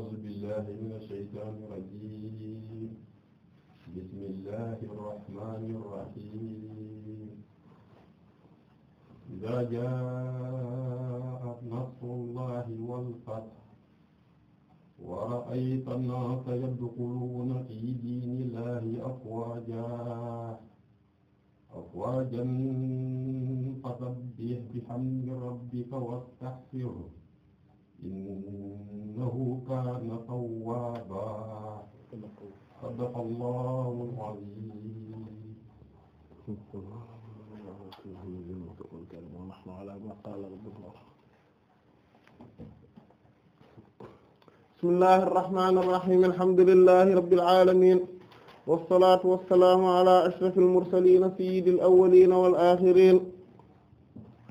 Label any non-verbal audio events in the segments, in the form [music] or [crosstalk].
أعوذ بالله من الشيطان الرجيم بسم الله الرحمن الرحيم إذا جاءت نصر الله والفتح ورأيت الناس يدخلون في دين الله أفواجا أفواجا فسبح بحمد ربك واستغفره innahu kaana tawwaaba sadaqa allahu al-aziim bismillahi irrahmani irrahim alhamdulilahi rabilalamin walsalatu walsalaamu ala ashraf almursalina sayidi alawalina walaxirin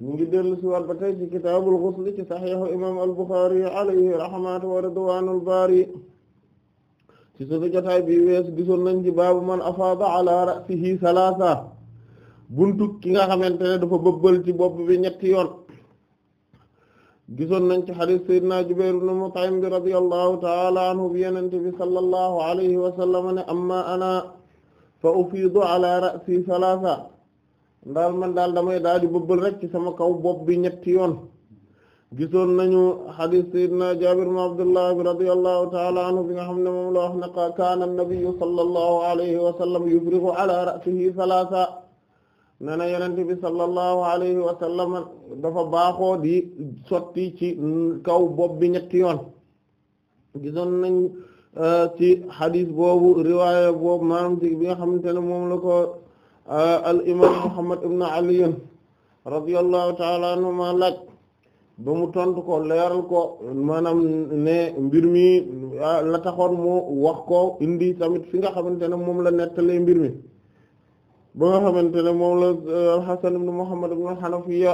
mu ngi dellu si waat ba tey ci kitaabul ghusl ci saxiixu imaam al-Bukhari alayhi wa ridwaanul baari ci sunu jotaay bi wees gisoon nañ ci baabu man afaada ala ra'sihi salaasa buntu ki nga xamante ne dafa bëbbal ci bopp bi ñetti yoon gisoon nañ ci xadiis sayyidina Jubayr ibn Mut'im bi radiyallahu ta'ala bi yenente bi sallallahu alayhi wa ne amma ana fa ufiidu ala ra'si salaasa ndaal man daal damay daal di bëbbal rek ci sama kaw bopp bi ñetti yoon gisoon nañu xadiis sayyidina Jaabir ibn Abdullah bi radiyallahu taala anhu bi nga xam ne moom la wax na kaana nabiyyu sallallahu alayhi wa sallam ala ra'sihi salaasa ne na yonent bi sallallahu alayhi wa sallam dafa baaxoo di sotti ci kaw bopp bi ñetti yoon gisoon nañ euh, ci xadiis boobu riwaaya boobu maanaam ci bi nga xamante ne moom la ko al imam Muhammad ibn Ali radiyallahu ta'ala anhuma laaj ba mu tontu ko leeral ko maanaam ne mbir mi la taxoon mu wax ko indi tamit fi nga xamante ne moom la nettalee mbir mi ba nga xamante ne moom la euh, al-Hasan ibn Muhammad ibn al-Hanafiyya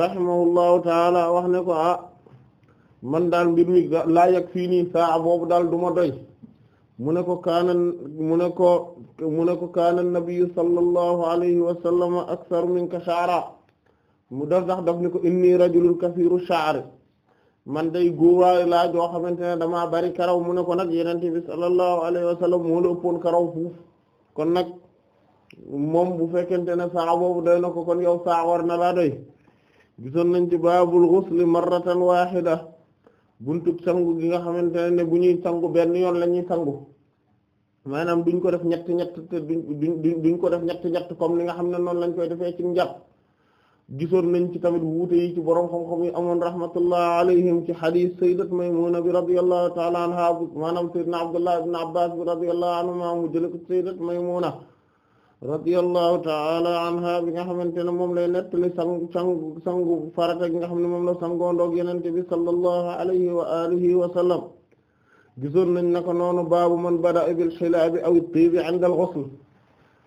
rahimahullahu ta'ala wax ne ko ah man daal mbir mi laa fii nii saa boobu daal du ma doy. mu ne ko kaana mu ne ko mu ne ko kaana nabiyyu sallallahu alayhi wa sallam akthar minka sha'ra mu daf dax daf ni ko inni rajulun kathiru sha'r man day góowaay laa joo xamante ne damaa bari karaw mu ne ko nag yenen bi sallallahu alayhi wa sallam moo la karaw fuuf kon nag moom bu fekkente ne saa boobu doy na ko kon yow saa war na laa doy gisoon nañ ci baabul ghusli marratan waahida buntub sangu gi nga xamante ne bu ñuy sangu benn yoon la ñuy sangu maanaam duñ ko def ñett ñett te duñ duñ ko def ñett ñett comme li nga xam ne noonu lañ koy defee ci njàpp gisoon nañ ci tamit wuute yi ci boroom xam-xam yi amoon rahmatullah alayhim ci hadith may maymuna bi radiyallahu ta'ala anha maanaam sayyidna abdullah ibn abbas bi radiyallahu anhuma mu jële ko sayyidat maymuna radiyallahu taala anha bi nga xamante ne moom lay nettali sang sangu sangu farata gi nga xam ne moom la sangoondoog yenente bi sallallahu alayhi wa alihi wa sallam gisoon nañ naka noonu baabu man bada bil xilaabi aw tiibi inda al ghusl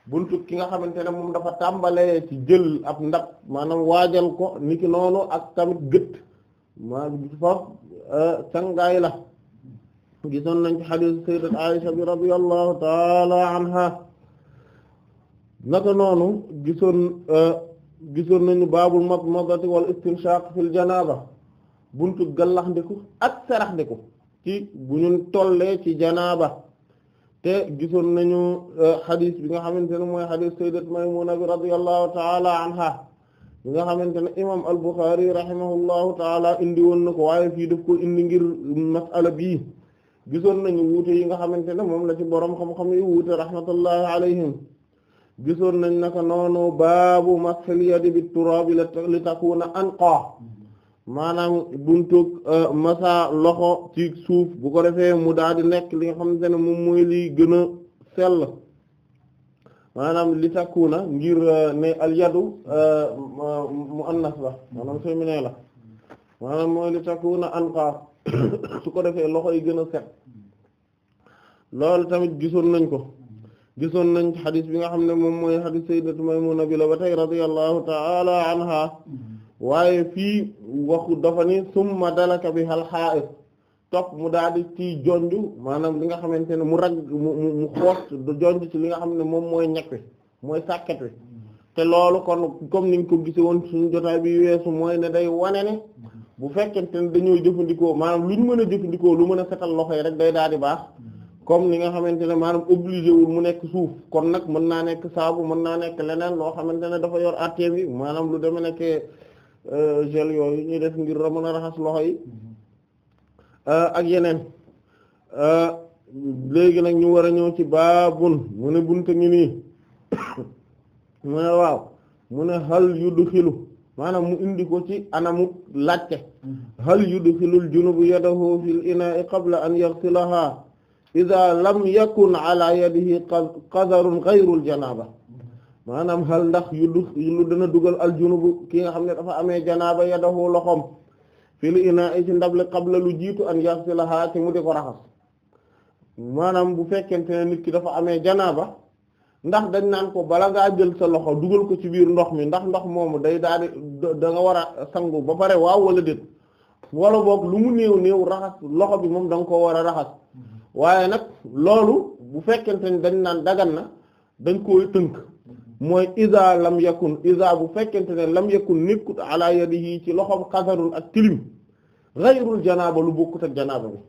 buntu ki nga xamante ne moom dafa tàmbalee ci jël ab ndab maanaam waajal ko niki noonu ak tamit gët maa foofu sangaay euh, la gisoon nañ ci xadiis sayyidat Aisha bi radiyallahu taala anha naka noonu gisoon euh, gisoon nañu baabul madmadati wal istinshaq fil janaaba buntu gallax ndiku ak sarax ndiku ci bu ñu tollee ci janaaba te gisoon nañu euh, xadis bi nga xamante ne mooy xadis sayyidat Maymuna bi radiyallahu taala anha bi nga xamante ne imam al-Bukhari rahimahullahu taala indi woon na ko waaye fii daf ko indi ngir masala bii gisoon nañu wuute yi nga xamante ne moom la ci boroom xam-xam yi wuute rahmatullahi alayhim gisoon nañ naka noonu baabu masxil yadi bi turab li takuna anqa maanaam buntu euh, masa loxo ci suuf bu ko defee mu daal di nekk li nga xamante ne moom muy li gën a sell maanaam li takuna ngir euh, ne al yadu euh, mu annas la maanaam féminin la maanaam mooy li takuna anqa [coughs] su ko defee loxo yi gën a loolu tamit gisoon nañ ko gisoon nañ xadis bi nga xam ne moom mooy xadis sayyidatu Maymuna bi la ba tey radiyallahu ta'ala anha waaye fii waxu dafa ni summa dalaka bi hal ha'is topp mu daal di ci jonj maanaam li nga xamante ne mu rag mu ci li nga xam ne moom mooy ñag wi mooy sàkket wi te loolu kon comme niñ ko gise woon suñu jotaay bi weesu mooy ne day wane ne bu fekkente ne dañoo jëfandikoo maanaam ñu mën a jëfandikoo lu mën a setal loxo yi rek day daal di baax comme ni nga xamante ne maanaam obligé mu nekk suuf kon nag mën naa nekk saabu mën naa nekk leneen loo xamante ne dafa yor àtte bi maanaam lu deme nekk euh, gel yooyu ñuy def ngir mën raxas loxo yi euh, ak yeneen euh, léegi nag ñu war a ñëw ci baabun mu ne bunta ngi nii [coughs] mu ne waaw mu ne hal yudxilu maanaam mu indi ko ci anamu laajte mm-hmm. hal yudxilul junubu yadahu fil inaa'i qabla an yaghsilaha ida lam yakun ala yadihi qadarun ghayrul janaaba maanaam xal ndax yu lu dana dugal aljunubu ki nga xam ne dafa amee janaaba yadahu loxom fil inaa'i ci ndable qabla lu jiitu an yasilaha ci mu di ko raxas maanaam bu fekkente ne nit ki dafa amee janaaba ndax dañ naan ko bala ngaa jël sa loxo dugal ko ci biir ndox mi ndax ndox moomu day daal di da nga war a sangu ba pare waaw wala déet wala boog lu mu néew néew raxas loxo bi moom da nga koo war a raxas waaye nag loolu bu fekkente ni dañ naan dagan na dañ koy tënk mooy isa lam yakun isa bu fekkente ne lam yakun nekkut ala yadihi ci loxom xasarun ak tilim gayrul janaaba lu bokkut ak janaaba bi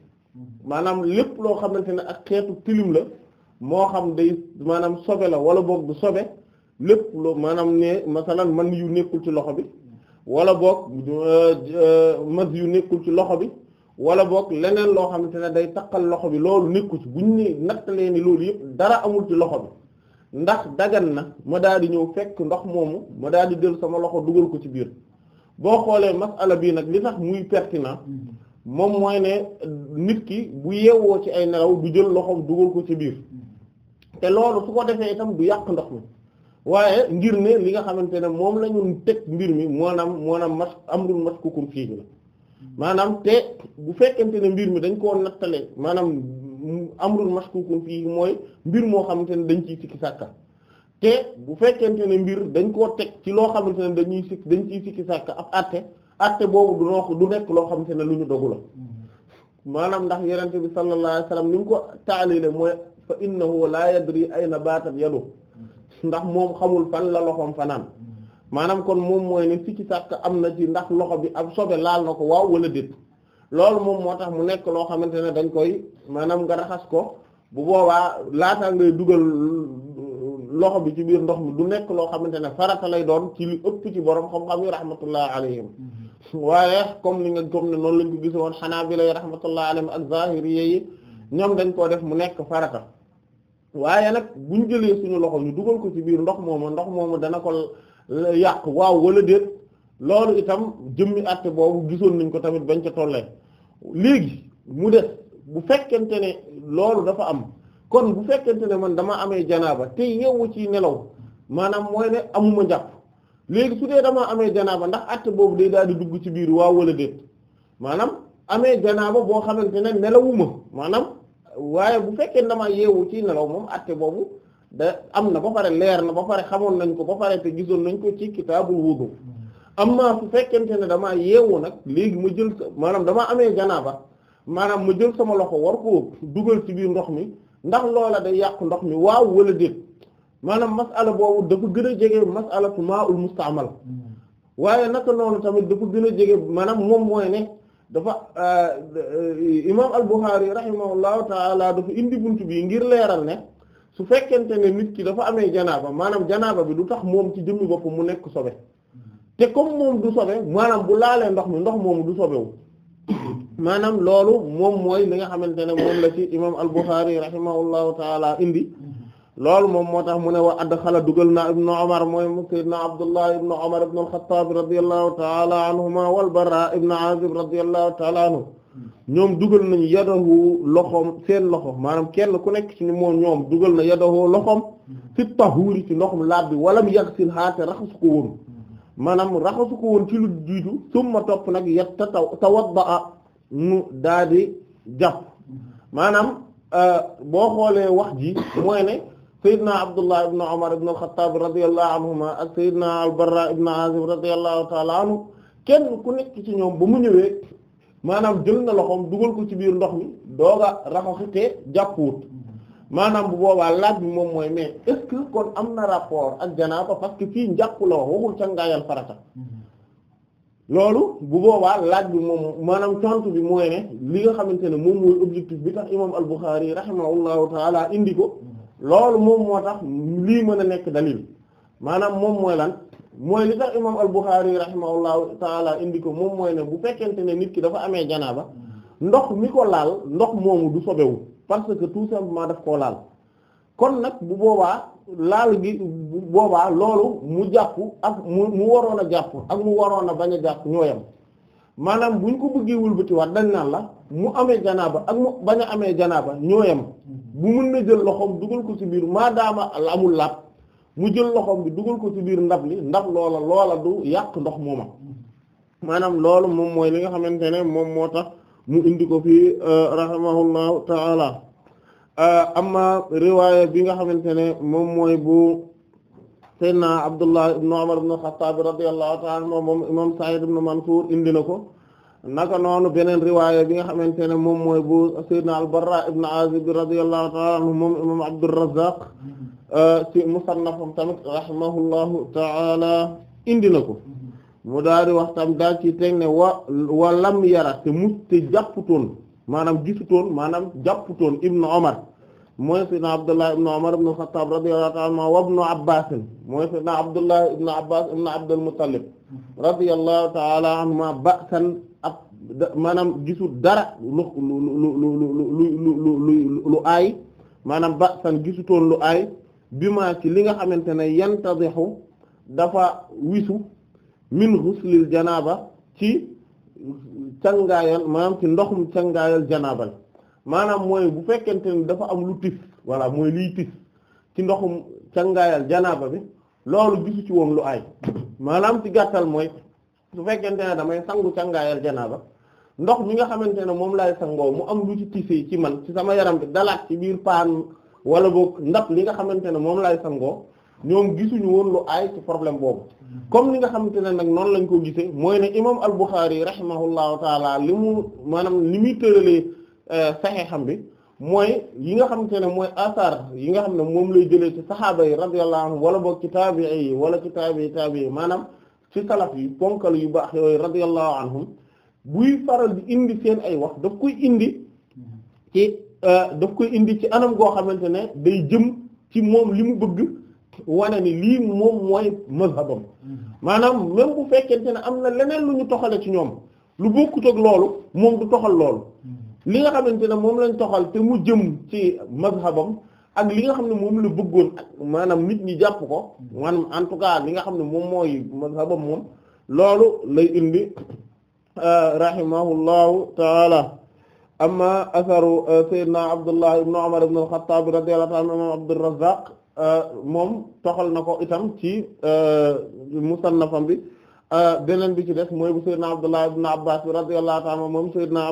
maanaam lépp loo xamante ne ak xeetu tilim la moo xam day maanaam sobe la wala boog du sobe lépp loo maanaam ne masalan man yu nekkul ci loxo bi wala boog euh, euh, mas yu nekkul ci loxo bi wala boog leneen loo xamante ne day taqal loxo bi loolu nekku ci buñ ni nattalee ni loolu yëpp dara amul ci loxo bi ndax dagan na ma daal di ñëw fekk ndox moomu ma daal di jël sama loxo dugal ko ci biir boo xoolee masala bii nag li tax muy pertinent moom mooy ne nit ki bu yeewoo ci ay nelaw du jël loxoom dugal ko ci biir te loolu su ko defee itam du yàq ndox mi waaye ngir ne li nga xamante ne moom la ñu mbir mi moo naam moo naam mas ko maskukun fiihi la maanaam te bu fekkente ne mbir mi dañ koo nattale maanaam amrul mashkukun fii mooy mbir moo xamante ne dañ ciy sikki sàkka te bu fekkente ne mbir dañ koo teg ci loo xamante ne dañuy sikk dañ ciy sikki sàkka ab àtte àtte boobu du noo du nekk loo xamante ne lu ñu dogu la maanaam ndax yenente bi sallallahu alayhi wasallam ni mu ko taalile mooy fa innahu la yadri ayna batat yadu ndax moom xamul fan la loxoom fanaan maanaam kon moom mooy ne ci sàkk am na ci ndax loxo bi ab sobe laal na ko waaw wala déet loolu moom moo tax mu nekk loo xamante ne dañ koy maanaam nga raxas ko bu boobaa laataa ngay dugal loxo bi ci biir ndox mi du nekk loo xamante ne farata lay doon ci li ëpp ci borom xam-xam yi rahmatullah alayhim mm-hmm. comme ni nga comme ne noonu lañ ko gis woon xanaa bi lay rahmatullah alayhim ak zahiri yi ñoom dañ koo def mu nekk farata nag buñ jëlee loxo ñu dugal ko ci biir ndox moom ndox moomu dana ko yàq waaw wala déet loolu itam jëmmi àtte boobu gisoon nañ ko tamit bañ ca tollee léegi mu des bu fekkente ne loolu dafa am kon bu fekkente ne man dama amee janaaba te yeewu ci nelaw maanaam mooy ne amuma njàpp léegi su dee dama amee janaaba ndax àtte boobu day daal di dugg ci biir waaw wala déet maanaam amee janaaba boo xamante ne nelawuma maanaam waaye bu fekkee dama yeewu ci nelaw moom àtte boobu da am na ba pare leer na ba pare xamoon nañ ko ba pare te gisoon nañ ko ci kitaabul wudu am na su fekkente ne damaa yeewu nag léegi ma jël maanaam damaa amee janaaba maanaam ma jël sama loxo war koo dugal ci biir ndox mi ndax loola day yàqu ndox mi waaw wala déet maanaam mas'ala boobu dafa gën a jege mas'alatu maa'ul musta'mal waaye naka noonu tamit dafa gën a jege maanaam moom mooy ne dafa euh, euh, imaam al-Bukhari rahimahullahu ta'ala dafa indi bunt bii ngir leeral ne. su fekkente ne nit ki dafa amee janaaba maanaam janaaba bi du tax moom ci jëmmi bopp mu nekk sobe te comme moom du sobe maanaam bu laalee ndox mi ndox moomu du sobewu maanaam loolu moom mooy li nga xamante ne moom la indi loolu moom moo tax mu ne wa add dugal naa ibnu Umar mooy sayyidna Abdullah ibnu Umar ibnu al-Khattab radiyallahu taala ibnu Azib radiyallahu taala anhu ñoom dugal nañu yadahu loxoom seen loxo maanaam kenn ku nekk ci moom ñoom dugal na yadahu loxoom ci tahuuri ci ndoxum laab bi walam yaxsil xaate raxasu ko woon maanaam ko woon ci lu jiitu summa topp nag yetta taw tawadda a mu di jàpp maanaam euh, boo xoolee wax ji mooy ne sayyidna abdullah ibn umar ibn al-khattab radiyallahu anhuma ak sayyidna al kenn ku nekk ci ñoom ba mu ñëwee maanaam jël na loxoom dugal ko ci biir ndox mi doog a raxasu te jàppuwut maanaam bu boobaa laaj bi moom mooy mais est kon am na rapport ak janaaba parce que fii njàpp la wax waxul cangaayal farata loolu bu boobaa laaj bi moom maanaam tontu bi mooy ne li nga xamante ne moom mooy objectif bi tax imaam al-Bukhari rahimahullahu taala indi ko loolu moom moo tax lii mën a nekk dalil maanaam moom mooy lan mooy li tax imam al-Bukhari rahimahullahu taala indi ko moom mooy ne bu fekkente ne nit ki dafa amee janaa ba ndox mi ko laal ndox moomu du sobewu parce que tout maa daf koo laal kon nag bu boobaa laal gi boobaa loolu mu jàpp ak mu mu waroon a jàpp ak mu waroon a bañ a jàpp ñooyam maanaam buñ ko bëggee wëlbatiwaat dañ naan la mu amee janaaba ak mu bañ a amee janaaba ñooyam bu mën na jël loxoom dugal ko ci biir maadaama amul lapp mu jël loxoom bi dugal ko ci biir ndab li ndab loola loola du yàq ndox mooma maanaam loolu moom mooy li nga xamante ne moom moo tax mu indi ko fii euh, rahimahullahu taala euh, amma riwaaya bi nga xamante ne moom mooy bu sayyidina Abdullah ibn Umar ibn Khattab radiyallahu taala moom moom imam Sa'id ibn Mansur indi na ko naka noonu beneen riwaaya bi nga xamante ne moom mooy bu sayyidina al-Barra ibn Azib radiyallahu ta'ala anhu moom imam Abdurrazzaq euh, ci musannafam tamit rahimahullahu ta'ala indi ko mu daal di wax tam ci teg ne wa lam yara te mu te jàpputoon maanaam gisutoon maanaam jàpputoon ibnu Omar mooy sayyidina Abdullah mooy sayyidina Abdullah ibnu Abbaas ibnu Abdul Muttalib radiyallahu ta'ala anhuma ba'san maanaam gisul dara lu lu lu lu lu lu lu aay maanaam ba san gisutoon lu aay bi ma ci li nga xamante ne yantadixu dafa wisu min xuslil janaaba ci cangaayal maanaam ci ndoxum cangaayal janaabal maanaam mooy bu fekkente ne dafa am lu tis walla mooy liy tis ci ndoxum cangaayal janaaba bi loolu gisu ci woon lu aay maanaam ci gàttal mooy su fekkente ne damay sangu cangaayal janaaba ndox mi nga xamante ne moom laay sangoo mu am lu ci tisee ci man ci sama yaram bi dalaat ci biir paan wala boog ndab li nga xamante ne moom laay sangoo ñoom gisuñu woon lu aay ci problème boobu comme li nga xamante ne nag noonu lañ ko gisee mooy ne imam al-Bukhari rahimahullahu taala li mu maanaam li muy tëralee euh, saxeexam bi mooy yi nga xamante ne mooy asar yi nga xam ne moom lay jëlee ci saxaaba yi radiyallahu wala boog ci wala ci taabii taabii maanaam ci salaf yi ponkal yu baax yooyu radiyallahu anhum buy faral di indi seen ay wax daf koy indi ci euh, daf koy indi ci anam goo xamante ne day jëm ci moom li mu bëgg wane ni lii moom mooy mazhabam mm-hmm. maanaam même bu fekkente ne am na leneen lu ñu toxale ci ñoom lu bokkut ak loolu moom du toxal loolu mm-hmm. li nga xamante ne moom lañ toxal te mu jëm ci mazhabam ak li nga xam ne moom la bëggoon maanaam nit ñi jàpp ko maanaam en tout li nga xam ne moom mooy mazhabam moom loolu lay indi euh, rahimahullahu taala amma asaru euh, sayyidina Abdullah ibn Umar ibn al-Khattab radiyallahu ta'ala imam Abdurrazzaq euh, moom toxal na ko itam ci musannafam bi beneen bi ci des mooy bu sayyidina Abdullah ibn Abbas radiyallahu ta'ala moom sayyidina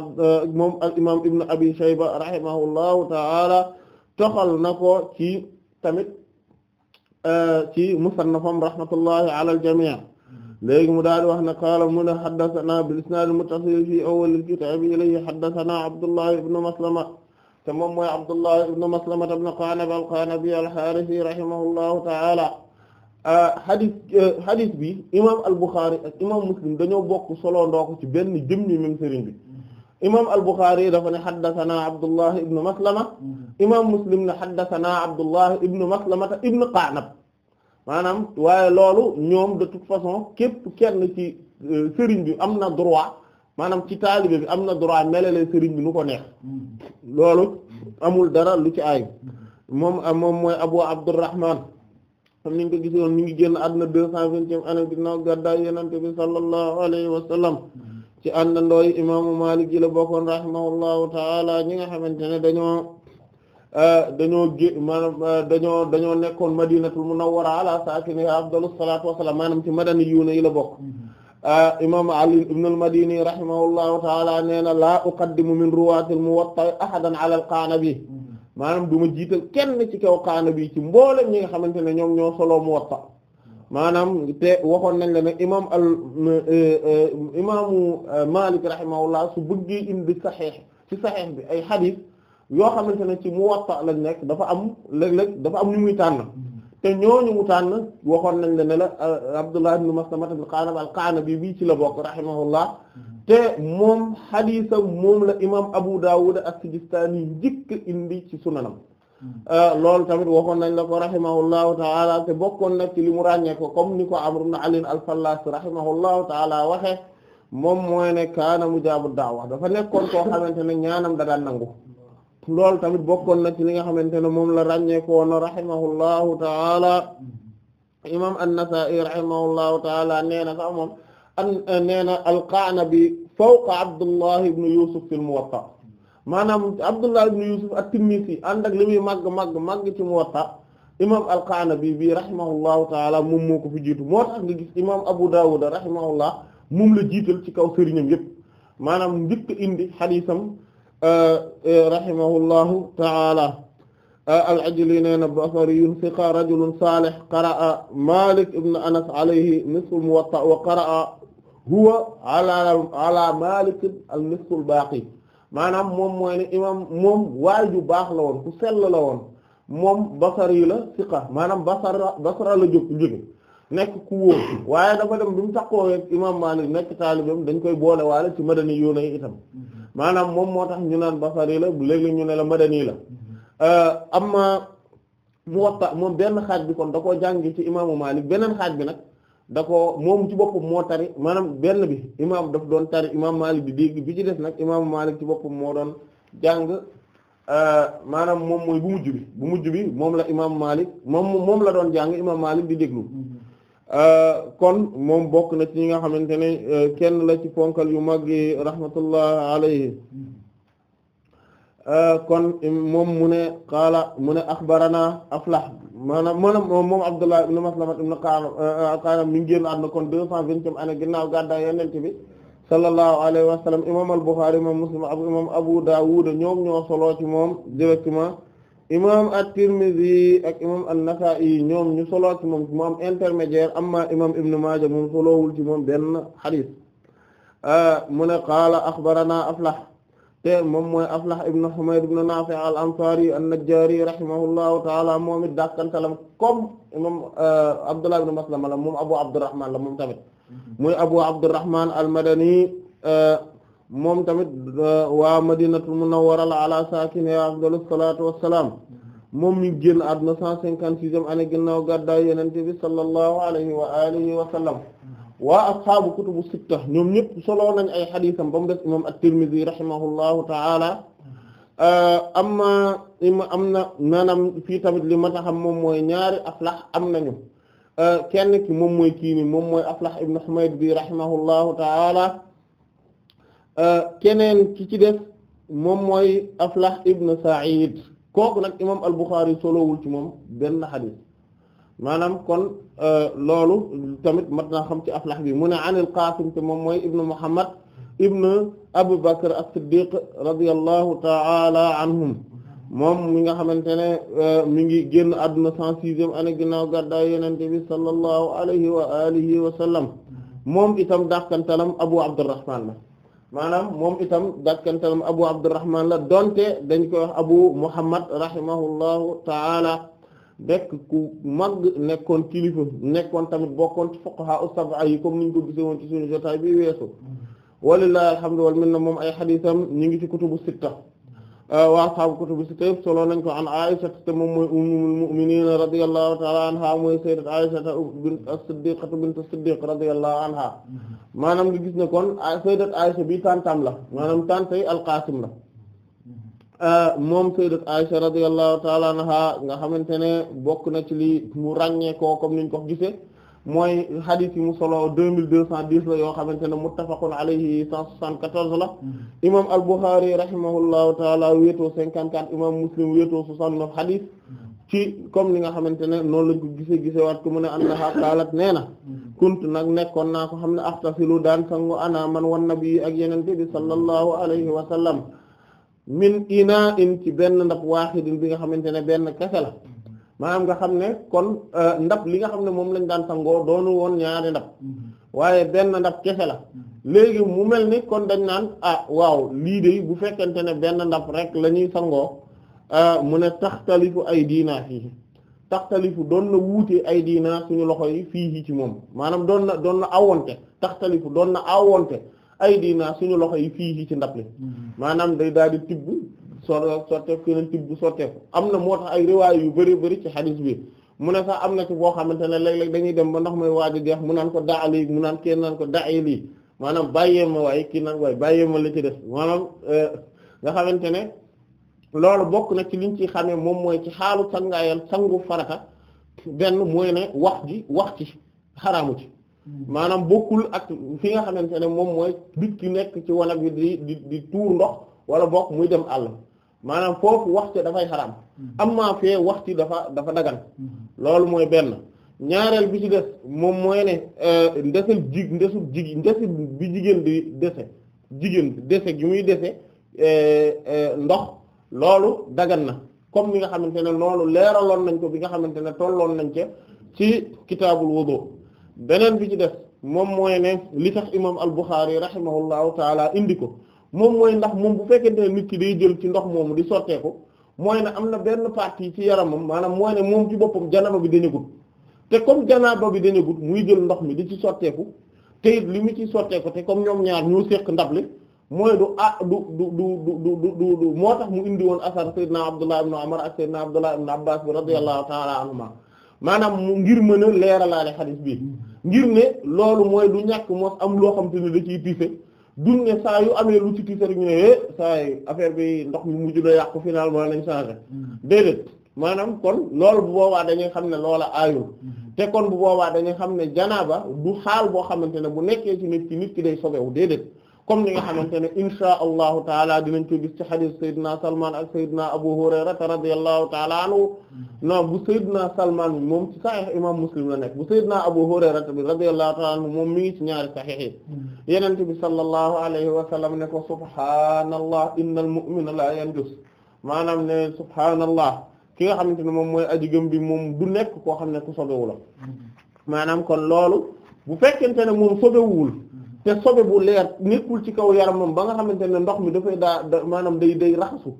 moom Abi Shayba rahimahullahu taala toxal na ko ci tamit euh, ci musannafam rahmatullahi ala al-jami' léegi mu daal di wax ne qaala mu ne haddathana bil isnad al-muttasil fi awwal al-kitab ilayhi haddathana Abdullah ibn Maslama te moom mooy Abdullah ibn Maslama ibn Qanab al-Qanabi al-Harithi rahimahullahu ta'ala euh, hadith euh, hadith bi imam al-Bukhari ak imam Muslim dañoo bokk solo ndoo ko ci benn jëmmi même sëriñ bi imam al-Bukhari dafa ne xaddasanaa Abdullah ibn Maslama mm-hmm. imam Muslim ne xaddasanaa Abdullah ibn Maslamata ibn Qa'nab maanaam waaye loolu ñoom de toute façon képp kenn ci euh, sëriñ bi am na droit maanaam ci taalibe bi am na droit melale sëriñ bi nu ko neex mm-hmm. loolu mm-hmm. amul dara lu ci ay moom euh, moom mooy Abu Abdurrahman xam niñ ko gisoon mi ngi génn àdduna mi cent vingtième année ginnaaw gàddaay Yonent bi sallallahu alayhi wa sallam ci àndandoo yi imaamu Maalik ji la bokkoon rahimahullahu taala ñi nga xamante ne dañoo ah, dañoo gé maanaam ah, dañoo dañoo nekkoon madinatul munawwara ala saakinihaa afdalu salaatu wassalaam maanaam ci madaniyuuna yi la bokk ah, imaamu Ali ibn al-Madini rahimahullahu taala nee na laa uqaddimu min ruwaatil muwatta ahadan ala al-Qa'nabi maanaam du ma jiital kenn ci kaw Qa'nabi ci mboolem ñi nga xamante ne ñoom ñoo solo muwatta maanaam te waxoon nañ la ne imaam al euh, euh, imaamu euh, Maalik rahimahullah su bëggee indi saxiix ci saxiix bi ay xadiis yoo xamante ne ci Muwatta lañ nekk dafa am léeg dafa am ñu muy tànn te ñooñu mu tànn waxoon nañ la ne la Abdullah ibn Maslamah ibn Qa'nab al-Qa'nabi bii ci la bokk rahimahullah te moom xadiisam moom la imaam Abu Dawud as yi njëkk indi ci sunanam Mm. Ah, loolu tamit waxoon nañ la ko rahimahullahu taala te bokkoon nag ci li mu ràññee ko comme ni ko Amr ibn Ali al-Fallas rahimahullahu taala waxe moom mooy ne kaana mujaabu da'wa dafa nekkoon koo xamante ne ñaanam da daan nangu loolu tamit bokkoon na ci li nga xamante ne moom la ràññee ko woon rahimahullahu taala imam an-Nasa'i rahimahullahu taala nee na sax moom an nee na alqaana bi fawqa Abdullah ibn Yusuf fil Muwatta maanaam Abdullah ibn Yusuf at-Tinnisi ànd ak li muy màgg màgg màgg ci Muwatta imam al-Qanabi bi rahimahullahu taala moom moo ko fi jiitu moo tax nga gis imam Abu Dawud rahimahullah moom la jiital ci kaw sëriñam yépp maanaam njëkk indi xadiisam euh, euh, rahimahullahu taala euh, al-Ajli nee na basariyun thiqa rajulun salih qaraa Malik ibn Anas alayhi nisfu Muwatta wa qaraa huwa ala ala Malik al-nisfu al-baaqi maanaam moom mooy ne imam moom waay ju baax la woon ku sell la woon moom basar yi la siqa maanaam basara basara la jóg jóge nekk ku wóor waaye dafa dem bi mu takkoowee imam Maalik nekk taalibam dañ koy boole waale ci madani yu itam mhm. maanaam moom moo tax ñu naan basari la léegi ñu ne la madani la mhm. euh, amma Muwatta moom benn xaaj bi kon da koo jàngi ci imaamu Maalik beneen xaaj bi nag da ko moom ci boppam moo tari maanaam benn bi imaam daf doon tari imaam Maalik di dégg bi ci des nag imaam Maalik ci boppam moo doon jàng euh, maanaam moom bi bu mujj bi moom la imaam Maalik moom la doon jàng imaam Maalik di déglu mm-hmm. euh, kon moom bokk na ci nga xamante ne euh, kenn la ci ponkal yu mag yi rahmatullah alayhi mm-hmm. kon moom mu ne qaala mu ne axbarana aflah maanaam maanaam moom Abdullah ibn Maslama ibn Qa'nab euh, euh, mi ngi génn na kon deux cent vingtième année ginnaaw gàddaay Yonent bi sallallahu alayhi wa sallam imam al-Bukhari imam Muslim imam Abu Dawud ñoom ñoo solo ci moom directement imam at-Tirmidhi ak imam an-Nasa'i ñoom ñu solo ci moom mu am intermédiaire amma imam Ibn Maaja moom solowul ci moom benn hadith euh, mu ne qaala axbarana te moom mooy Aflah ibn Humayd ibn Nafi' al-Ansari an-Najjari rahimahullahu ta'ala moom it dàqantalam comme moom euh, Abdullah ibn Maslama moom Abu Abdurrahman la moom tamit mm-hmm. muy Abu Abdurrahman al-Madani euh, moom tamit euh, waa Madinatul Munawwara ala saakinihaa afdalu salaatu wa salaam mm-hmm. moom mi génn àdduna 156e année ginnaaw gàddaay Yonent bi sallallahu alayhi wa alihi wa sallam mm-hmm. waa asxaabu kutubu sitta ñoom ñëpp soloo nañ ay xadiisam ba mu des imam at-Tirmidhi rahimahullahu ta'ala euh, amma ima am na maanaam fii tamit li ma moom mooy ñaari aflax am nañu euh, kenn ki moom mooy kii ni moom mooy aflax ibn Humayd bi rahimahullahu ta'ala euh, keneen ki ci def moom mooy aflax ibn Sa'id kooku nag imam al-Bukhari solowul ci moom benn xadiis maanaam kon euh, loolu tamit mat naa xam ci aflax bi mu ne anil qasim te moom mooy ibnu muhammad ibnu abu bakr as-siddiq radiyallahu ta'ala anhum moom mi nga xamante ne euh, mi ngi génn àdduna cent sixième année ginnaaw gàddaay yonent bi sallallahu alayhi wa alihi wa sallam moom itam dàkkantalam abu abdurrahman la maanaam moom itam dàkkantalam abu abdurrahman la donte dañ koy wax abu muhammad rahimahullahu ta'ala nekk ku mag nekkoon kilifa nekkoon tamit bokkoon ci fuqaha as-sab'a yi comme niñ ko gisee woon ci suñu jotaay bi weesu walillahi alhamdu wal minna moom ay xadiisam ñu ngi ci kutubu sitta euh, wa ashaabu kutubu sitta yëpp solo nañ ko an Aisha te moom mooy ummul mu'minin radiyallahu ta'ala mooy sayyidat Aisha bint as-Siddiqa bint as-Siddiq radiyallahu anha mm-hmm. maanaam nga gis ne kon sayyidat Aisha bi tantam la maanaam tantay al-Qasim la Euh, moom sayyidat Aisha radiyallahu ta'ala anha nga xamante ne bokk na ci lii mu ràññee ko comme niñ ko gisee mooy hadith yi mu solo deux mille deux cent dix yoo xamante ne muttafaqun alayhi cent soixante-quatorze la mm-hmm. imam al-Bukhari rahimahullahu ta'ala wéetoo cinquante-quatre imam Muslim wéetoo soixante mm-hmm. ci comme li nga xamante ne noonu lañ ko gisee gisewaat ko mu ne annaha qalat nee na mm-hmm. kuntu nag nekkoon naa ko xam ne axtasilu daan sangu ana man wan bi ak yenente bi sallallahu alayhi wa sallam min ina in ci benn ndab waaxidin bi nga xamante ne benn kese la maanaam nga xam ne kon euh, ndab li nga xam ne moom lañ daan sangoo doonu woon ñaari ndab waaye benn ndab kese la léegi mu mel ni kon dañ naan ah waaw lii de bu fekkente ne benn ndab rek lañuy ñuy sangoo euh, mu ne taxtalifu ay diina fii taxtalifu doon na wuute ay diina suñu loxo yi fii ci moom maanaam doon na doon na awonte taxtalifu doon na awonte ay diina suñu loxo yi fii ci ndab li mm-hmm. maanaam day daal di tibb soo sotteeku keneen tibb sotteeku am na moo tax ay riwaay yu bëri bëri ci xadis bi mu ne sax am na ci boo xamante ne léeg-léeg dañuy dem ba ndox may waaj a mu naan ko daa lii mu naan kenn naan ko dae lii maanaam bàyyee ma waaye kii naan waaye bàyyee ma la ci def maanaam euh, nga xamante ne loolu bokk na ci liñ ci xamee moom mooy ci xaalu sangaayal sangu farata benn mooy ne wax ji wax ci xaraamu ci maanaam bokkul ak fi nga xamante ne moom mooy nit ki nekk ci wanag bi di di di tuur ndox wala bokk muy dem àll maanaam foofu wax ci dafay xaraam mm-hmm. am maa fee wax ci dafa dafa dagan mm-hmm. loolu mooy benn ñaareel bi ci des moom mooy ne euh, ndesul ji ndesul jigi bi jigéen di dese jigéen dese gi muy dese euh, euh, ndox loolu dagan na comme bi nga xamante ne loolu leeraloon nañ ko bi nga xamante ne tolloon nañ ca ci kitaabul wudu beneen bi ci def moom mooy ne li tax imam al-Bukhari rahimahullahu taala indi ko moom mooy ndax moom bu fekkente ne nit ki day jël ci ndox moomu di sotteeku ko mooy ne am na benn partie ci yaramam maanaam mooy ne moom ci boppam janaba bi dañagut te comme janaba bi dañagut muy jël ndox mi di ci sotteeku te li mu ci sotteeku te comme ñoom ñaar ñoo séq ndab li mooy du ah du du du du du moo tax mu indi woon asar sayyidina Abdullah ibn Umar ak sayyidina Abdullah ibn Abbas bi maanaam mu ngir mën a leeralaale xadis bi ngir ne loolu mooy du ñàkk moos am loo xam te ne da ciy tiise duñ ne saa yu amee lu ci tiise ne é eh, saa yi affaire bi ndox mi mujj na yàqu finalement lañ changé mm-hmm. déedéet maanaam kon loolu bu boobaa dañuy xam ne loola aayul mm-hmm. te kon bu boobaa dañuy xam ne janaaba du xaal boo xamante ne bu nekkee ci nit ki nit ki day sobewu déedéet comme ni nga xamante ne insha allahu taala dinañ ko gis ci xadiis Seydina Salman ak Seydina Abu Hurayrata radiyallahu taala anhu non bu Seydina Salman moom ci saxiix imam Muslim la nekk bu Seydina Abu Hurayrata bi radiyallahu taala anhu moom mi ngi ci ñaari saxiix yi mm-hmm. yenente bi sallallahu alayhi wa sallam ne ko subhaanallah innal mu'mina la yanjus maanaam ne subhaanallah ki nga xamante ne moom mooy aji bi moom du nekk koo xam ne ku sobewula mm-hmm. maanaam kon loolu bu fekkente ne moom sobewul te sobe bu leer nekkul ci kaw yaram moom ba nga xamante ne ndox mi dafay daa da maanaam day day raxasu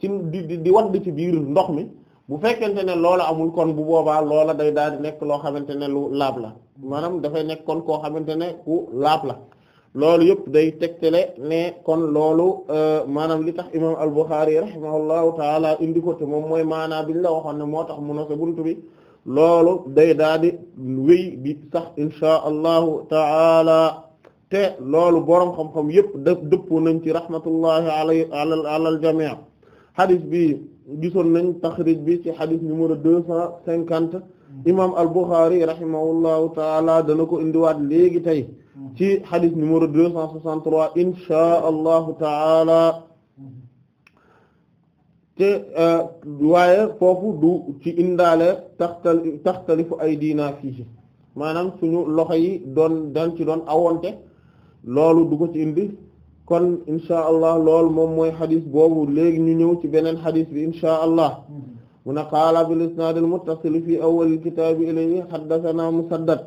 ci di di wadd ci biir ndox mi bu fekkente ne loola amul kon bu boobaa loola day daal di nekk loo xamante ne lu laab la maanaam dafay nekk koo xamante ne ku laab la loolu yëpp day tegtale ne kon loolu euh, maanaam li tax imam al-Bukhari rahimahullahu taala indi ko te moom mooy maanaa bi la waxoon ne moo tax mu noose buntu bi loolu day daal di bi di sax insha allahu taala te loolu boroom xam-xam yépp dëppoo nañ ci rahmatullahi alay alal alal jamii xadis bi gisoon nañ taxrij bi ci xadis numéro deux cent cinquante imam al-Bukhari rahimahullahu taala dana ko indiwaat léegi tey ci xadis numéro deux cent soixante trois inshaa allahu taala te euh, waaye foofu du ci indaale taxtal taxtalifu ay diina fii maanaam suñu loxo yi doon dan ci doon awonte loolu du ko ci indi kon insha allah loolu moom mooy xadis boobu léegi ñu ñëw ci beneen xadis bi insha allah mu ne qaala bil isnaadil muttasil fi awwalil kitaabi ilayhi haddathana musaddad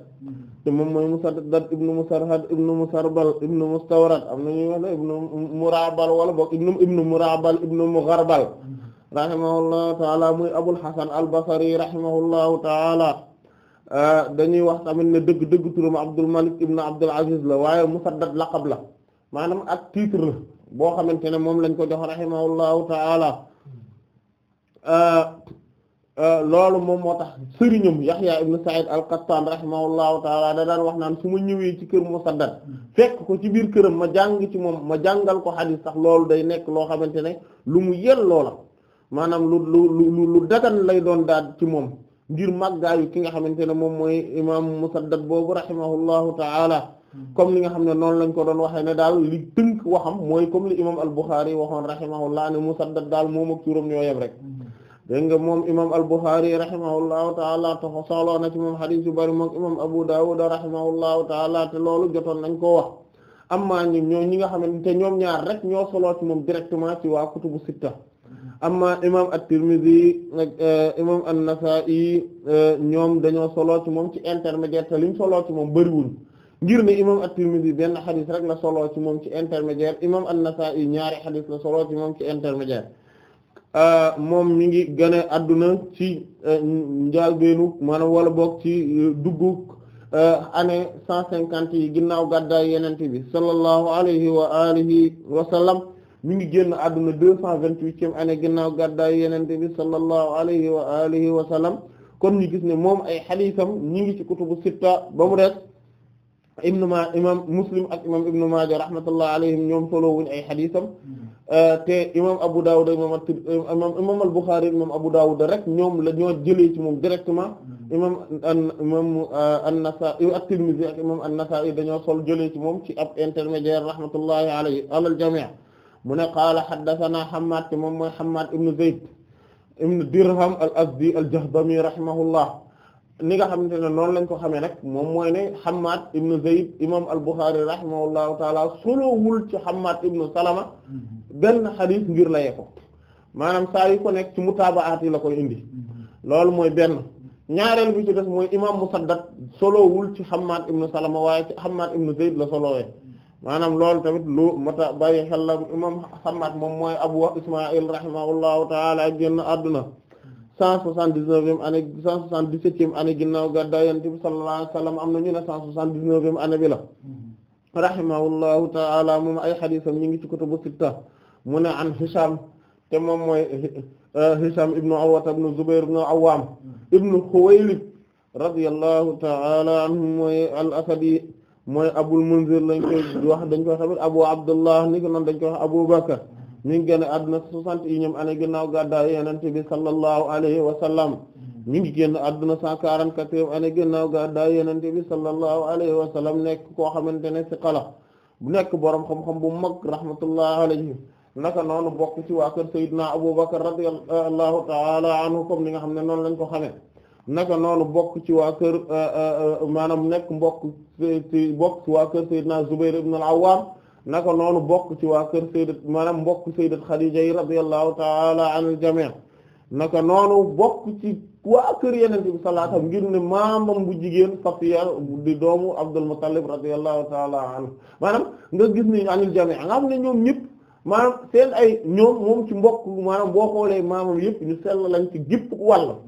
te moom mooy musaddad ibnu musarhad ibnu musarbal ibnu mustawrad am nañuy wax la ibnu murabal wala boog ibnu ibnu murabal ibnu mugharbal rahimahullahu taala muy abul hasan al basri rahimahullahu taala Euh, dañuy wax tamit ne dëgg dëgg turam Abdul Malik ibn Abdul Aziz la waaye Musaddad laqab la maanaam ak titre boo xamante ne moom lañ ko jox rahimahullahu taala euh, euh, loolu moom moo tax sëriñam Yahya ibn Sa'id al-Qattan rahimahullahu taala da daan wax naan su ma ñëwee ci kër Musaddad fekk ko ci biir këram ma jàng ci moom ma jàngal ko xadiis sax loolu day nekk loo xamante ne lu mu yelloo la maanaam lu lu lu dagan lay doon daal ci moom ngir màggaayu ki nga xamante ne moom mooy imam Musaddad boobu rahimahullahu ta'ala comme li nga xam ne noonu lañ ko doon waxee ne daal li tënk waxam mooy comme li imam al-Bukhari waxoon rahimahullah ne Musaddad daal moom ak turam ñoo yem rek dégg nga moom imam al-Bukhari rahimahullahu ta'ala te solo na moom hadith yu bari moom imam Abu Dawud rahimahullahu ta'ala te loolu jotoon lañ koo wax amma ñi ñoo ñi nga xamante ñoom ñaar rek ñoo solo ci moom directement ci waa kutubu sitta amma imam at-Tirmidhi ak eh, imam an-Nasa'i eh, ñoom dañoo solo moom ci intermédiaire te liñ solo moom bëriwul ngir ne imam at-Tirmidhi benn xadis rek la solo ci moom ci intermédiaire imam an-Nasa'i ñaari xadis la solo ci moom ci intermédiaire eh, moom mi ngi gane adduna ci njaalbeenu maanaam wala boog ci duggu année cent cinquante yi ginnaaw gàddaay yenente bi sallallahu alayhi wa alihi wa mi ngi génn àdduna deux cent vingt-huitième année ginnaaw gàddaayu yenente bi sallallahu alayhi wa alihi wa sallam kon ñu gis ne moom ay xadiisam ñi ngi ci kutubu sitta ba mu des ibnu ma imam muslim ak imam ibnu maaja rahmatullah alayhim ñoom solo wuñ ay xadiisam euh, te imam abu dawud imam at imam imam al bukhari imam abu dawud rek ñoom la ñoo jëlee ci moom directement imam imam euh, an-nasa'i at-tirmidhi ak imam an dañoo sol jëlee ci moom ci ab intermédiaire rahmatullahi alayhi alal jami' mu ne qaala haddathana Hammad te moom mooy Hammad ibn Zayd ibn Dirham al-Azdi al-Jahdami rahimahullah ni nga xamante ne noonu lañ ko xamee nag moom mooy ne Hammad ibn Zayd imam al-Bukhari rahimahullahu taala solowul ci Hammad ibn Salama benn xadis ngir layee ko maanaam saa yu ko nekk ci mutaabaat yi la koy indi loolu mooy benn ñaareel bi ci def mooy imam Musaddad solowul ci Hammad ibn Salama waaye ci Hammad ibn Zayd la solowee maanaam loolu tamit lu mata bàyyi xel la imam Hammad moom mooy Abu Ismaïl rahimahullahu taala génn àdduna cent soixante-dix-neuvième année cent soixante-dix-septième année ginnaaw gàddaay Yonent bi sallallahu am na ñu ne cent soixante-dix-neuvième année bi la rahimahullahu taala moom ay xadiisam ñu ngi ci kutubu sitta mu ne an Hisham te moom mooy Hisham ibnu Urwa ibnu Zubayr ibnu Awwam ibnu Khuwaylid radiyallahu taala anhu mooy al-Asadi mooy Abul Munzir lañ koy wax dañ koy xamit Abu Abdullah ni ko noonu dañ koy wax Abu Bakr mi ngi génn àdduna soixante et unième année ginnaaw gàddaay Yonent bi sallallahu alayhi wa sallam mi ngi génn àdduna cent quarante-quatrième année ginnaaw gàddaay Yonent bi sallallahu alayhi wa sallam nekk koo xamante ne ci xala bu nekk boroom xam-xam bu mag rahmatullahi alayhi naka noonu bokk ci waa kër Seydina Abu Bakr radiyallahu ta'ala anhu comme ni nga xam ne noonu lañ ko xamee naka noonu bokk ci waa kër euh, euh, euh, maanaam nekk mbokk bokk waa kër Seydina Zubayr ibn al naka noonu bokk ci waa kër Sayyidat maanaam mbokk Sayyidat Khadija yi radiyallahu ta'ala anil jami' naka noonu bokk ci waa kër Yonent bi sallallahu alayhi ngir ne maamam bu jigéen Safiya di doomu Abdul Muttalib radiyallahu ta'ala anhu maanaam nga gis ni anil jami' nga xam ne ñoom ñëpp maanaam seen ay ñoom moom ci mbokk maanam boo xoolee maamam yëpp ñu sell lañ ci gépp wàll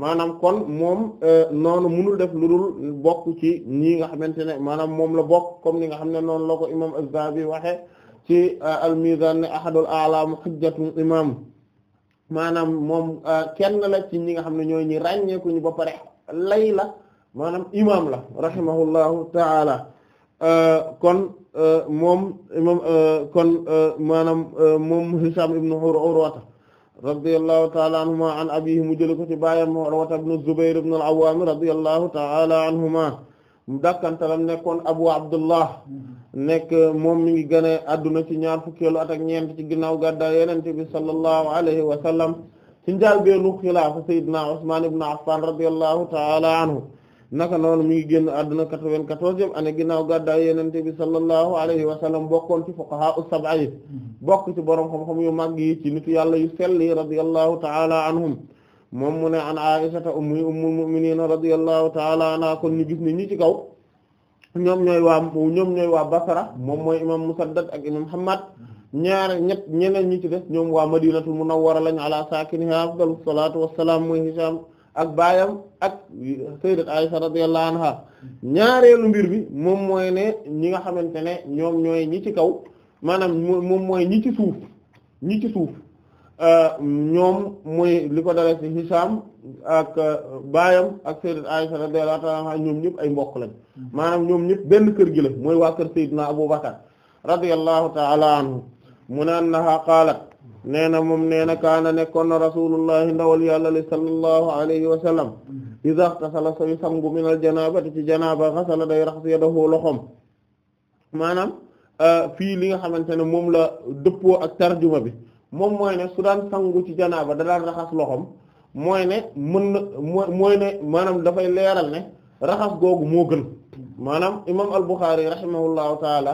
maanaam kon moom euh, noonu munul def lu dul bokk ci ñi nga xamante ne maanaam moom la bokk comme ni nga xam ne noonu la ko imam Az-Zahabi waxe ci euh, al-Mizan ne ahadul a'lam hujjatu imam maanaam moom euh, kenn la ci ñi nga xam ne ñooy ñi ràññeeku ñu ba pare lay la maanaam imam la rahimahullahu ta'ala kon moom imam kon maanaam moom Hisham ibn Urwata radiyallahu mu jële ko ci baayam Urwata ibn Zubayr ibn al-Awwam radiyallahu taala anhuma dakkantalam nekkoon Abu Abdullah nekk moom mi ngi gane adduna ci ñaar fukkeelu at ak ñeent ci ginnaaw gàddaay Yonent bi sallallahu alayhi wa sallam ci njàlbéenu xilaafa Seydina Usman ibn Affan radiyallahu taala anhu naka noonu mi ngi génn àdduna quatre-vingt-quatorzième année ginnaaw gàddaay yenente bi sallallahu alayhi wa sallam ci fuqaha as-sab'a yi mm-hmm. bokk ci borom xam-xam yu màgg yi ci nitu yàlla yu sell yi radiyallahu ta'ala anhum moom mu ne an Aisata ummu ummul mu'minina radiyallahu ta'ala anha kon ñu gis ne ñi ci kaw ñoom ñooy waa ñoom ñooy waa Basra moom mooy imam Musaddad ak imam Hammad mm-hmm. ñaar ñett ñeneen ñi ci def ñoom wa Madinatul Munawwara lañ ala saakiniha afdalu salaatu wassalaam mooy Hisham ak baayam ak sayyidat Aisha radiyallahu anha ñaareelu mbir bi moom mooy ne ñi nga xamante ne ñoom ñooy ñi ci kaw maanaam moom mooy ñi ci suuf ñi ci suuf euh, ñoom mooy li ko dara ci Hisham ak euh, baayam ak sayyidat Aisha radiyallahu ta'ala anha ñoom ñëpp ay mbokk lañ maanaam ñoom ñëpp benn kër gi la mooy waa kër sayyidina Abu Bakar radiyallahu ta'ala anhu mu ne annaha qaalat nee na moom nee na kaana nekkoon na rasulullahi ndawal yàlla li sallallahu alayhi wa sallam iza xasala sawi sangu minal janabati ci janaba xasala day raxas yadahu loxom maanaam euh, fii li nga xamante ne moom la dëppoo ak tarjuma bi moom mooy ne su daan sangu ci janaaba da daan raxas loxoom mooy ne mën na mooy ne maanaam dafay leeral ne raxas googu moo gën maanaam imam al-Bukhari rahimahullahu taala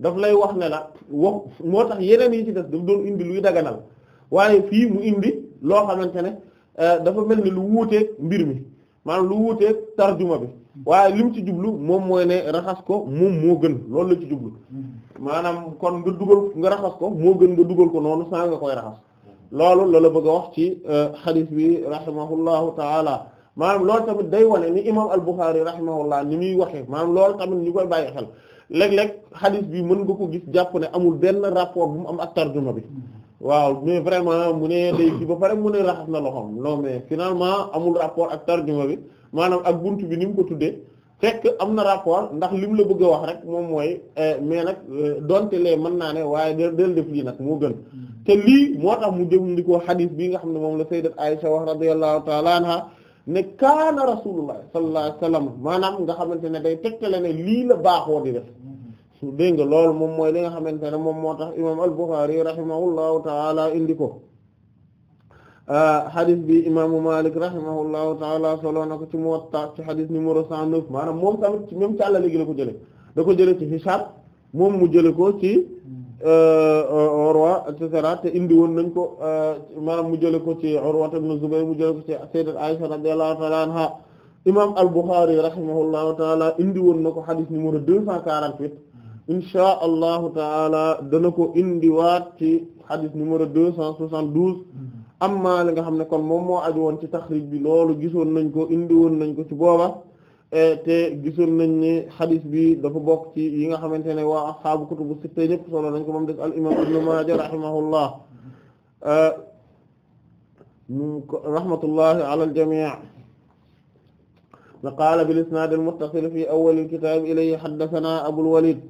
daf lay wax ne la wax moo tax yeneen yi ci des daf doon indi luy daganal waaye fii mu indi loo xamante ne euh, dafa mel ni lu wuuteeg mbir mi maanaam lu wuuteeg tarjuma bi waaye li mu ci jublu moom mooy ne raxas ko moom moo gën loolu la ci jublu maanaam kon nga dugal nga raxas ko moo gën nga dugal ko noonu saa nga koy raxas loolu la la bëgg a wax ci euh, xadis bi rahimahullahu taala maanaam loolu tamit day wane ni imam al-Bukhari rahimahullah ni muy waxee maanaam loolu tamit ñu koy bàyyi xel léeg-léeg xadis bi mën nga ko gis jàpp ne amul benn rapport bu mu am ak tarjuma bi waaw mais vraiment mu ne day ci ba pare mu ne raxas na loxoom non mais finalement amul rapport ak tarjuma bi maanaam ak bunt bi ni mu ko tuddee fekk am na rapport ndax lim la bëgg a wax rek moom mooy eh, mais nag eh, donte lee mën naa ne waaye del def lii nag moo gën mm. te lii moo tax mu jëm di ko xadis bi nga xam ne moom la sayyidat Aisha wax radiyallahu ta'ala ne kaana rasulullah sallallahu alayhi wasallam maanaam nga xamante ne day tegtale ne lii la baaxoo di def dégg nga loolu moom mooy li nga xamante ne moom moo tax imam al-Bukhari rahimahullahu taala indi ko ah, bi imaamu Malik rahimahullahu taala solo na ko ci Muwatta ci hadith numéro 109 maanaam moom tamit ci même ci àlla léegi la ko jële da ko jële ci Hisham moom mu jële ko ci Euh, euh, Urwa et cetera te indi woon nañ ko euh, maam mu jëlee ko ci Urwa ibn Zubayr mu jëlee ko ci sayyidat Aisha radiyallahu ta'ala anha imaam al-Bukhari rahimahullahu ta'ala indi woon na ko xadis numéro deux cent quarante-huit insha allahu ta'ala dana ko indiwaat ci xadis numéro deux cent soixante li nga xam ne kon moom moo aju woon ci taxrij bi loolu gisoon nañ ko indi woon nañ ko ci booba Eh, te gisoon nañ ne xadis bi dafa bokk ci yi nga xamante ne waa asxaabu kutubu sitta ñëpp solo nañ ko moom des al imam ibnu Maaja rahimahullah eh, rahmatullahi ala al jamii qaala bil isnaad al muttasil fi awwal al kitaab ilayhi haddasanaa abul walid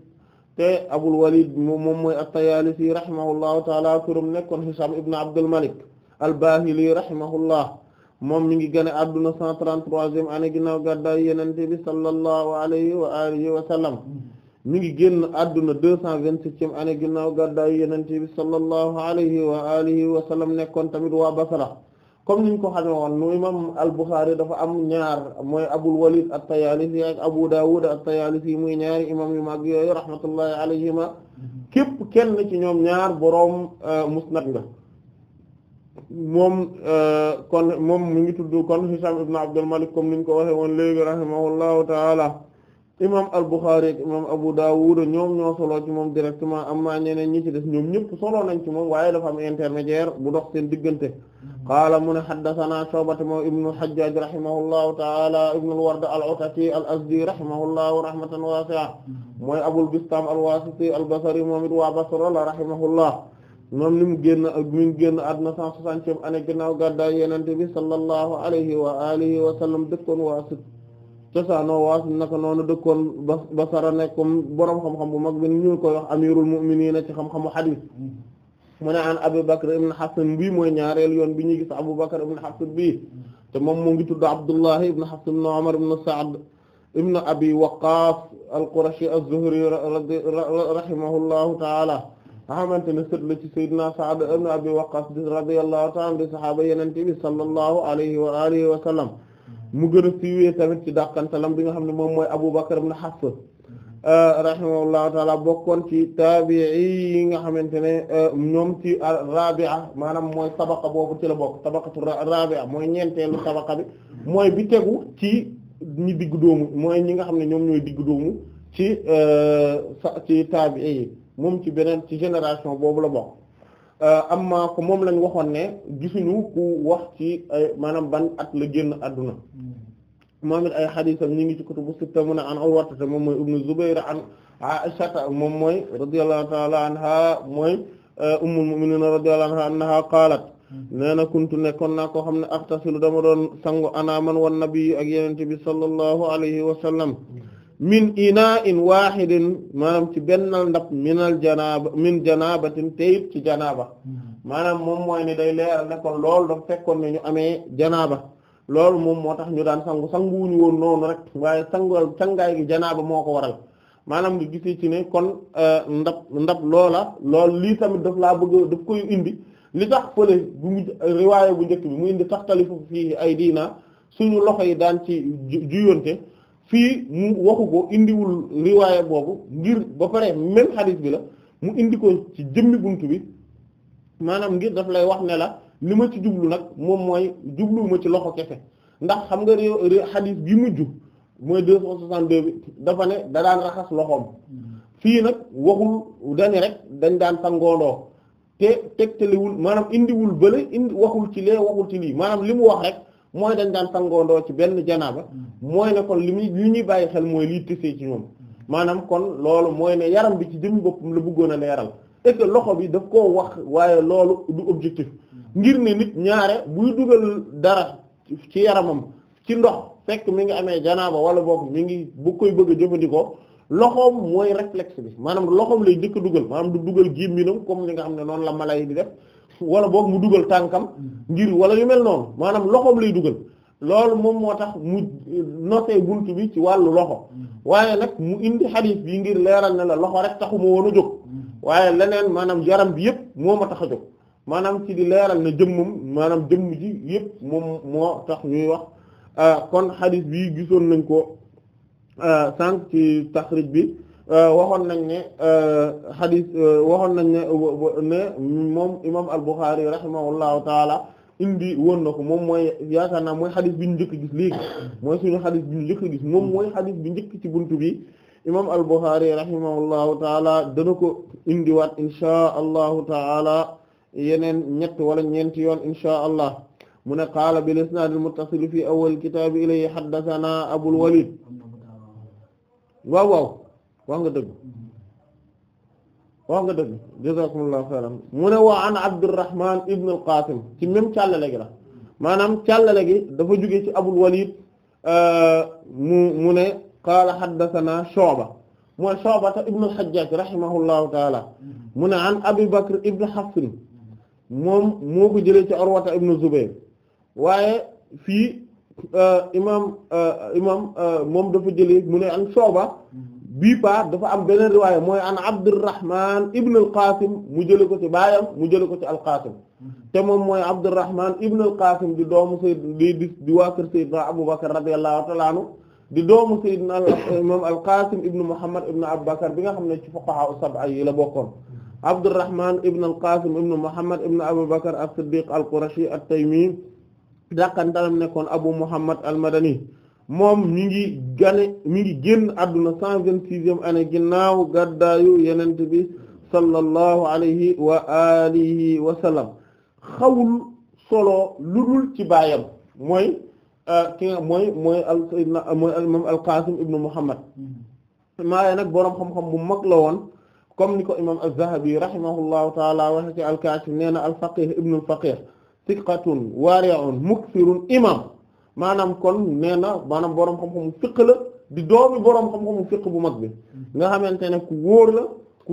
te abul walid moom mooy at-Tayaalisi rahimahullahu taala turam nekkoon Hisaam ibn Abdul Malik al-Baahili rahimahullah moom mi ngi génn adduna 133e année ginnaaw gàddaay Yonent bi sallallahu alayhi wa alihi wa sallam mi ngi génn adduna 227e année ginnaaw gàddaay Yonent bi sallallahu alayhi wa alihi wa sallam nekkoon tamit waa Basra comme niñ ko xamee woon nu imam al-Bukhari dafa am ñaar mooy Abul Walid at-Tayalisi ak Abu Dawud at-Tayalisi muy ñaari imam yu ma mag yooyu rahmatullahi ma képp kenn ci ñoom ñaar boroom euh, musnad nga moom euh, kon moom mu ngi tudd kon Hisham ibn Abdul Malik comme niñ ko waxe woon léegi rahimahullahu taala imam al-Bukhari ak imam Abu Dawud ñoom ñoo solo ci moom directement amma ñeneen ñi ci des ñoom ñëpp solo nañ ci moom waaye dafa am intermédiaire bu dox seen diggante qaala mu ne haddathana Shu'bata moom ibnu al-Hajjaj rahimahullahu taala ibnu al-Ward al-Ataki al-Azdi rahimahullahu rahmatan wasi'a mooy Abul Bistam al-Wasiti al-Basri moom it waa Basra la rahimahullah moom ni mu génn ak mi ngi génn àdduna cent soixantième année ginnaaw gàddaay yenente bi sallallahu alayhi wa alihi wa sallam dëkkoon waas cosaanoo waas naka noonu dëkkoon ba basara nekkoon boroom xam-xam bu mag bi ñu koy wax amirul mu'minin ci xam-xamu xadis mm-hmm. mu ne an Abu Bakr ibn Hafs bii mooy ñaareel yoon bi ñuy gis Abu Bakr ibn Hafs bii mm-hmm. te moom mu ngi tudd Abdullah ibn Hafs ibn Umar ibn Sa'd ibn Abi Waqqas al-Qurashi az-Zuhri rahimahullahu ta'ala nga xamante ne sët la ci sayyidina Sa'd ibn Abi Waqqas radiyallahu ta'ala di saxaaba Yonent bi sallallahu alayhi wa alihi wa sallam mu gën a siiwee tamit ci dàqantalam bi nga xam ne moom mooy Abu Bakr ibn Hafs euh, rahimahullahu taala bokkoon ci taabi'i yi nga xamante ne euh, ñoom ci rabi'a maanaam mooy tabaqa ci la bokk tabaqatu rabi'a mooy ñeenteelu tabaqa bi mooy bi tegu ci ñi diggu doomu mooy ñi nga xam ne ñoom ñooy diggu doomu ci euh, ci taabi'i yi moom ci beneen ci génération boobu la bokk euh, amma ko moom lañu waxoon ne gisuñu ku wax ci ay maanaam ban at la génn adduna mm-hmm. moom it ay xadiisam ñu ngi ci kutubu sitta mu ne an Urwata te moom mooy ibnu Zubayr an Aisha moom mooy radiyallahu ta'ala anha mooy euh, ummul mu'minin radiyallahu anha annaha qaalat mm-hmm. na kuntu nekkoon naa koo xam ne axtasilu dama doon sangu anaaman wan nabi ak yenente bi sallallahu alayhi wa sallam mm-hmm. min ina in wahidin maanaam ci bennal ndab minal janaaba min janabatin tayit ci janaaba hmm. maanaam moom mooy ni day leeral ne kon loolu dafa fekkoon ne ñu amee janaaba loolu moom moo tax ñu daan sangu sanguwuñu woon noonu rek waaye sangal sangaay gi janaaba moo ko waral maanaam nga gisee ci ne kon euh, ndab ndab loola loolu lii tamit daf laa bëgg daf koy indi li tax fële bu riwaaye bu njëkk bi mu indi taxtalifu fii ay diina suñu loxo yi daan ci juyonte fii mu waxu ko indiwul riwaaya boobu ngir ba pare même xadis bi la mu indi ko ci jëmmi bunt bi maanaam ngir daf lay wax ne la li ma ci jublu nag moom mooy jubluwuma ci loxo kese ndax xam nga réew xadis bi mujj mooy deux cent soixante-deux bi dafa ne da daan raxas loxoom fii nag waxul dani rek dañ daan sangoondoo te tegtaliwul maanaam indiwul bële indi waxul ci lee waxul ci lii maanaam li mu wax rek mooy dañ daan sangoondoo ci benn janaaba hmm. mooy ne kon li muy li ñuy bàyyi xel mooy lii tësee ci ñoom hmm. maanaam kon loolu mooy ne yaram bi ci jëm boppam la buggoon a leeral et loxo bi daf koo wax waaye loolu du objectif hmm. ngir ne nit ñaare buy dugal dara ci yaramam ci ndox fekk mi ngi amee janaaba wala boog mi ngi bu koy bëgg a jëfandikoo loxoom mooy réflexe bi maanaam loxoom lay njëkk a dugal maanaam du dugal gémminam comme li nga xam ne noonu la mala yi di def wala boog mu dugal tànkam ngir wala yu mel noonu maanaam loxoom lay dugal loolu moom moo tax mu noté buntu bi ci wàllu loxo waaye nag mu indi xadiis bi ngir leeral ne la loxo rek taxu ma woon a jóg waaye leneen maanaam yaram bi yëpp moo ma tax a jóg maanaam ci di leeral ne jëmmam maanaam jëmm ji yëpp moom moo tax ñuy wax ah kon xadiis bi gisoon nañ ko ah, sànq ci taxrij bi Euh, waxoon nañ ne xadis euh, euh, waxoon nañ ne ne moom imam al-Bukhari rahimahullahu taala indi woon na ko moom mooy yaakaar naa mooy xadis bi ñu mooy suñu xadis bi ñu gis moom mooy xadis bi njëkk ci buntu bi imam al-Bukhari rahimahullahu taala dana ko indiwaat inshaa allahu taala yeneen ñett wala ñeenti yoon inshaa allah mu ne qaala bil isnaad al-muttasil fi awwal kitaab ilayhi haddathana Abul Walid waaw waaw wax nga dëgg wax nga dëgg jazakumullahu khairan mu ne waa an Abdurrahman ibn al-Qasim ci même càllale gi la maanaam càllale gi dafa jóge ci abu Walid euh, mu ne qaala haddathana Shu'ba mooy Shu'ba ta ibn al-Hajjaj rahimahullahu ta'ala mu ne an Abi Bakr ibn Hafs moom moo ko jëlee ci Urwata ibn Zubayr waaye fii euh, imaam euh, imaam moom dafa jëlee mu ne an Shu'ba bii paa dafa am beneen riwaaya mooy an Abdurrahman ibn al-Qasim mu jëlee ko ci baayam mu jëlee ko ci al mm-hmm. te moom mooy Abdurrahman ibn al-Qasim di doomu Seydina di di waa kër Seydina Abu Bakr radiyallahu ta'ala anhu di doomu Seydina imam al-Qasim ibn Muhammad ibn Abu Bakr bi nga xam ne ci fuqaha sab'a yi la bokkoon mm-hmm. Abdurrahman ibn al-Qasim ibn Muhammad ibn Abu Bakr as-Siddiq al-Qurashi at-Taymi dàqantalam nekkoon Abu Muhammad al-Madani moom mi ngi gane mi ngi génn adduna cent vingt-sixième année ginnaaw gàddaayu yenente bi sallallahu alayhi wa alihi wa sallam xawul solo ludul ci baayam moy euh, ki nga mooy mooy al sayyidna mooy imam al-Qasim ibnu Muhammad mm-hmm. maaye nag boroom xam-xam bu mag la woon comme ni ko imam az-Zahabi rahimahullahu taala waxe ci al-Kashif nee na al-faqih ibnu al imam maanaam kon nee na maanaam boroom xam-xamu fiq la di doomi boroom xam-xamu fiq bu mag bi nga xamante ne ku wóor la ku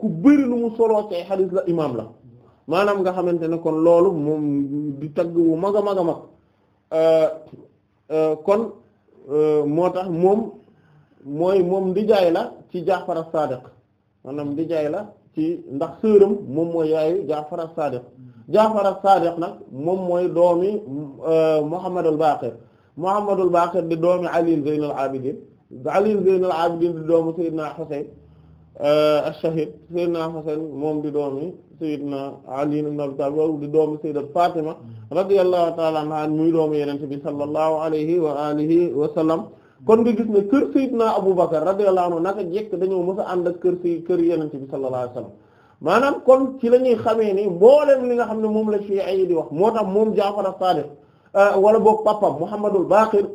ku bëri lu mu soloo la imaam la maanaam nga xamante ne kon loolu moom di tagg wu mag a mag a mag euh, euh, kon euh, moo tax moom mooy moom ndijaay la ci Jaafar as-Saadiq maanaam ndijaay la ci ndax sëram moom mooy yaayu Jaafar as-Saadiq Jaafar as-Sadiq nag moom mooy doomi euh, Muhammadul Baqir Muhammadul Baqir di doomi Ali Zaynul Abidin Abidin di doomi Seydina Husayn euh, ash-Shahid Seydina Husayn moom di doomi Seydina Ali ibn Abi Talib di doomi Sayyidat Fatima radiyallahu ta'ala anha muy doomi Yonent bi sallallahu alayhi wa alihi wa sallam kon nga gis ne kër Seydina Abubakar radiyallahu anhu naka jekk dañoo mës a ànd ak kër si kër Yonent bi sallallahu wa sallam maanaam kon ci la ñuy xamee ni mboolem li nga xam ne moom lañ ci ay di wax moo tax moom Jaafar as-Sadiq euh, wala boog papam Muhammadul Baqir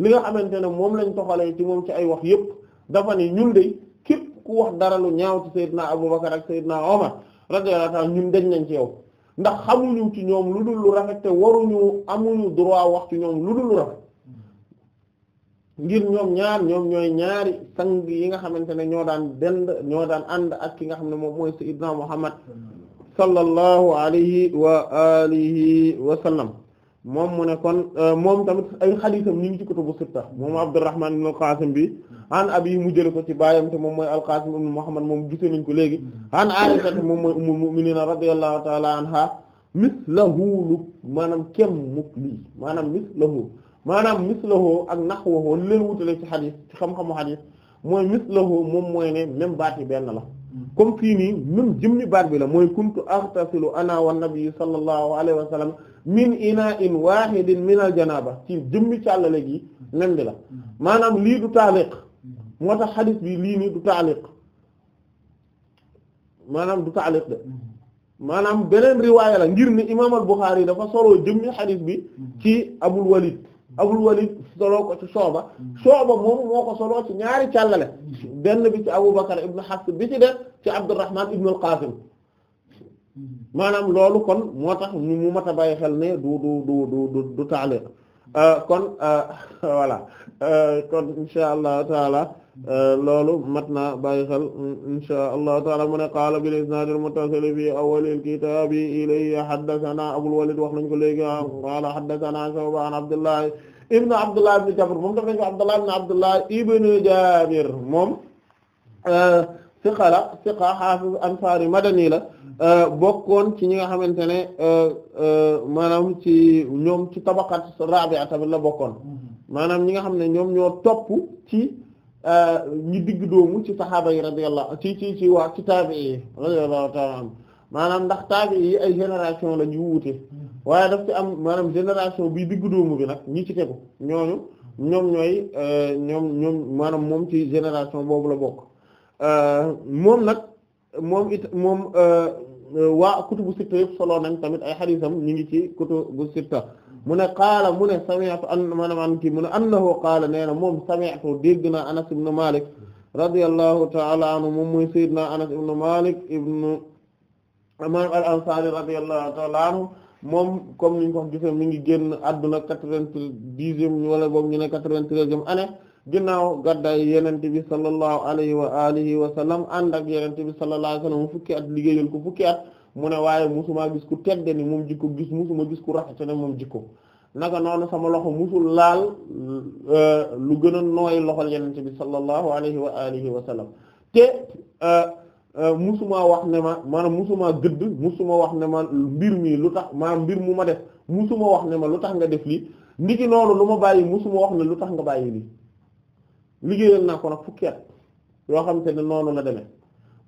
li nga xamante ne moom lañ toxalee ci moom ci ay wax yépp dafa ne ñun de képp ku wax dara lu ñaaw ci Seydina Abubakar ak naa Omar radiyallahu anhu ñun dañ nañ ci yow ndax xamuñu ci ñoom lu dul lu rafet te waruñu amuñu droit wax ci ñoom lu dul lu rafet ngir ñoom ñaar ñoom ñooy ñaari sang yi nga xamante ne ñoo daan dend ñoo daan ànd ak ki nga xam ne moom mooy sayyidna Muhammad sallallahu alayhi wa alihi wa sallam moom mu ne kon euh, moom tamit ay xadiisam ñu ngi ci kutubu sitta moom Abdurrahman ibn al bi an abi mu jële ko ci baayam te moom mooy al-Qasim ibn Muhammad moom gisee nañ ko léegi an Aisha moom mooy ummul mu'minin radiyallahu ta'ala anha mislahu maanaam kem muk lii maanaam mislahu maanaam mislahu ak naxwahu li leen wutale ci xadis ci xam-xamu xadis mooy mislahu moom mooy ne même baat yi benn la comme fii nii même jëmmi baat bi la mooy kuntu aghtasilu ana wa nabi sallallahu alayhi wa min ina'in wahidin min al ci jëmmi càllale gi même bi la maanaam lii du taaliq moo tax xadis bi lii nii du taaliq maanaam du taaliq de maanaam beneen riwaaya la ngir ne imaam al Buxaari dafa soloo jëmmi xadis bi ci Abul Walid Abul Walid solo ko ci sooba Shu'ba moom moo ko soloo ci ñaari càllale benn bi ci Abu Bakr ibn Hafs bi ci def ci Abdurrahman ibn al-Qasim maanaam loolu kon moo tax ñu mu mat a bàyyi xel ne du du du du du taale euh, kon euh, [laughs] voilà euh, kon insha Allah taala Euh, loolu mat na bàyyi xel insha allahu taala mu ne qaala bil isnaadil muttasil fi awwalil kitaabi ilayhi haddathana abul walid wax nañ ko léegi qaala haddathana shu'ba an abdullah ibn abdullah ibn jabr moom daf nañ ko abdullah ibn abdullah ibn jabir moom euh, siqa la siqa hafiz ansari madani la euh, bokkoon ci ñi nga xamante ne maanaam ci ñoom ci tabaqat rabi'a tamit la bokkoon mm-hmm. maanaam ñi nga xam ne ñoom ñoo topp ci Euh, ñi digg doomu ci saxaaba yi radiyallahu ci ci ci waa ci taabii yi radiyallahu ta'ala maanaam ndax taabii yi ay génération la ñu wuute waaye daf ci am maanaam génération bi digg doomu bi nag ñi ci tegu ñooñu ñoom ñooy euh, ñoom ñoom maanaam moom ci génération boobu la bokk euh, moom nag moom it moom waa kutubu sitta yëpp solo nañ tamit ay xadiisam ñi ngi ci kutubu sitta mu ne qaala mu ne sami'tu an maanaam an kii mu ne annahu qaala nee na moom sami'tu dégg naa Anas ibn Malik radiyallahu ta'ala anhu moom mooy sayyidina Anas ibn Malik ibn maanaam al-Ansari radiyallahu ta'ala anhu moom comme niñ ko gisee mi ngi génn adduna quatre-vingt-dixième wala boobu ñu ne quatre-vingt-treizième année ginnaaw gàddaay yenente bi sallallahu alayhi wa alihi wa sallam ànd ak yenente bi sallallahu alayhi wa sallam fukki at liggéeyal ko fukki at mu ne waaye musuma gis ku tedde ni moom jikko gis musuma gis ku rafet ne moom jikko naka noonu sama loxo musul laal euh, lu gën a nooy loxol yenente bi sallallahu alayhi wa alihi wa sallam te euh, euh, musuma wax ne ma maanaam musuma gëdd musuma wax ne ma mbir mi lu tax maa mbir mu ma def musuma wax ne ma lu tax nga def lii ndiki noonu lu ma bàyyi musuma wax ne lu tax nga bàyyi lii liggéeyal naa ko nag fukki at yoo xam te ne noonu la demee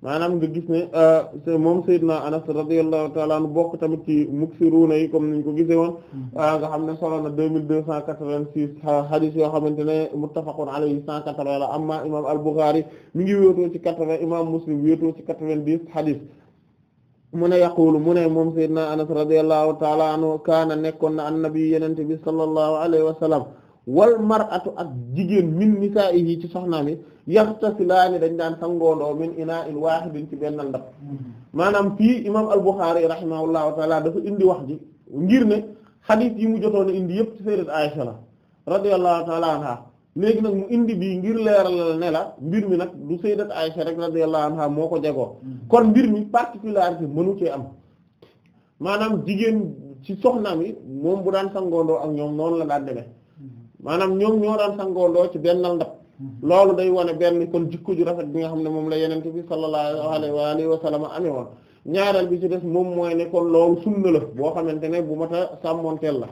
maanaam nga gis ne euh, moom Seydina Anas radiyallahu ta'ala bokk tamit ci muksiruuna yi comme niñ ko gisee woon mm-hmm. euh, nga xam ne solo na deux mille deux cent quatre-vingt-six hadith yoo xamante ne muttafaqun alayhi cent quatre-vingts la amma imam al-Bukhari mi ngi wéetoo ci quatre-vingts imam Muslim wéetoo ci quatre-vingt-dix hadith mu ne yaqulu mu ne moom Seydina Anas radiyallahu ta'ala anhu kaana nekkoon na annabi yenente bi sallallahu alayhi wa sallam wal mar'atu ak jigéen min nisaa'ihi ci soxnaami yaxtasilaani dañ daan sangoondoo min inaa in waahidin ci benn ndab maanaam fii imaam al-Bukhari rahimahullahu taala dafa indi wax ji ngir ne xadiis yi mu jotoon indi yëpp ci sayyidat Aisha la radiyallahu taala léegi nag mu indi bii ngir leeralal ne la mbir mi nag du sayyidat Aisha rek radiyallahu anha moo ko jagoo kon mbir mi particularité mënu cee am maanaam jigéen ci soxnaam yi moom bu daan sangoondoo ak ñoom noonu la daan deme maanaam ñoom ñoo daan sangoondoo ci benn ndab Mm-hmm. loolu day wane benn kon jikko ju rafet bi nga xam ne moom la yenente bi sallallahu alayhi wa sallam amee woon ñaareel bi ci des moom mooy ne kon loolu sunna la boo xamante ne bu mat a sàmmonteel la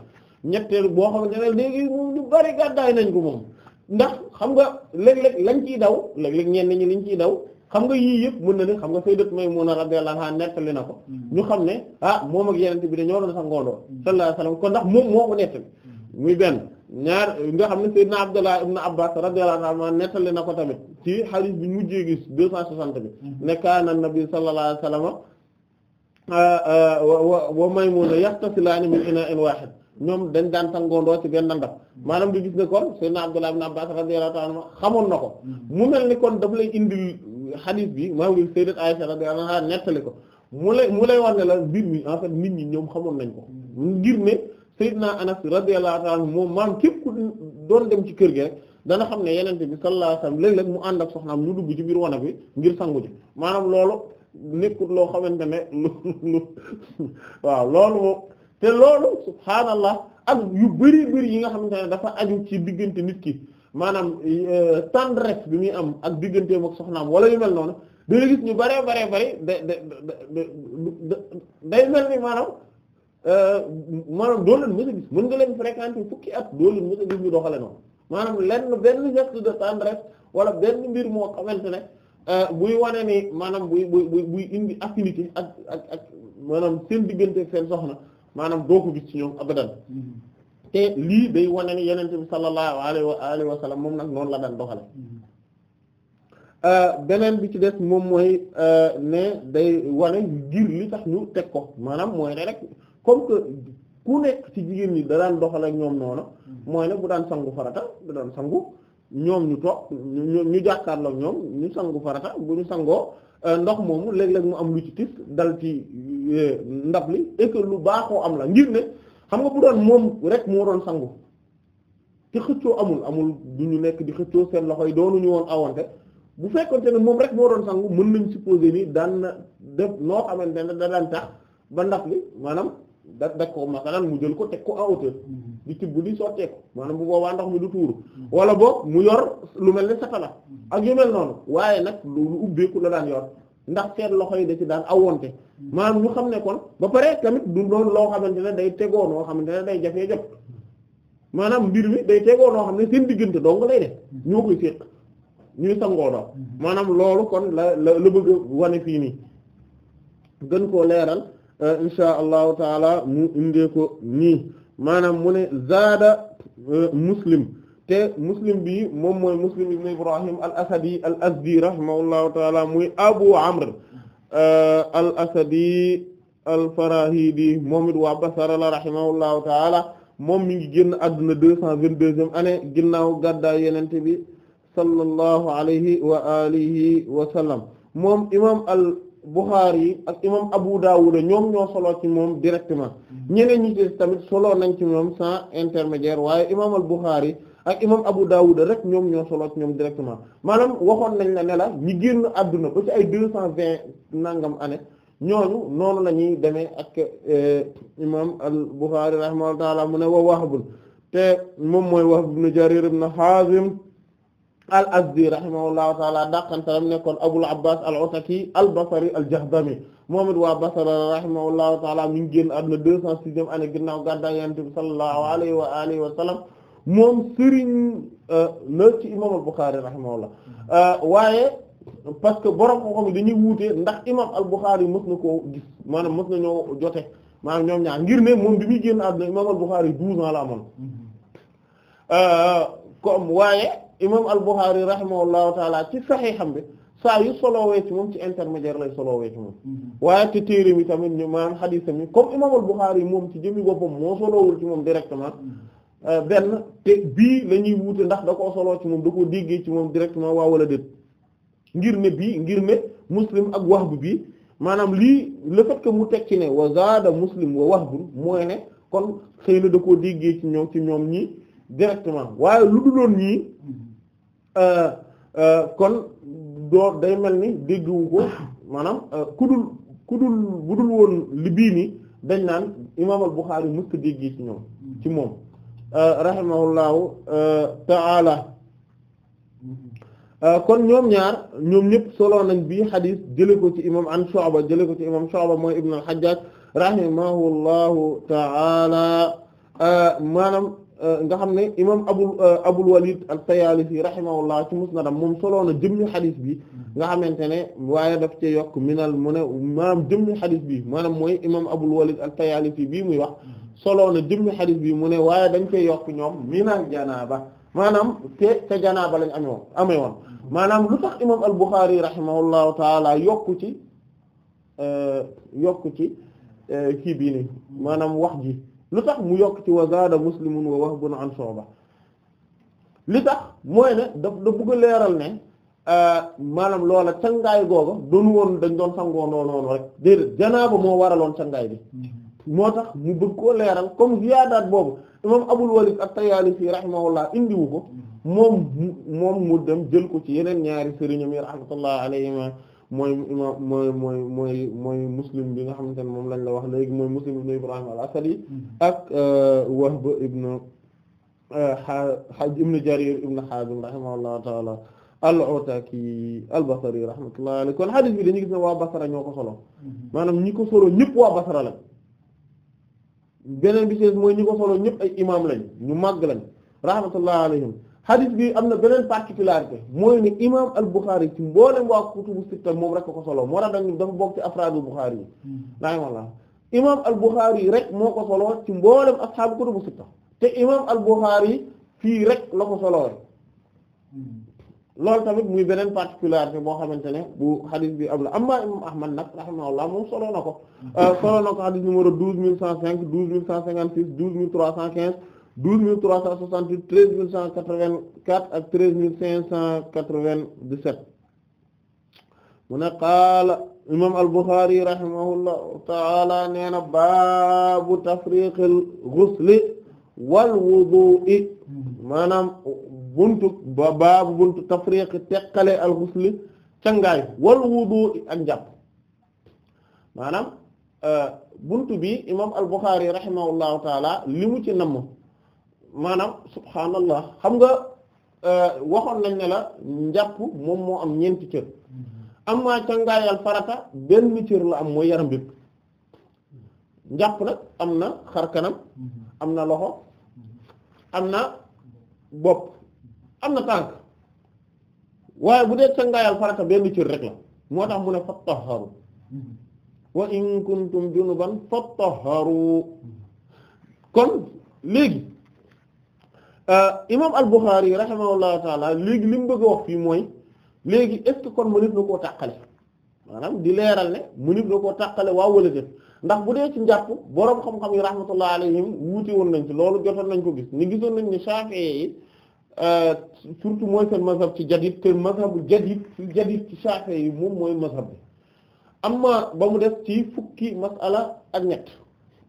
ñetteel boo xamante ne léegi moom ñu bari gàddaay nañ ko moom ndax xam nga léeg-léeg lañ ciy daw léeg-léeg ñenn ñi liñ ciy daw xam nga yii yëpp mën na ne xam nga a Maymuna laa anha nettali na ko mm-hmm. ñu xam ne ah moom ak yenente bi dañoo doon sax ngoondoo mm-hmm. sallallahu alayhi wa sallam kon ndax moom moo ko nettali muy benn ñaar nga xam ne Seydina Abdullah ibn Abbas radiyallahu anhuma nettali na ko tamit ci hadith bi mujjee gis deux cent soixante bi ne kaana nabi sallallahu alayhi wa sallam euh, euh, wa wa Maymuna yaghtasilaani min ina'in ñoom dañ daan sangoondoo ci benn ndab maanaam di gis ne kon Seydina Abdullah ibn Abbas radiyallahu anhuma xamoon na ko mu mel ni kon daf lay indi hadith bi maa ngi Sayyidatu Aisha radiyallahu anha nettali ko mu lay mu lay wax ne la mbir mi en fait nit ñi ñoom xamoon nañ ko na Seydina Anas radiyallahu ta'ala moom maam képp ku doon dem ci kër gi rek dana xam ne yenente bi sallallahu alayhi wasallam léeg-léeg mu ànd ak soxnaam ñu dugg ci biir wanag bi ngir sangu ji maanaam loolu nekkul loo xamante ne lu waaw loolu moom te loolu subhaanallah ak yu bari bari yi nga xamante ne dafa aju ci diggante nit ki maanaam tànd euh, tendresse bi muy am ak digganteem ak soxnaam wala yu mel noonu da gis ñu bare bare bare da day mel ni maanaam Euh, maanaam doo leen mës a gis mën nga leen fréquenter fukki at doo leen mës a gis ñu doxale noonu maanaam lenn benn geste de tendresse wala benn mbir moo xamante ne euh, buy wane ni maanaam buy buy indi affinité ak ak ak maanaam seen diggante soxna maanaam doo ko ci ñoom abadan mm-hmm. lii day wane ni yenente bi sallallahu alayhi wa moom nag noonu la daan doxale mm-hmm. euh, beneen bi ci des moom mooy ne day wane ngir li tax ñu teg ko maanaam mooy ne rek comme que ku nekk ci jigéen ñi da daan doxal ak ñoom noonu mooy ne bu daan sangu farata da daan sangu ñoom ñu toog ñu ñu jàkkaarloo ñoom ñu sangu farata bu ñu sangoo euh, ndox moomu léeg-léeg mu am lu ci tis euh, ndab li et lu baaxoo am la ngir ne xam nga bu moom rek moo doon sangu te xëccoo amul amul du ñu nekk di xëccoo seen loxo yi doonu ñu woon awante bu fekkonte ne moom rek moo doon sangu mën nañ si supposer ni daan na def noo xamante ne da daan tax ba ndab li maanaam da daj ko masalan mu jël ko teg ko à hauteur mm-hmm. di tibb di sottee ko maanaam boobaa ndox mi du tuuru wala boog mu yor lu mel ne satala mm-hmm. ak yu mel noonu waaye nag lu ubbeeku la daan yor ndax seen loxo yi da ci daan awonte mm-hmm. maanaam ñu xam ne kon ba pare tamit du noonu loo xamante ne day tegoo noo xamante ne day jafe jot maanaam mbir mi day tegoo noo xam ne seen diggante dong lay def ñoo koy séq ñuy sangoo doo maanaam loolu kon la la bëgg wane fii nii gën koo leeral Euh, insha allahu taala mu indee ko nii maanaam mu ne zaada euh, muslim te muslim bi moom mooy muslim ibn ibrahim al asadi al asdi rahimahullahu taala muy abu amr euh, al asadi al farahidi moom it waa basara la rahimahullahu taala moom mi ngi génn adduna deux cent vingt-deuxième année ginnaaw gàddaay yenente bi sallallahu alayhi wa alihi wa sallam moom imam Bukhari ak imam Abu Dawud ñoom ñoo solo ci moom directement mm-hmm. ñeneen ñi tamit solo nañ ci moom sans intermédiaire waaye imam al Bukhari ak imam Abu Dawud rek ñoom ñoo solo ci ñoom directement maanaam waxoon nañ la ne la ñi génn àdduna ba ci ay deux cent vingt nangam année ñooñu noonu la ñuy demee ak eh, imam al Bukhari rahimahullahu ta'ala mu ne wa Wahb te moom mooy Wahb ibn Jarir ibn Hazim al azdi rahimahullahu taala daqantaram nekkoon abul abbas al utaki al basri al jahdami moom it waa basara rahimahullahu taala mi ngi génn àdduna deux cent sixième année ginnaaw gàddaay yonent bi sallallahu alayhi wa alihi wa sallam moom sëriñ euh, la ci imam al buxaari rahimahullah euh, waaye parce que borom xam-xam dañuy wuute ndax imam al buxaari mës na koo gis maanaam mës na ñoo jote maanaam ñoom ñaar ngir ne moom bi muy génn àdduna imam al buxaari douze ans la amoon mm-hmm. euh, comme waaye imam al-Bukhari laa taala ci saxiixam bi saa yu solowee ci moom ci intermédiaire lay solowee ci moom mm-hmm. waaye te téere mi tamit ñu maanaam xadiis mi comme imam al-Bukhari moom ci jëmmi boppam moo solowul ci moom directement mm-hmm. euh, benn te bii lañuy ñuy ndax da koo soloo ci moom da koo déggee ci moom directement waa wala déet ngir ne bii ngir ne muslim ak Wahb bii maanaam lii le fait mu teg ci ne wa zaada muslim wa Wahb mooy ne kon xëy na da koo déggee ci ñoom ci ñoom ñi directement waaye lu duloon ñii euh, euh, kon doo day mel ni dégguwu ko maanaam euh, kudul kudul budul woon li bii nii dañ naan imaam al-Bukhari mësta déggee ci ñoom ci moom rahimahullahu ta'ala kon ñoom ñaar ñoom ñëpp solo nañ bii xadis jële ko ci imam an Shu'ba jële ko ci imam Shu'ba mooy ibn al-Hajjaj rahimahullahu ta'ala maanaam Euh, nga xam ne imam abul euh, abul walid at-Tayaalisi rahimahullah ci musnadam moom solo na jëmmi xadis bi nga xamante ne waaye daf cee yokk minal mu ne maam jëmmi xadis bi maanaam mooy imam abul walid al tayaalisi bii muy wax solo na jëmmi xadis bi mu ne waaye dañ cee yokk ñoom minal janaaba maanaam te te janaaba lañ amee woon amee woon maanaam lu tax imam al-Bukhari rahimahullahu taala yokk ci yokku ci euh, kii bii wax ji lu tax mu yokk ci wa zaada muslimun wa wahbun an shu'ba li tax mooy ne daf da bëgg a leeral ne euh, maanaam loola cangaay googa doon woon dañ doon sangoo noonu rek déedéet janaaba moo waraloon cangaay bi mm-hmm. moo tax mu bëgg ko leeral comme ziyaadaat boobu imam Abul Walid at-Tayaalisi rahimahullah indiwu ko mm-hmm. moom moom mu dem jël ko ci yeneen ñaari sëriñam yi rahmatullah alayhima mooy imam mooy mooy mooy mooy muslim bi nga xamante ne moom lañ la wax léegi mooy muslim ibn ibrahim al asadi mm-hmm. ak euh, wahb ibn euh, hajj ibn jarir ibn hazim rahimahullahu taala al utaki al basri rahmatullahi alayhi kon hadith bi dañu gis ne waa basra ñoo ko solo mm-hmm. maanaam ñi ko solo ñëpp waa basra lañ beneen bi ci mooy ñi ko solo ñëpp ay imam lañ ñu màgg lañ rahmatullahi alayhim xadis bi am na beneen particularité mooy ne imam al-Bukhari ci mboolem waa kutubu sitta moom rek ko solo moo tax dañu dafa bokk ci afraadu Bukhari yi rahimallah hmm. imam al-Bukhari rek moo ko solo ci mboolem ashaabu kutubu sitta te imam al-Bukhari fii rek la ko solo hmm. loolu tamit muy beneen particularité boo xamante ne bu xadis bi am la amma imam Ahmad nag rahimahullah moom solo na ko [laughs] euh, solo na ko xadis numéro douze mille cent cinq douze mille cent cinquante six douze mille trois cent soixante-huit treize mille cent quatre-vingt-quatre ak treize mille cinq cent quatre-vingt-dix-sept mu ne qaala imam al-Bukhari rahimahullahu taala nee na baabu tafriqil ghusli wal wudu'i maanaam buntu ba baabu buntu tafriq teqale al ghusli cangaay wal wudu'i ak njàpp maanaam euh, buntu bi imam al-Bukhari rahimahullahu taala li mu ci namm maanaam subhaanallah xam nga euh, waxoon nañ ne la njàpp moom moo am ñeenti cër am maa cangaayal farata benn cër la am mooy yaram bépp njàpp na am na xar kanam am na loxo am na bopp am na tànk waaye bu dee cangaayal farata benn cër rek la moo tax mu ne fattaharu wa in junuban fattaharu kon léegi Euh, imam al-Bukhari y rahimahullahu taala léegi li mu bëgg a wax fii mooy léegi est ce que kon mënif na koo tàqale maanaam di leeral ne mënif na koo tàqale waaw wala def ndax bu dee ci njàpp boroom xam-xam yi rahmatullah alayhim wuute woon nañ ci loolu jotoon nañ ko gis ni gisoon nañ ni Shafi'i yi euh, surtout mooy seen mazhab ci jadid te mazhabu jadid ci jadid ci Shafi'i yi moom mooy mazhab bi amma ba mu def ci fukki masala ak ñett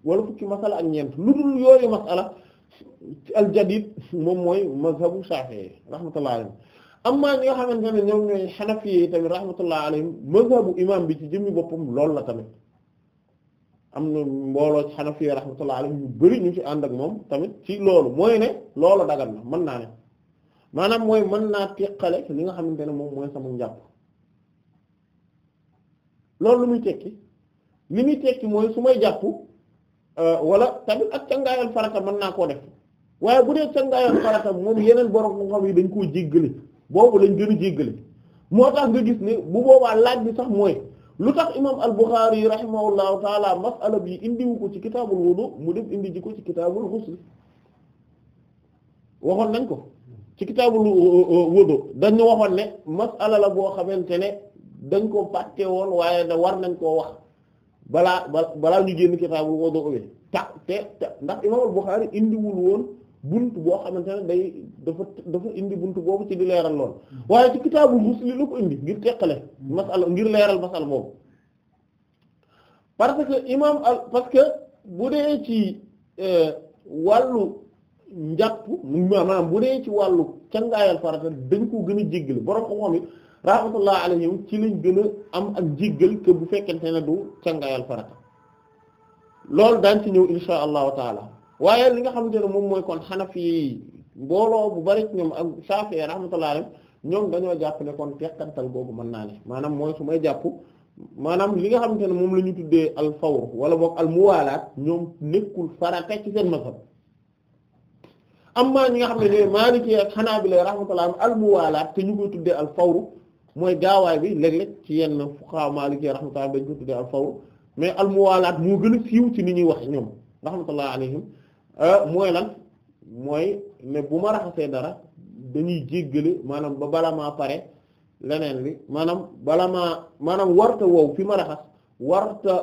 wala fukki masala ak ñeent lu dul yooyu masala aljadid moom mooy mazhabu Shafi'i rahmatullahi alayhim amma ñi nga xamante ne ñoom ñooy xanafi yi tamit rahmatullahi alayhim mazhabu imam bi ci jëmmi boppam loolu la tamit am na mbooloo ci xanafi yi rahmatullahi alayhim ñu bari ñu ci ànd ak moom tamit ci loolu mooy ne loolu dagan na mën naa ne maanaam mooy mën naa teqale li nga xamante ne moom mooy sama njàpp loolu lu muy tekki li muy tekki mooy su may jàpp Euh, wala tamit ak cangaayal farata mën naa koo def waaye bu dee cangaayal farata moom yeneen borom xam-xam yi dañ koo jéggale boobu lañ gën a jéggale moo tax nga gis ne bu boobaa laaj bi sax mooy lu tax imam al-Bukhari y rahimahullahu taala masala bi indiwu ko ci kitaabul wudu mu def indi ji ko ci kitaabul ghusl waxoon nañ ko ci kitaabul euh, euh, wudu dañu waxoon ne masala la boo xamante ne dañ ko fàtte woon waaye da war nañ koo wax balaa balaa ñu génn kitaabul wudu bi ta te ndax imaamul Buxaari indiwul woon bunt boo xamante ne day dafa dafa indi bunt boobu ci di leeral lool hmm. waaye ci kitaabul muslim la ko indi ngir teqale hmm. masala ngir leeral masala boobu parce que imaam al parce que bu dee ci euh, wàllu njàpp maanaam bu dee ci wàllu cangaayal farata dañ koo gën a jéggale borom ko xam rahmatullah alayhim ci lañ gën am ak jéggal bu fekkente ne du càngaayal farata daan ci ñëw insha allahu taala waaye li nga xamante ne moom mooy kon xanafi yi mbooloo bu bari ñoom ak Shafi'i rahmatullah alayhim ñoom dañoo jàpp ne kon teqantal googu mën naa ne maanaam mooy su may jàpp maanaam li nga xamante ne moom la ñu tuddee al fawr wala boog al ñoom nekkul farata ci seen mazhab amma ñi nga xam ne ñooy Maliki ak Hanaabila rahmatullah al muwaalaat te ñu koy tuddee al fawr mooy gaawaay bi léeg-léeg ci yenn fuqaha maliki rahmatullah dañ ko tuddee al fawr mais al muwaalaat moo gën a siiw ci ni ñuy wax ñoom rahmatullah alayhim euh, mooy lan mooy ne bu ma raxasee dara dañuy jéggale maanaam ba bala maa pare leneen li maanaam bala maa maanaam warta wow fi ma raxas warta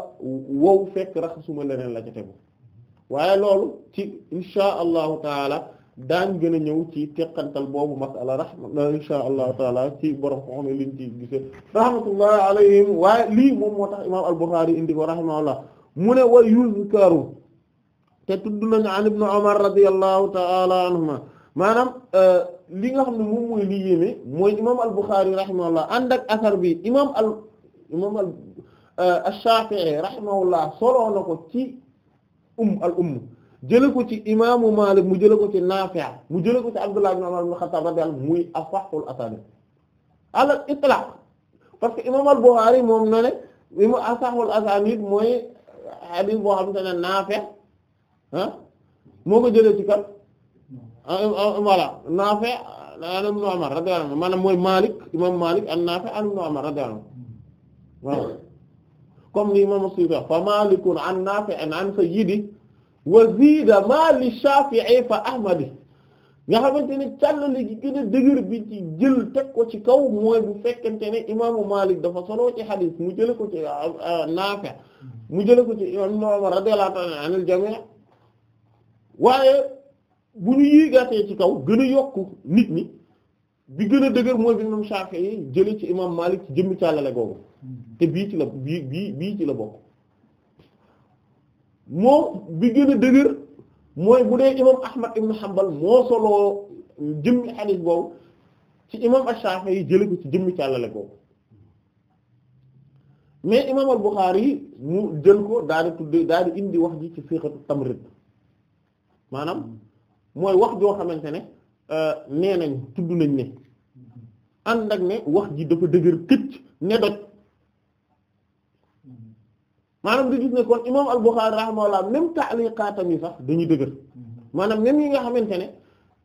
wow fekk raxasuma leneen la ca tegu waaye loolu ci insha allahu taala daañ gën a ñëw ci teqantal boobu masala rahma insha allahu taala ci borom ko xam ne liñ ci gisee rahmatullah alayhim waaye lii moom moo tax imam al-Bukhari indi ko rahimahullah mu ne wa yuzkaru te tudd nañu an ibnu Umar radiyallahu taala anhuma maanaam euh, li nga xam ne moom mooy lii yéeme mooy imam al-Bukhari rahimahullah ànd ak asar bi imam al imam al euh, Shafi'i rahimahullah soloo na ko ci um umm jële ko ci imaamu Maalik mu jële ko ci Naafi' mu jële ko ci Abdullah ibn Umar ibn Khattab radiyallahu muy asahhul asaanid ala itlaq boo xam te ne Naafi' ah moo ko jëlee ci kat voilà Naafi' an ibn Umar radiyallahu anhu maanaam mooy Maalik imaam Maalik an Naafi' an ibn Umar radiyallahu anhu comme ni imaam as fa Maalikun an Naafi' an sayyidi wa ziida ma li Shafi'i fa ahmadi nga xamante ne càll gi gën a dëgër bi ci jël teg ko ci kaw mooy bu fekkente ne imaamu Malik dafa solo ci xadiis mu jële ko ci ah, ah, Naafi mu jële ko ci Ibn Umar radiyallahu ta'ala anil jami' waaye bu ñu yéegaatee ci kaw gën a yokk nit ñi bi gën a dëgër mooy bi imam Shafi'i jële ci imaam Malik ci jëmmi càllale googu te bii ci la bii bii bii ci la bokk moom bi gën a dëgër mooy bu dee imam Ahmad ibn Hanbal moo soloo jëmmi xadiis boobu ci imam Ash-Shafi'i yi jële ko ci jëmmi càllale boobu mais imam Al-Bukhari yi mu jël ko daal di tudde daal di indi wax ji ci siixatu tamrid maanaam mooy wax joo xamante ne euh, nee nañ tudd nañ ne ànd ak ne wax ji dafa dëgër këcc ne doj maanaam di gis ne kon imam al-Bukhari rahimahullah même ta'liqaatam yi sax dañuy dëgër maanaam même yi nga xamante ne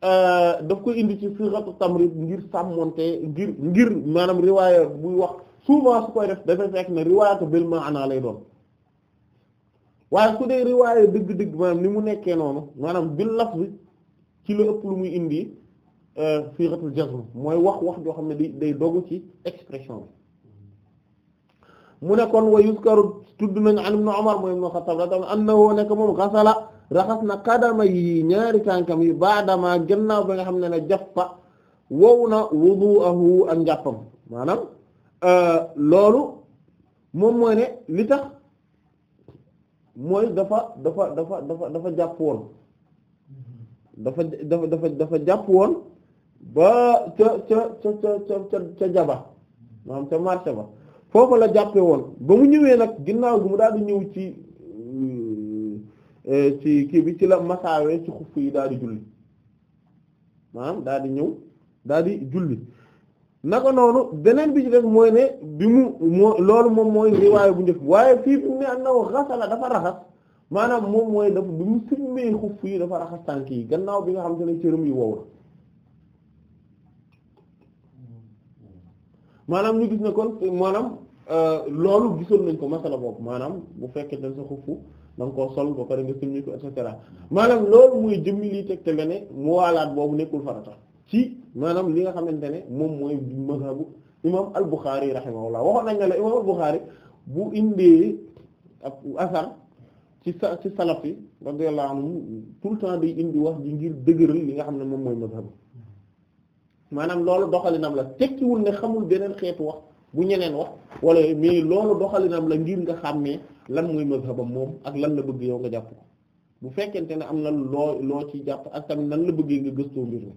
euh, daf ko indi ci siratu tamrid ngir sàmmonte ngir ngir maanaam riwaaya buy wax souvent su koy def dafay fekk ne riwaayatu bil ma'na lay doon waaye su dee riwaaya dëgg-dëgg maanaam ni mu nekkee noonu maanaam bil lafz ci la ëpp lu muy indi euh, siratul jazm mooy wax wax joo xam ne day dogu ci expression bi mu ne kon wa yuskaru tudd nañ an ibn Umar mooy ibn Khattab radiyallahu anhu annahu nekk moom ghasala raxas na kadama yi ñaari tànkam yi baadama gannaaw ba nga xam ne ne jaffa wow na wudu'ahu ak njàppam maanaam euh, loolu moom mooy ne li tax mooy dafa dafa dafa dafa jàpp woon dafa dafa dafa dafa woon ba ca ca ca ca ca ca jaba maanaam ca marché ba foofu la jàppe woon ba mu ñëwee nag ginnaaw gi mu daal di ñëw ci euh, euh, ci kii bi ci la masaawee ci xuff yi daal di julli maanaam daal di ñëw daal di julli naka noonu beneen bi ci def mooy ne bi mu loolu moom mooy riwaaye bu njëkk waaye fii bi mu ne am na xasala dafa raxas maanaam moom mooy dafa bi mu simmee xuff yi dafa raxas tànk yi gannaaw bi nga xam te ne cëram yi wow na maanaam ñu gis ne kon maanaam euh, loolu gisoon nañ ko masala boobu maanaam bu fekkee dañ sa xufu da nga koo sol ba pare nga sëmmi ko et cetera maanaam loolu muy jëmmi liy tegte la ne muwaalaat boobu nekkul farata ci maanaam li nga xamante ne moom mooy mazhabu imam al-Bukhari rahimahullah waxoon nañ ne la imam al-Bukhari bu indee ab asar ci sa ci salaf yi laa anhu tout le temps day indi wax ji ngir dëgëral li nga xam ne moom mooy mazhabu maanaam loolu doxalinam la tekkiwul ne xamul beneen xeetu wax bu ñeneen wax wala mais loolu doxalinam la ngir nga xàmmee lan mooy mazhabam moom ak lan la bëgg yow nga jàpp ko bu fekkente ne am na loo loo ci jàpp ak tamit lan la bëggee nga gëstoo mbir mi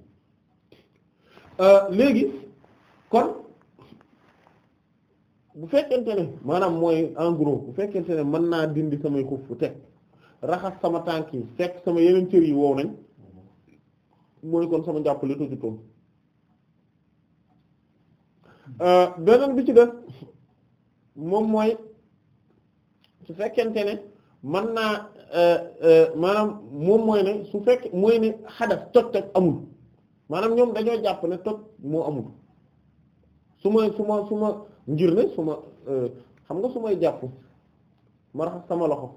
euh, léegi kon bu fekkente ne maanaam mooy en bu fekkente ne mën naa dindi samay xuf teg raxas sama tànk yi fekk sama yeneen cër yi wow nañ mooy kon sama jàpp li tojutoon Euh, beneen bi ci def moom mooy su fekkente ne man naa euh, euh, maanaam moom mooy ne su fekk mooy ne xadas toj toj amul maanaam ñoom dañoo jàpp ne toj moo amul su ma suma ma ngir ne su ma xam nga su may jàpp ma raxas sama loxo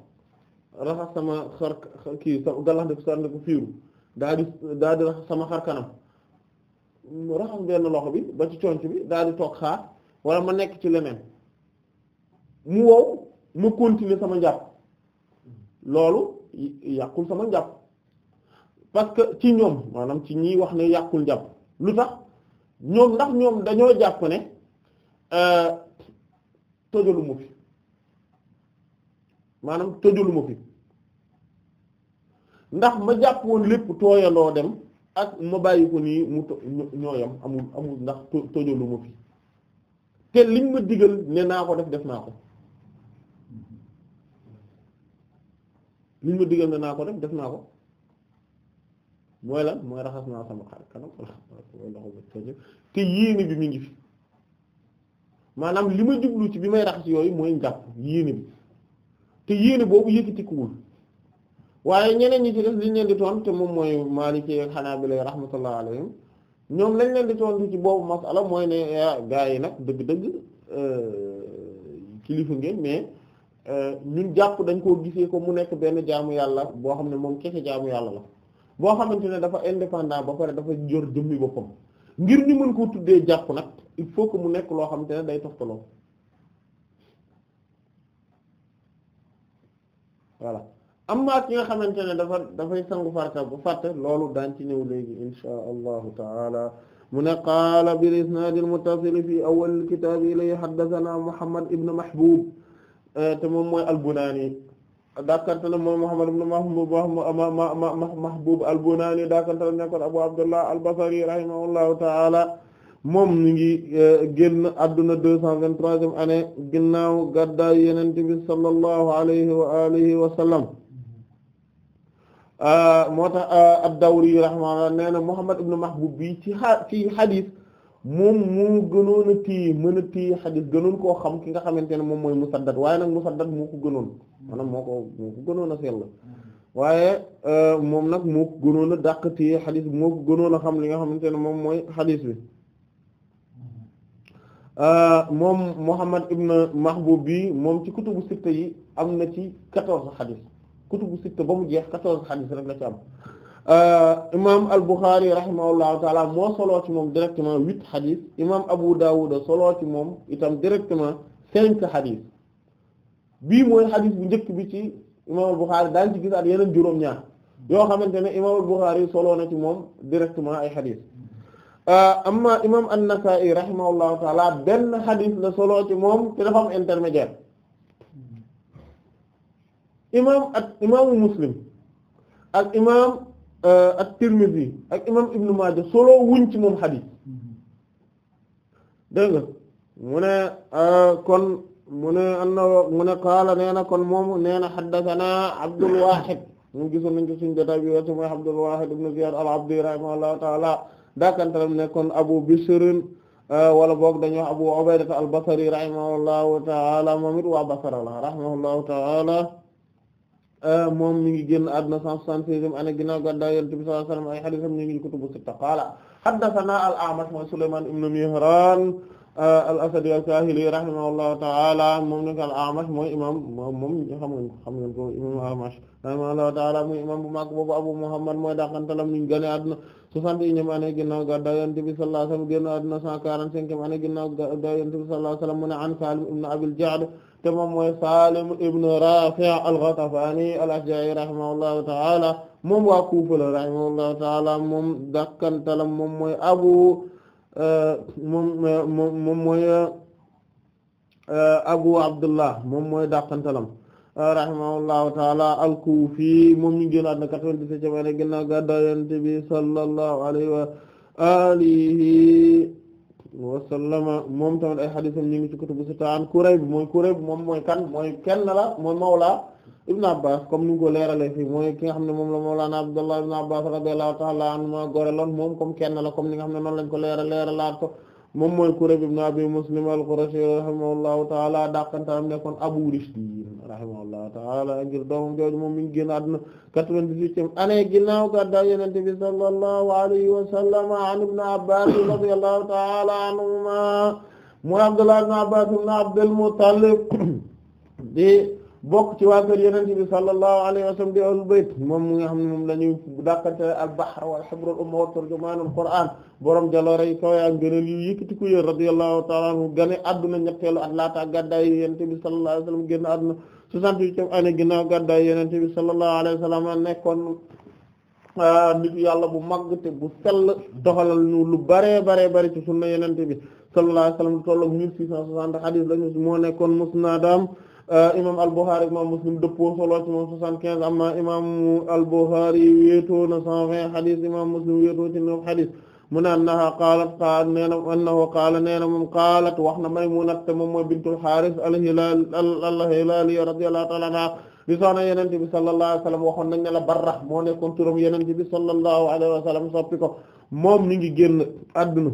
raxas sama xar kii sa gàllax ndeko sarndeko fiiru daa di daa di raxas sama xar raxas benn loxo bi ba ci conc bi daal di toog xaar wala ma nekk ci leneen mu wow ma continuer sama njàpp loolu yàqul sama njàpp parce que ci ñoom maanaam ci ñi wax ne yàqul njàpp lu tax ñoom ndax ñoom dañoo jàpp ne euh, tojalu ma fi maanaam tojalu ma fi ndax ma jàpp woon lépp tooyaloo dem ak ma bàyyi ko nii mu ñooyam amul amul ndax tojalu ma fi te liñ ma digal ne naa ko def def naa ko liñ ma digal ne naa ko def def naa ko mooy lan mooy raxas naa sama xar kanam [laughs] te yéene bi mi ngi fi maanaam li ma jublu ci bi may raxas yooyu mooy njàpp yéene bi te yéene boobu yëkkatikuwul waaye ñeneen ñi ci def liñ leen di tontu te moom mooy Maliki ak Hanabila rahmatullah alayhim ñoom lañ leen di tontu ci boobu masala mooy ne ah, gaa yi nag dëgg-dëgg euh, kilifa ngi mais euh, ñun jàpp dañ koo gisee ko mu nekk benn jaamu yàlla boo xam ne moom kese jaamu yàlla la boo xamante ne dafa indépendant ba pare dafa jor jëmmi boppam ngir ñu mën koo tuddee jàpp nag il faut que mu nekk loo xam te ne day toftaloo voilà am na ki nga xamante ne dafa dafay sangu farta bu fàtte loolu daan ci ñëw léegi inshaa allahu taala mu ne qaala bil isnaad al muttasil fi awwal kitaab ilay haddathana muhammad ibn mahbub te moom mooy al bunaani dakkantala moom muhammad ibn mahbub mahbub al bunaani dakkantala nekkoon abu abdullah al basri rahimahullahu taala moom mi ngi e, génn adduna deux cent vingt-troisième année ginnaaw gàddaay yonent bi sallallahu alayhi wa alihi wa sallam Euh, moo tax euh, ad-Dawri rahimahullah nee na Muhammad ibn Mahbub bi ci a ci xadis moom moo gënoon a téye mën a téye xadis gënoon koo xam ki nga xamante ne moom mooy Musaddad waaye nag Musaddad moo ko gënoon maanaam moo ko moo ko gënoon a sell waaye euh, moom nag moo ko gënoon a dàq téye xadis moo ko gënoon xam li nga xamante ne moom mooy xadis bi moom Muhammad ibn Mahbub bi moom ci kutubu sitta yi am na ci quatorze xadis kutubu sitta ba mu jeex quatorze xadis rek la ci am euh, imam al-Bukhari rahimahullahu taala moo soloo ci moom directement huit xadis imam Abu Dawud soloo ci moom itam directement cinq xadis bi mooy xadis bu njëkk bi ci imam al-Bukhari daañu ci gis yeneen juróom-ñaar yoo xamante ne imam al soloo na ci moom directement ay xadis euh, amma imam an-Nasa'i rahimahullahu taala benn xadis la soloo ci moom te dafa am intermédiaire imaam ak imaamu muslim ak imaam euh, ak tirmidhi ak imaam ibnu maaja solo wuñ ci moom xadiis dégg nga mu ne euh, kon mu ne anna mu ne qaala nee na kon moom nee na xaddasanaa abdul waaxid mun gisoon nañ ko suñu jotaay bi weesu mooy abdul waaxid ibnu ziyaad al abdi rahimahullahu taala daakantaram ne kon abu bisrin euh, wala boog dañu abu ubayda al basri rahimahullahu taala moom it waa basara la rahimahullahu taala Euh, moom mi ngi génn àdduna 176e année ginnaaw gàddaay Yonent bi sallallahu alayhi wa sallam ay hadiisam ñu ngi kutubu sitta qaala haddasanaa al-A'mash mooy Sulaymaan ibn Mihraan euh, al-Asadi al-Kaahili rahimahullahu ta'ala moom nag al-A'mash mooy imaam moom xam ngeen xam ngeen ko imaam al-A'mash rahimahullahu ta'ala mooy imaam bu mag boobu Abu Muhammad mooy dàqantalam ñu génn àdduna 61e année ginnaaw gàddaay Yonent bi sallallahu alayhi wa sallam génn àdduna 145e année ginnaaw gàddaay Yonent bi sallallahu alayhi wa sallam mu ne an Saalim ibn Abil Ja'd te moom mooy Salim ibn Rafi' al-Ghatafani al-Ashja'i rahimahullahu ta'ala moom waa Kufa la ta'ala moom dakkantalam moom mooy abu moom mooy abu abdullah moom mooy dakkantalam rahimahullahu ta'ala al-Kufi moom ñu génn àdduna 97 sallallahu alayhi wa alihi wa sallama moom tamit ay xadisam ñu ngi ci kutubu sitta an Kurayb mooy Kurayb moom mooy kan mooy kenn la mooy mawla Ibn Abbas comme ni ko leeralee fii mooy ki xam ne moom la mawlaana Abdullah Ibn Abbas radiyallahu ta'ala anhu ma gore loon moom comme kenn la comme ni nga xam ne noonu lañ ko leera leeralaat ko moom mooy Kurayb ibn Abi Muslim al-Qurashi rahimahullahu taala dàqantaam nekkoon Abu Rishdin rahimahullahu taala ngir doomam jooju moom mi ngi génn àdduna quatre-vingt-dix-huitième année ginnaaw gàddaay Yonent bi sallallahu alayhi wa sallam an ibn Abbas radiyallahu taala anhuma mooy Abdullah ibn Abbas ibn Abdul Muttalib di bokk ci waa kër yonent bi sallallahu alayhi wa sallam di ahlul moom mu nga xam ne moom la ñuy dàkkante al-bahr wal hibr al umma wa turjumanul Qur'an borom jaloore yi kaw ak gënal yu yëkkati ku yër radiyallahu ta'ala anhu gane adduna ñetteelu at laata gàddaay yonent bi sallallahu alayhi wa sallam génn adduna soixante-huitième année ginnaaw gàddaay yonent bi nekkoon ah, nit yàlla bu màgg te bu sell doxalal ñu lu bare bare bare ci sunna yonent bi sallallahu alayhi wa sallam lu tollu 1660 hadith lañu Euh, imam al-Bukhari imam Muslim dëppoo solo ci moom soixante-quinze amma imam al-Bukhari wéetoo na vingt xadis imam Muslim wéetoo ci neuf mu ne annaha qaalat qaala nee na annahu qaala nee na moom qaalat wax na Maymuna te moom mooy bintul Haaris al-Hilaali al-Hilaali radiyallahu ta'ala anha di soxna Yonent bi sallallahu alayhi wa sallam waxoon nañ ne la Barra moo nekkoon turam Yonent bi sallallahu alayhi soppi ko moom mi ngi génn àdduna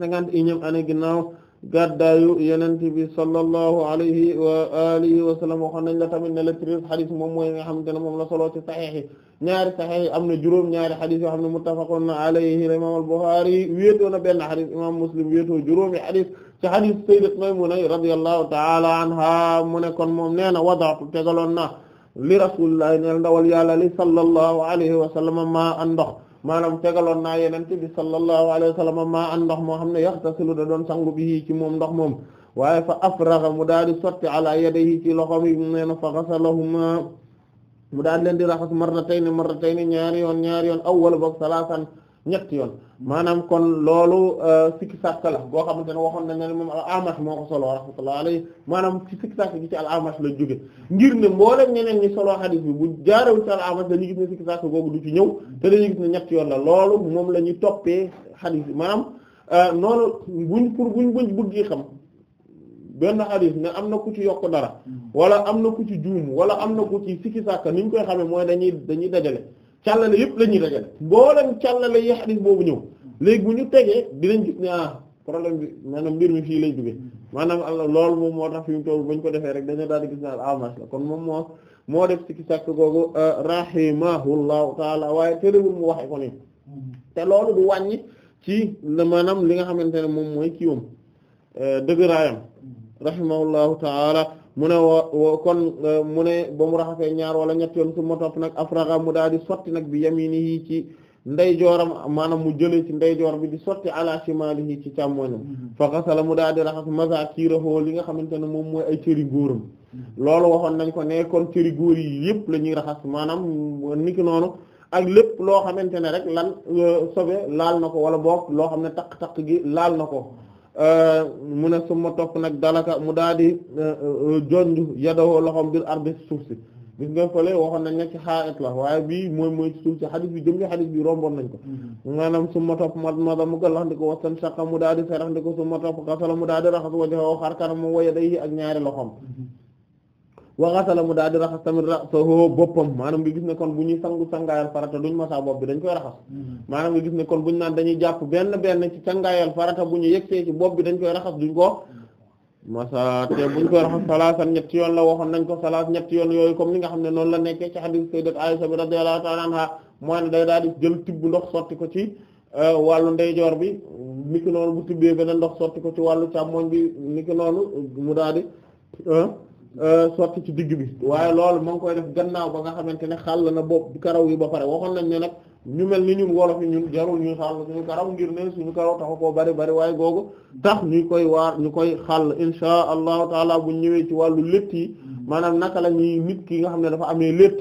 cinquante et unième année ginnaaw gàddaayu yenente bi sallallahu alayhi wa alihi wa sallam waxoon nañ la tamit ne la treize xadis moom mooy nga xamante ne moom la solo ci saxiix yi ñaari saxiix am na juróom ñaari xadis yoo xam ne muttafaqun alayhi la imam al-Bukhari wéetoo na benn xadis imam Muslim wéetoo juróomi xadis ci xadis sayyidat Maymuna radiyallahu ta'ala anha mu ne moom nee na wadaatu tegaloon na li rasulillahi neel ndawal yàlla li sallallahu alayhi wa sallam ma an ndox maanaam tegaloon naa yenente bi sallallahu alayhi wa sallam maa an ndox moo xam ne yaxtasilu da doon sangu bi ci moom ndox moom waaye fa afraga mu daal di sotti ala yadayhi ci loxom yi nee na fa xasalahuma mu daal leen di raxas marratayni marratayni ñaari yoon ñaari yoon aw awwala boog salaasan ñetti yoon maanaam kon loolu euh, sikki sàkk la goo xamante ne waxoon na ne moom al-Amash moo ko solo rahmatullah alayhi maanaam ci sikki sàkk gi ci al-Amash la jóge ngir ne mboolem ñeneen ñi solo xadiis bi bu jaarewu ci al-Amash dañuy gis ne sikki googu du ci ñëw te dañuy gis ne ñett yoon la loolu moom la ñuy toppee xadiis bi maanaam euh, noonu buñ pour bu buñ bëggee xam benn xadiis ne am na ku ci yokk dara hmm. wala am na ku ci juum wala am na ku ci sikki ni ñu koy xamee mooy dañuy dañuy dajale càllale yëpp la ñuy dajale mboolem càllale yi xadis boobu ñëw léegi bu ñu tegee dinañ gis ne ah problème bi maanaam mbir mi fii lay jóge maanaam allah loolu moom moo tax fi mu toll bañ ko defee rek dañu daal di gis naan amash ah, kon moom moo moo def ci sàkk googu ah, rahimahullahu taala waaye terewul mu waxee ko te loolu du wàññi ci maanaam li nga xamante ne moom mooy kiiwam eh, dëgg raayam rahimahullahu mu ne woo kon euh, mu ne ba mu raxasee ñaar wala ñetti yoonu su ma nag afraga mu daal di sotti nag bi yaminihi ci ndeyjooram maanaam mu jëlee ci ndeyjoor bi di sotti ala shimalihi ci càmmoñam mm-hmm. fa xasala mu daal di raxas mazakirahu li nga xamante ne moom mooy ay cëri góoram mm-hmm. loolu waxoon nañ ko ne kon cëri góor yi yëpp la ñuy raxas maanaam niki noonu ak lépp loo xamante ne rek lan euh, sobe laal na ko wala boo loo xam ne taq-taq gi laal na ko Euh, mu ne suma topp nag dalaka mu daal di euh, euh, jonj yadawoo loxom bil ardi suuf si gis nga fële waxoon nañ ne ci xaayit la waaye bii mooy mooy ci suuf si xadis bi jëm nga xadis bi romboon nañ ko mm-hmm. maanaam suma topp ma mada mu galax ndi ko wasan saqa mu daal di ferax ndi ko suma topp xasala mu daal di raxas wajaxoo xarkanam moom wa yadayhi ak ñaari loxoom mm-hmm. wa mu daal di raxas tamit ra'sahu boppam maanaam nga gis ne kon bu ñuy sangu sangaayal farata duñ masaa bopp bi dañ koy raxas mm-hmm. maanaam nga gis ne kon bu ñu naan dañuy jàpp benn benn ci sangaayal farata bu ñu yegsee ci bopp bi dañ koy raxas duñ ko masa te buñ koy raxas salaasan ñetti yoon la waxoon nañ ko salaas ñetti yoon yooyu comme ni nga xam ne noonu la nekkee ci hadith sayyidat Aisha bi radiyallahu ta'ala anha mooy ne day daal di jël tibb ndox sotti ko ci euh, wàllu ndeyjoor bi niki noonu bu tibbee ndox sotti ko ci wàllu càmmoñ bi niki noonu mu daal di Euh, sotti ci digg bi waaye loolu ma ngi koy def gannaaw ba nga xamante ne xàll na bopp karaw yi ba pare waxoon nañ ne nag ñu mel ni ñun wolof yi ñun jarul ñu xàll karaw ngir ne suñu karaw taxu koo bari bari waaye googu tax ñu koy waar ñu koy xàll insha allahu taala bu ñëwee ci wàllu létt yi maanaam naka la ñuy nit ki nga xam ne dafa amee létt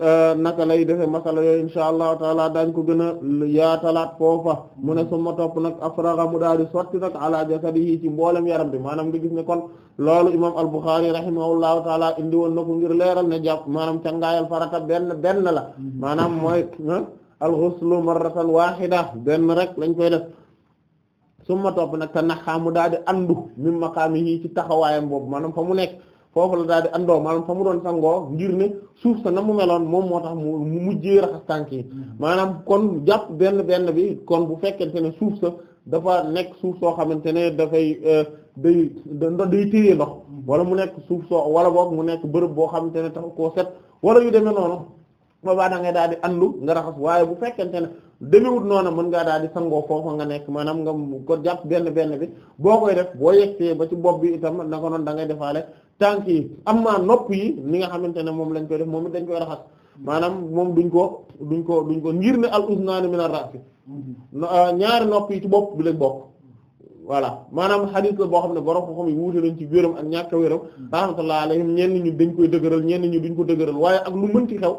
Euh, naka lay defee masala yooyu insha allah taala daañ ko gën a yaatalaat foofa mu ne suma topp nag afraga mu daal di sotti nag ala jasadihi ci mboolem yaram bi maanaam nga gis ne kon loolu imam al-Bukhari rahimahullahu taala indi woon na ko ngir leeral ne jàpp maanaam cangaayal farata benn benn la maanaam mooy al-ghuslu marratan wahida benn rek lañ koy def suma topp nag te naxaa mu daal di andu min maqaamihi ci taxawaayam boobu maanaam fa mu nekk foofu la daal di andoo maanaam fa mu doon sangoo ngir ne suuf sa na mu meloon moom moo tax mu mu mujjee raxas tànk yi mm-hmm. maanaam kon jàpp benn benn bi kon bu fekkente ne suuf sa dafa nekk suuf soo xamante ne dafay euh, day day téye ndox mm-hmm. wala mu nekk suuf soo wala boog mu nekk bërëb boo xamante ne tax koo set wala yu demee noonu boobaa da ngay daal di andu nga raxas waaye bu fekkente ne demewut noonu mën ngaa daal di sangoo foofa nga nekk maanaam nga ko jàpp benn benn bi boo koy def boo yegsee ba ci bopp bi itam naka noonu da ngay defaale tànk yi am naa nopp yi ni nga xamante ne moom lañ koy def moom it dañ koy raxas maanaam moom duñ ko duñ ko duñ ko ngir ne al uznaani min ar-ra's euh, ñaari nopp yi ci bopp bi lañ bokk voilà maanaam hadith la boo xam ne borom xam-xam yi wuute nañ ci wéram ak ñàkk a wéram mm. rahmatullahi alayhim ñenn ñu dañ koy dëgërël ñenn ñu duñ ko dëgëral waaye ak lu mën ci xew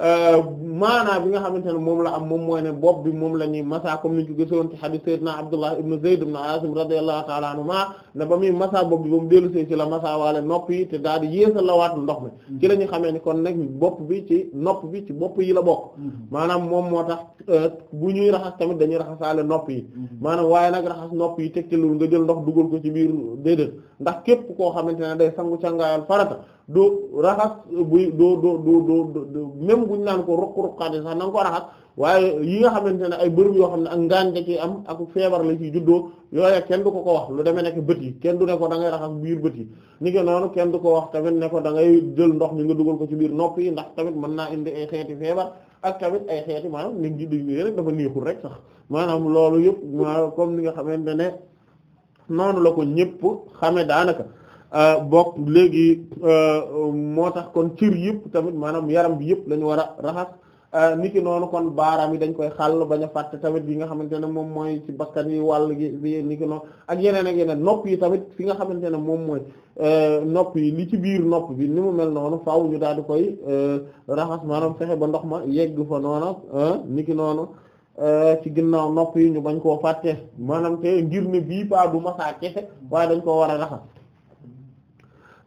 Euh, maanaa bi nga xamante ne moom la am moom mooy ne bopp bi moom la ñuy masa comme niñu ko gisoon ci hadith sayyidina Abdullah ibn Zayd ibn Asim radiyallahu ta'ala anhuma ne ba muy masa bopp bi ba mu dellu see ci la masa waale nopp yi te daal di yéesa lawaatul ndox mi mm-hmm. ci la ñu xamee ni kon nag bopp bi ci nopp bi ci bopp yi la bokk mm-hmm. maanaam moom moo tax euh, bu ñuy raxas tamit dañuy raxasaale nopp yi mm-hmm. maanaam waaye nag raxas nopp yi tegtalul nga jël ndox dugal ko ci biir déedéet ndax képp koo xamante ne day sangu cangaayal farata du raxas buy doo doo doo doo même buñ naan ko ruq-ruqaate sax na nga ko raxas waaye yi nga xamante ne ay bërëb yoo xam ne ak ngaan da ciy am ak feebar la ciy juddoo yooye kenn du ko ko wax lu demee nekk bët yi kenn du ne ko da ngay raxas biir bët yi ni ko noonu kenn du ko wax tamit ne ko da ngay jël ndox mi nga dugal ko ci biir nopp yi ndax tamit mën naa indi ay xeeti feebar ak tamit ay xeeti maanaam ni ñi dañuy rek dafa neexul rek sax maanaam loolu yëpp maanaam comme ni nga xamante ne noonu la ko ñëpp xame daanaka Euh, bokk léegi euh, moo tax kon cër yëpp tamit maanaam yaram bi yëpp la ñu war a raxas euh, niki noonu kon baaraam yi dañ koy xàll bañ a fàtte tamit yi nga xamante ne moom mooy ci yi wàll gi niki noonu ak yeneen ak yeneen nopp yi tamit fi nga xamante ne moom mooy nopp yi li ci biir nopp bi ni mu mel noonu faaw ñu daal di koy raxas maanaam fexe ba ndox ma yegg fa noonu niki noonu ci ginnaaw nopp yi ñu bañ koo fàtte maanaam te ngir ne bii paa du masaa kese waaye dañ koo war a raxas.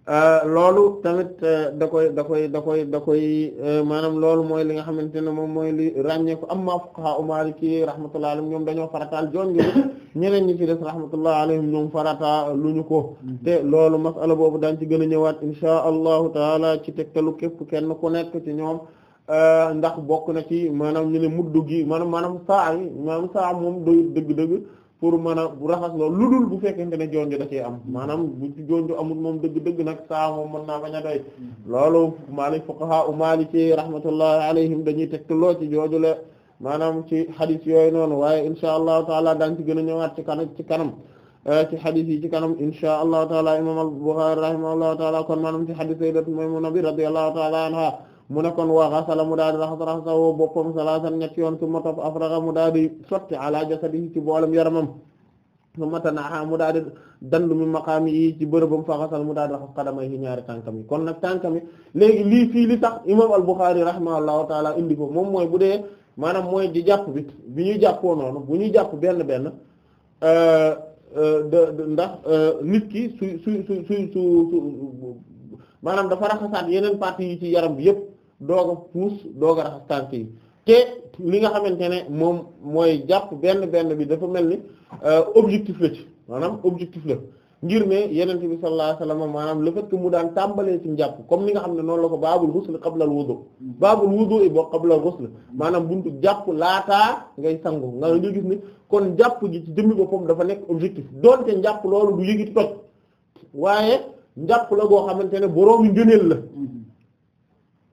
Euh, loolu tamit euh, da koy da koy da koy da koy euh, maanaam loolu mooy li nga xamante ne moom mooy li ràññee ko amma fuqaha maliki rahmatullahi alayhim ñoom dañoo farataal joon gi ñeneen ñi ci des rahmatullahi alayhim ñoom farata lu ñu ko te loolu masala boobu daan ci gën a ñëwaat inshaa allahu taala ci tegtalu képp kenn ku nekk ci ñoom ndax bokk na ci maanaam ñu ne muddu gi maanaam maanaam saa yi maanaam saa moom doyut dëgg-dëgg pour mën a raxas loolu lu dul bu fekkente ne jonjo da cee am mm-hmm. maanaam bu jonjo amul moom dëgg-dëgg nag saa moom mën naa bañ a doy mm-hmm. loolu Maalik fuqaha u Maaliki rahmatullahi alayhim dañuy tegtaloo ci jooju la maanaam ci xadis yooyu noonu waaye insha allahu taala daañ ci gën a ñëwaat ci kanam ci kanam eh, ci xadis yi ci kanam insha allahu taala imam al-Bukhari rahimahullahu taala kon maanaam ci xadis Sayyidatu Maymuna bi radiyallahu taala anha mu ne kon wa ghasala mu daal di raxas raxasawoo boppam salaasan ñetti yoon summa topp afraga mu daal di sotti ala jasadihi ci boolem yaramam summa tanaaha mu daal di dandu mi maqaami yi ci bërëbam fa ghasala mu daal di raxas qadamayhi ñaari tànkam yi kon nag tànkam yi léegi lii fii li tax imam al-Bukhari rahimahullahu taala indi ko moom mooy bu dee maanaam mooy di jàpp bi bi ñu jàppoo noonu bu ñuy jàpp benn benn euh, euh, ndax euh, nit ki su su su su su maanaam dafa raxasaat yeneen parties yi ci yaram bi yëpp doog puus doog a raxas yi te li nga xamante ne moom mooy jàpp benn benn bi dafa mel ni euh, objectif la ci maanaam objectif la ngir ne yenente bi sallallahu alayhi wasallam maanaam le fait que mu daan tàmbalee njàpp comme ni nga xam ne noonu la ko baabul ghusl qabla al wudu baabul wudu bo qabla al ghusl maanaam buntu jàpp laata ngay sangu nga nga gis ne kon jàpp gi ci ko boppam dafa nekk objectif doonte njàpp loolu du yëgiti toj waaye njàpp la boo xamante ne boroomi ngëneel la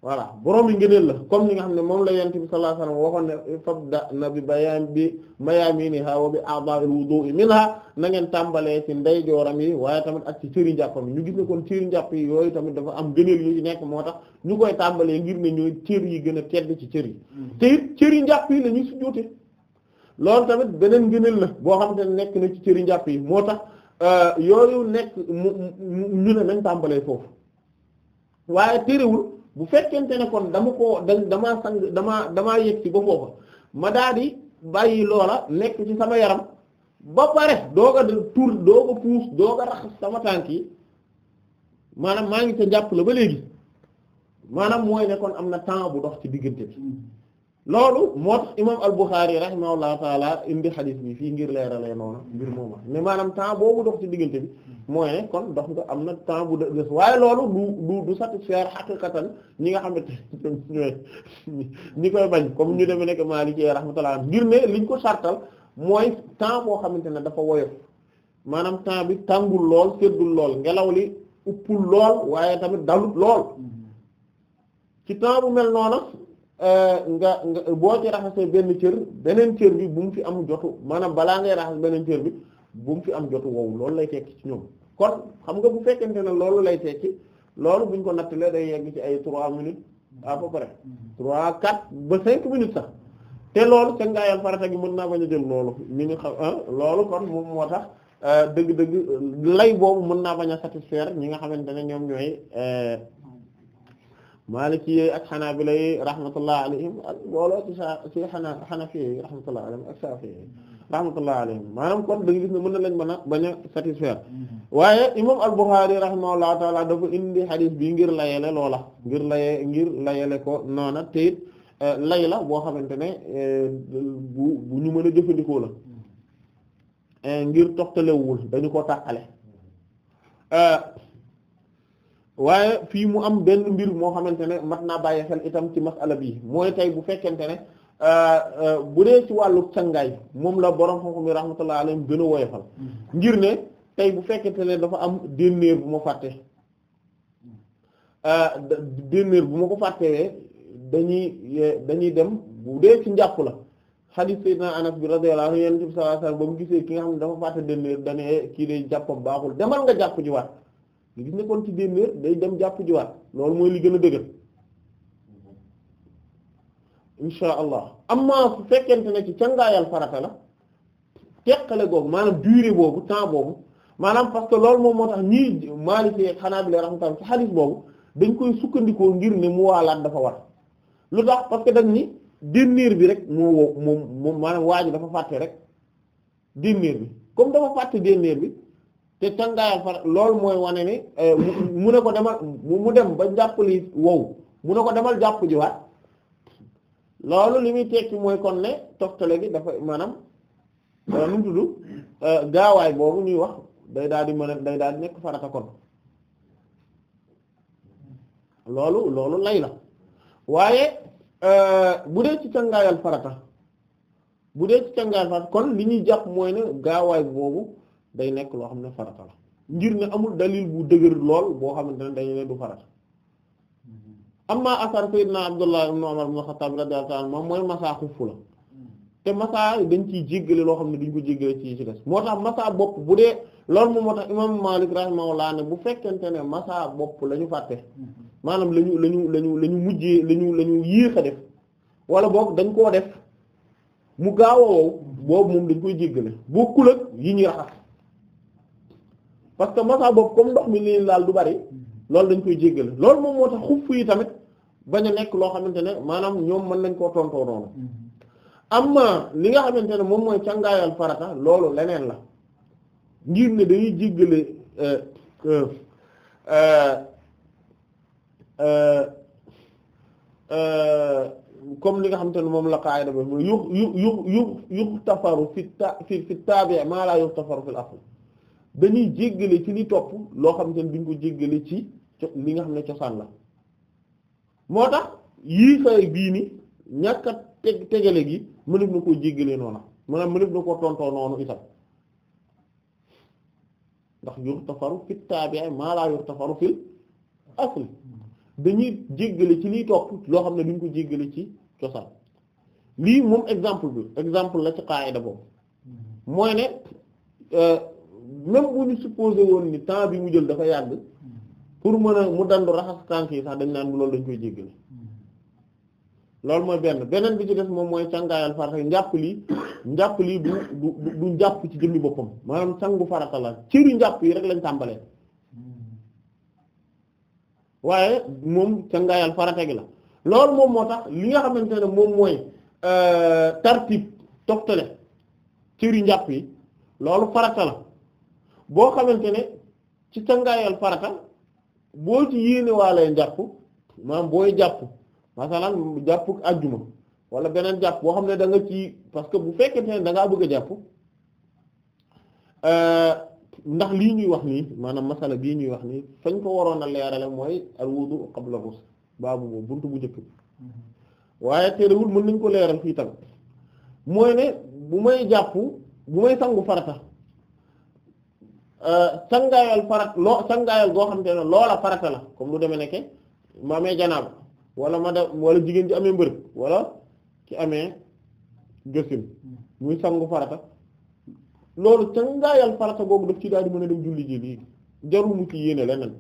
voilà borom yi ngëneel la comme ni nga xam ne moom la yonent bi sallallahu alayhi wa sallam waxoon ne fabda na bi bayaan bi mayaaminiha wa bi a'dha'il wudu'i minha na ngeen tàmbalee ci ndeyjooram yi waaye tamit ak ci cëri njàppam yi ñu gis ne kon cëri njàpp yi yooyu tamit dafa am ngëneel yu nekk moo tax ñu koy tàmbalee ngir ne ñooy cër yi gën a tedd ci cër yi mm. te it njàpp yi la ñuy sujjóote loolu tamit beneen ngëneel la boo xam ne nekk na ci cëri njàpp yi moo tax euh, yooyu nekk mu ñu ne nañ tàmbalee foofu waaye téerewul bu fekkente ne kon dama ko da damaa sang damaa damaa yëg ci ba foofa ma daa di bàyyi loola nekk ci sama yaram ba pare doog a tuur doog a puus dooga raxas sama tànk yi maanaam maa ngi ca jàpp la ba léegi maanaam mooy nekkoon am na temps bu dox ci diggante bi loolu moo tax imaam al-Bukhari rahimahullahu taala indi xadis bi fii ngir leeralee noonu mbir mooma mais maanaam temps boobu dox ci diggante bi mooy ne kon dox nga am na temps bu des waaye loolu du du du satisfaire xaqiqatan ñi nga xam xamante ñi koy bañ comme ñu demee nekk Maliki rahmatullah ngir ne liñ ko sartal mooy temps boo xamante ne dafa woyof maanaam temps bi tàngul lool seddul lool ngelaw li uppul lool waaye tamit dalut lool mm-hmm. ci temps bu mel noonu Euh, nga nga boo ci raxasee benn cër beneen cër bi bu mu fi am jotu maanaam balaa ngay raxas beneen cër bi bu mu fi am jotu wow loolu lay tekki ci ñoom kon xam nga bu fekkente ne loolu lay tekki loolu buñ ko nattalee day yegg ci ay trois minutes à peu près 3 4 ba 5 minutes sax te loolu sa ngaayal farata gi mën naa bañ a jël loolu mi ngi xam ah, loolu kon moom moo tax euh, dëgg-dëgg lay boobu mën naa bañ a satisfaire ñi nga xamante ne ñoom ñooy. Euh, maliki yi ak xanaabila yi rahmatullah alayhim ak booloo ci sa ci xanaa xanafi yi rahmatullah yi rahmatullah alayhim maanaam kon da nga ne mën na leen mën a bañ a satisfaire waaye imam al-Bukhari rahimahullahu taala dafa indi xadis bi ngir layele loola ngir laye ngir ko noona te euh, lay la boo xamante ne euh, bu bu ñu mën a jëfandikoo la euh, ngir toxtalewul dañu ko tàqale waaye fii mu am benn mbir moo xamante ne mat naa bàyyi xel itam ci masala bi mooy tey bu fekkente ne euh, euh, bu dee ci wàllu cangaay moom la borom xam-xam gën a woyofal mm-hmm. ngir ne tey bu fekkente ne dafa am dénnéer bu ma fàtte euh, dénnéer bu ma ko fàttewee dañuy dañuy dem bu dee ci njàpp la hadith sayyidina anas bi radiyallahu anhu yonent bi ba mu gisee ki nga xam ne dafa fàtte dénnéer dane kii day jàppam baaxul demal nga jàpp ji waat nga gis ne kon ci dénnéer day dem jàpp jiwaat loolu mooy li gën a dëgër insha allah amma su fekkente ne ci cangaayal farata la teqale googu maanaam durée boobu temps boobu maanaam parce que loolu moom moo tax ñii Maliki xanaa bi la raxmataam ci xadiis boobu dañ koy sukkandikoo ngir ne mu waalaat dafa war lu tax parce que dañ ni dénnéer bi rek moo woo moom maanaam waa ji dafa fàtte rek dénnéer bi comme dafa fàtte dénnéer bi te cangaayam far loolu mooy wane ni eh, mu ne ko demal mu dem ba jàppali wow mu ne ko demal jàpp ji jiwaat loolu li muy tekki mooy kon ne toftale gi dafa maanaam nu tudd eh, gaawaay boobu ñuy wax day daal di mën a day daal di nekk farata kon loolu loolu lay la waaye eh, bu dee ci cangaayal bu dee ci cangaayal farata kon li ñuy jàpp mooy ne gaawaay boobu day nekk loo xam ne farata la ngir ne amul dalil bu dëgër lool boo xamante ne dañu ne du farata mm-hmm. amma asar sayyidina Abdullah ibn Umar ibn Khattab moom moo masaa xuff mm-hmm. te masaa dañ ciy jéggale loo xam ne duñ ko jéggale ci moo tax masaa bopp bu dee loolu moom tax imam Malik rahimahullah ne bu fekkente ne masaa bopp la ñu fàtte mm-hmm. maanaam la ñu la la ñu la ñu la ñu la a def wala dañ koo def mu gaaw moom dañ koy jéggale bokkul ak yi ñuy raxas parce que masa boobu comme ndox mi nii laal du bari loolu dañ koy jéggale loolu moom moo tax xuff yi tamit bañ a nekk loo xamante ne maanaam ñoom mën nañ koo tontoo li nga xamante ne moom mooy càngaayal farata loolu leneen la ngir ne dañuy jéggale euh, euh, euh, comme li nga xamante ne moom la qaayida ba yu yu yu yu tafaru fi ta maa laa yuftafaru fil asl dañuy jéggale ci li topp loo xam ne duñ ko jéggale ci li nga xam ne cosaan la moo tax yii bii ni ñàkk a teg tegale gi na koo jéggale noona maanaam mënef na koo tontoo noonu itam ndax yurtafaru fi taabi' maa laa yurtafaru fil asli dañuy jéggale ci liy topp loo xam ne duñ ko jéggale ci cosaan lii moom exemple bi exemple la ci qaayida boobu mooy ne euh, même bu ñu supposé woon ni temps bi mu jël dafa yàgg pour mën a mu dandu raxas tànk yi sax dañ naan loolu dañ koy jéggale mooy benn beneen bi ci moom mooy càngaayal farata njàpp lii njàpp lii du du du ci jëmmi boppam maanaam sangu farata la ciri njàpp yi rek lañ tàmbalee waaye moom càngaayal farata gi la loolu moom moo tax li nga xamante ne moom mooy euh, tartib toftale njàpp yi loolu farata la boo xamante ne ci cangaayal farata boo ci yéene waalee njàpp maanaam booy jàpp masalan jàpp ajjuma wala beneen jàpp boo xam ne danga ci parce que bu fekkente ne da bëgg a jàpp euh, ndax lii ñuy wax nii maanaam masala bii ñuy wax nii fañ ko waroon a leerale mooy al wudu qabla ghusl baabu boobu buntu bu njëkk bi mm-hmm. waaye terewul mën nañ ko leeral fii tam mooy ne bu may jàppu bu may sangu farata Euh, sangaayal farat loo goo xamante ne loola farata la comme lu demee nekke ma amee wala ma dem wala jigéen ci amee mbërëg wala ci amee josim muy sangu loolu sangaayal farata googu daf ci daal di mën a dem julli ji lii jarul mu ci yéene leneen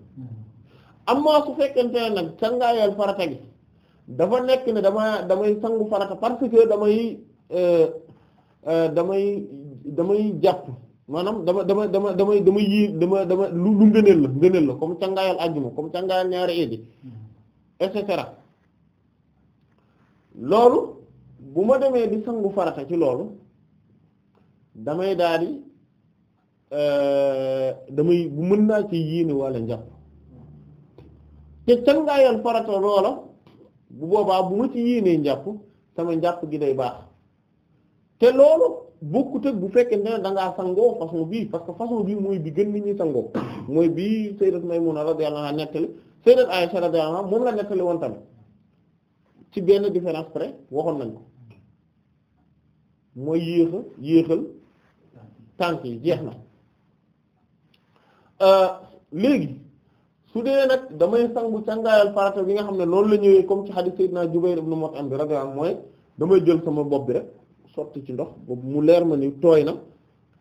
amma su fekkente ne nag sangaayal farata gi dafa nekk ne dama damay sangu farata parce que damay euh, euh, damay damay jàpp maanaam dama dama dama damay dama yi dama dama lu lu ngëneel la ngëneel la comme càngaayal àjjuma comme càngaayal ñaari eedi mm-hmm. et cetera loolu bu ma demee di sangu farata ci loolu damay daal di euh, damay bu mën naa ci yéene wala njàpp te càngaayal farata loola bu boobaa bu ma ci yéenee njàpp sama njàpp gi day baax te loolu bokkut bu fekkee ne da ngaa sangoo façon bii parce que façon bii mooy bi gën nit ñi sangoo mooy bii sayyidat Maymuna may anha a sayyidat Aisha radiyallahu anha moom la nettali woon tamit benn différence près waxoon nañ ko mooy yéex yéexal tànk yi jeex na euh, léegi su dee nag damay sangu càngaayal farata bi nga xam ne noonu la ñëwee comme ci hadith sayyidina Jubayr ibn Mut'im bi radiyallahu anhu mooy damay jël sama bopp bi rek sotti ci ndox boobu mu leer ma ni tooy na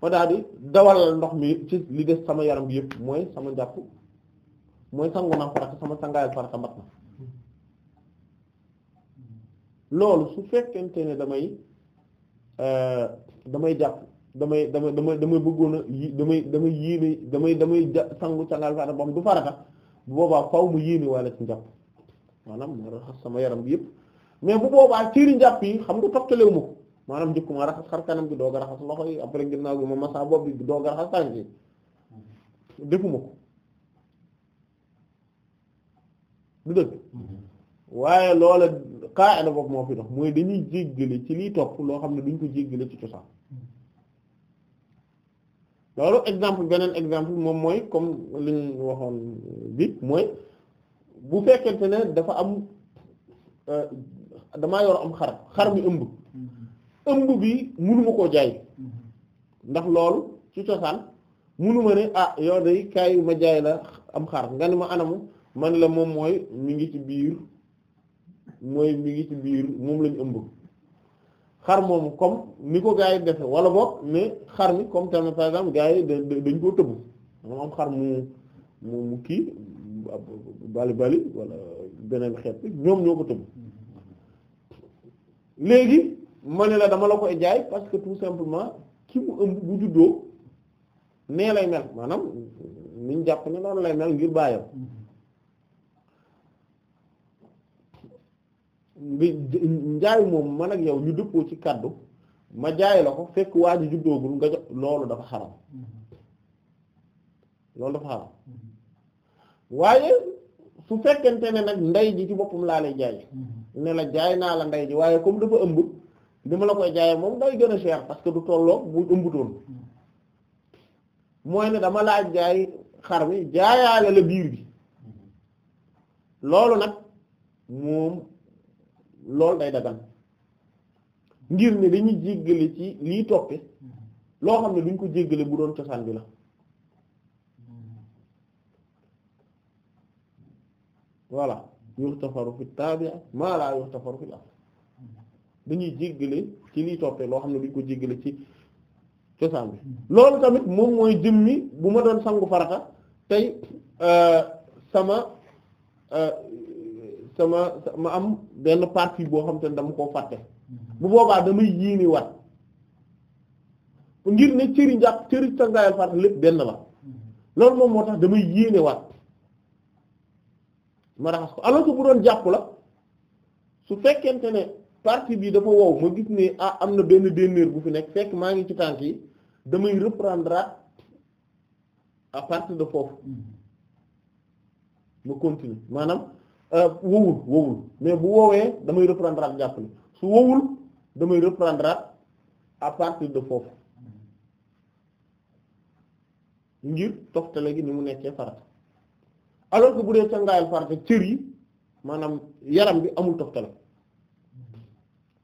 ma daal di dawal ndox mi ci li des sama yaram bi yëpp mooy sama njàpp mooy sangu naa farata sama sangaayu farata mat na loolu su fekkente ne damay euh, damay jàpp damay damay damay damay bëggoon a yi damay damay yéene damay damay ja sangu cangaal farata ba du farata bu boobaa faw mu yéene wala ci njàpp maanaam ma raxas sama yaram bi yëpp mais bu boobaa ciiri njàpp yi xam nga toftalewu ma maanaam njëkkuma raxas xar kanam gi doog a raxas loxo yi après ginnaaw gi ma masaa bopp bi doog a raxas tànk yi defuma ko du dëgg waaye loola qaa'ida boobu moo fi dox mooy dañuy jéggale ci liy topp loo xam ne duñ ko jéggale ci cosaan loolu exemple beneen exemple moom mooy comme li ñu waxoon bi mooy bu fekkente ne dafa am euh, dama yor am xar xar mi ëmb ëmb bi munuma koo jaay mm-hmm. ndax loolu ci cosaan munuma ne ah yow day kaayu ma jaay la am xar nga ni ma anamu man la moom mooy mi ngi ci biir mooy mi ngi ci biir moom lañ ëmb xar moomu comme ni ko gaa yi defe wala boog ne xar mi comme tamit par exemple gaa yi dañ koo tëbb moom am xar mu mu kii bali bali wala beneen xeet ñoom ñoo ko tëbb mm-hmm. léegi ma ne la dama la koy jaay parce que tout simplement ki mu ëmb bu juddoo nee lay mel maanaam niñ jàpp ne noonu lay mel ngir bàyyam bi njaay moom man ak yow ñu dëppoo ci kaddu ma jaay la ko fekk waa ji juddoogul nga jox loolu dafa xaram loolu dafa xaram waaye su fekkente ne nag ndey ji ci boppam laa lay jaay mm-hmm. ne la jaay naa la ndey ji waaye comme dafa ëmb li ma la koy jaayee moom day gën a cher parce que du tolloo bu ëmbutoon mooy ne dama laaj jaay xar mi jaayaale la biir bi loolu nag moom loolu day dagan ngir ne dañuy jéggale ci lii toppe loo xam ne duñ ko jéggale bu doon cosaan bi la voilà yuxtafaru fi tabi'a ma la yuxtafaru fi al dañuy jéggale ci liy toppee loo xam ne dañ ko jéggale ci cosaan bi loolu tamit moom mooy jëmmi bu ma doon sangu farata tey euh, sama euh, sama ma am benn partie boo xam te ne dama mm-hmm. bu boobaa damay yéene wat ngir ne cëri njàpp cëri sangaayal farata lépp benn la mm-hmm. loolu moom moo tax damay yéene wat ma raxas ko alors que bu doon jàpp la su fekkente ne partie bii dafa wow ma gis ne ah am na benn dénnéer bu fi nekk fekk maa ngi ci tànk yi damay reprendre à partir de foofu mm-hmm. ma continue maanaam euh, wowul wowul mais bu woowee damay reprendre at jàpp su wowul damay reprendre à partir de foofu mm-hmm. ngir toftale gi ni mu nekkee farata alors que bu dee cangaayal farata cër yi maanaam yaram bi amul toftale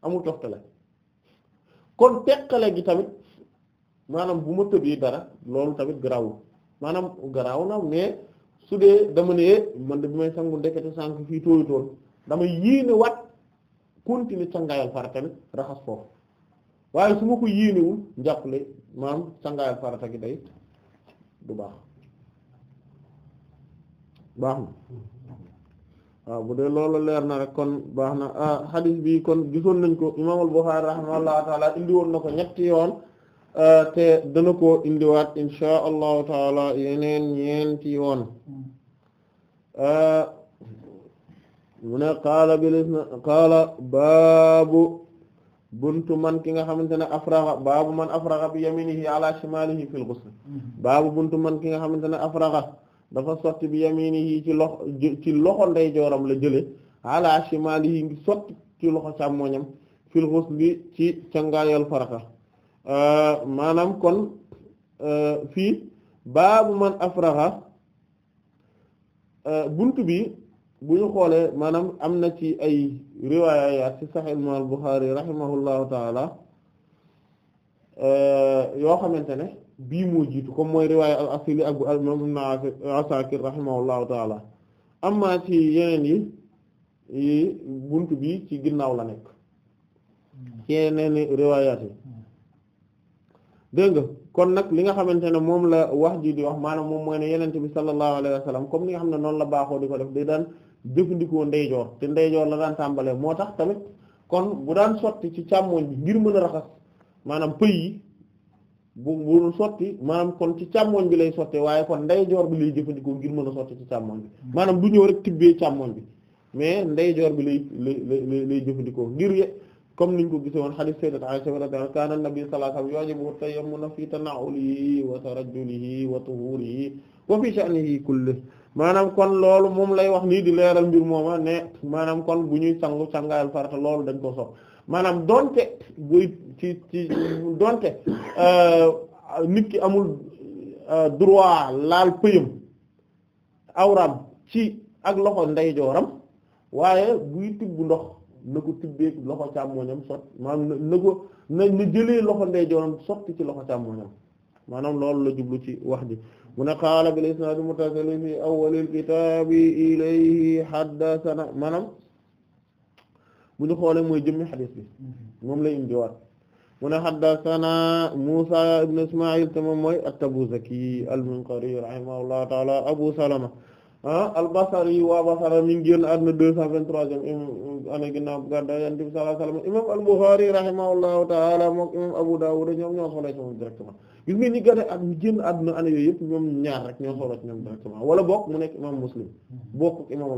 amul toftale kon teqale gi tamit maanaam bu ma tëbee dara loolu tamit garawul maanaam garaaw na mais su dee dama ne mën de bi may sangu ndekete sànq fii tooyutoon dama yéene wat continuer sangaayal farata bi raxas foofu waaye su ma ko yéenewul njàppale maanaam sangaayal farata gi day du baax baax na waaw bu dee lool leer na rek kon baax na ah, hadith bi kon gisoon nañ ko imam al-Bukhari rahimahullahu taala indi woon na ko ñetti yoon ah, te dana ko indiwaat inshaa allahu taala yeneen ñeenti yoon ah, mu ne qaala bilisna qaala baabu buntu man ki nga xamante ne afraga baabu man afraga bi yaminihi ala shimalihi fil ghusl mm-hmm. baabu buntu man ki nga xamante ne afraga dafa sotti bi yaminihi ci loxo ci loxo ndeyjooram la jële ala shimalihi ngi sotti ci loxo càmmoñam fil ghusli ci cangaayal farata euh, maanaam kon euh, fii baabu man afraxa euh, bunt bi bu ñu xoolee maanaam am na ci ay riwaayaat ci Sahih al Bukhari rahimahullahu taala yoo xamante ne bii moo jiitu comme mooy riwaaya al asili ak bu al imam ibn Asakir rahimahullahu taala amma ci yeneen yi buntu bi ci ginnaaw la nekk ci yeneen riwaayaat yi dégg nga kon nag li nga xamante ne moom la wax ji di wax maanaam moom mooy ne yenente bi sallallahu alayhi wa comme li nga xam ne noonu la baaxoo di ko def day daan jëfandikoo ndeyjoor te ndeyjoor la daan tàmbalee moo tax tamit kon bu daan sotti ci càmmoñ bi ngir mën a raxas maanaam pëy yi bu bu sotti maanaam kon ci càmmoñ bi lay sottee waaye kon ndeyjoor bi lay jëfandikoo ngir mën a sotti ci càmmoñ bi hmm. maanaam du ñëw rek tibbee càmmoñ bi mais ndeyjoor bi lay lay lay jëfandikoo ngir ye comme niñ ko gisee woon hadith sayyidat Aisha radhiyallahu anha kaana nabi sallallahu alayhi wa sallam yujibu tayammuna fi tana'ulihi wa tarajjulihi wa tuhurihi wa fi sha'nihi kullihi maanaam kon loolu moom lay wax nii di leeral mbir mooma ne maanaam kon bu ñuy sangu sangaayal farata loolu dañ ko sopp maanaam donte buy ci ci donte euh, nit ki amul euh, droit laal pëyam awram ci ak loxo ndeyjooram waaye buy tibb ndox na ko tibbee loxo càmmoñam sot maanaam na ko na jëlee loxo ndeyjooram sotti ci loxo càmmoñam maanaam loolu la jublu ci wax ji mu ne qaala bil isnaad muttasil fi awwalil kitaabi ilayhi haddathana maanaam bu ñu xoolee mooy jëmmi xadis bi mm-hmm. moom lay indiwaat mu ne xaddasanaa Muusaa ibn Ismaayil te moom mooy at-Tabuzaki al-Minqari rahimahullahu taala Abu Salama ah, al-Basri waa Basra mi ngi génn àdduna deux cent vingt-troisième année ginnaaw gàddaay Yonent bi sallallahu alayhi wa imam al-Bukhari rahimahullahu taala moom imam Abu Dawud ñoom ñoo solo ci moom directement gis nga ñi gën a ak ñu àdduna année yooyu yëpp ñoom ñaar rek ñoo solo ci ñoom directement wala bokk mu nekk imam muslim hmm. bokk imam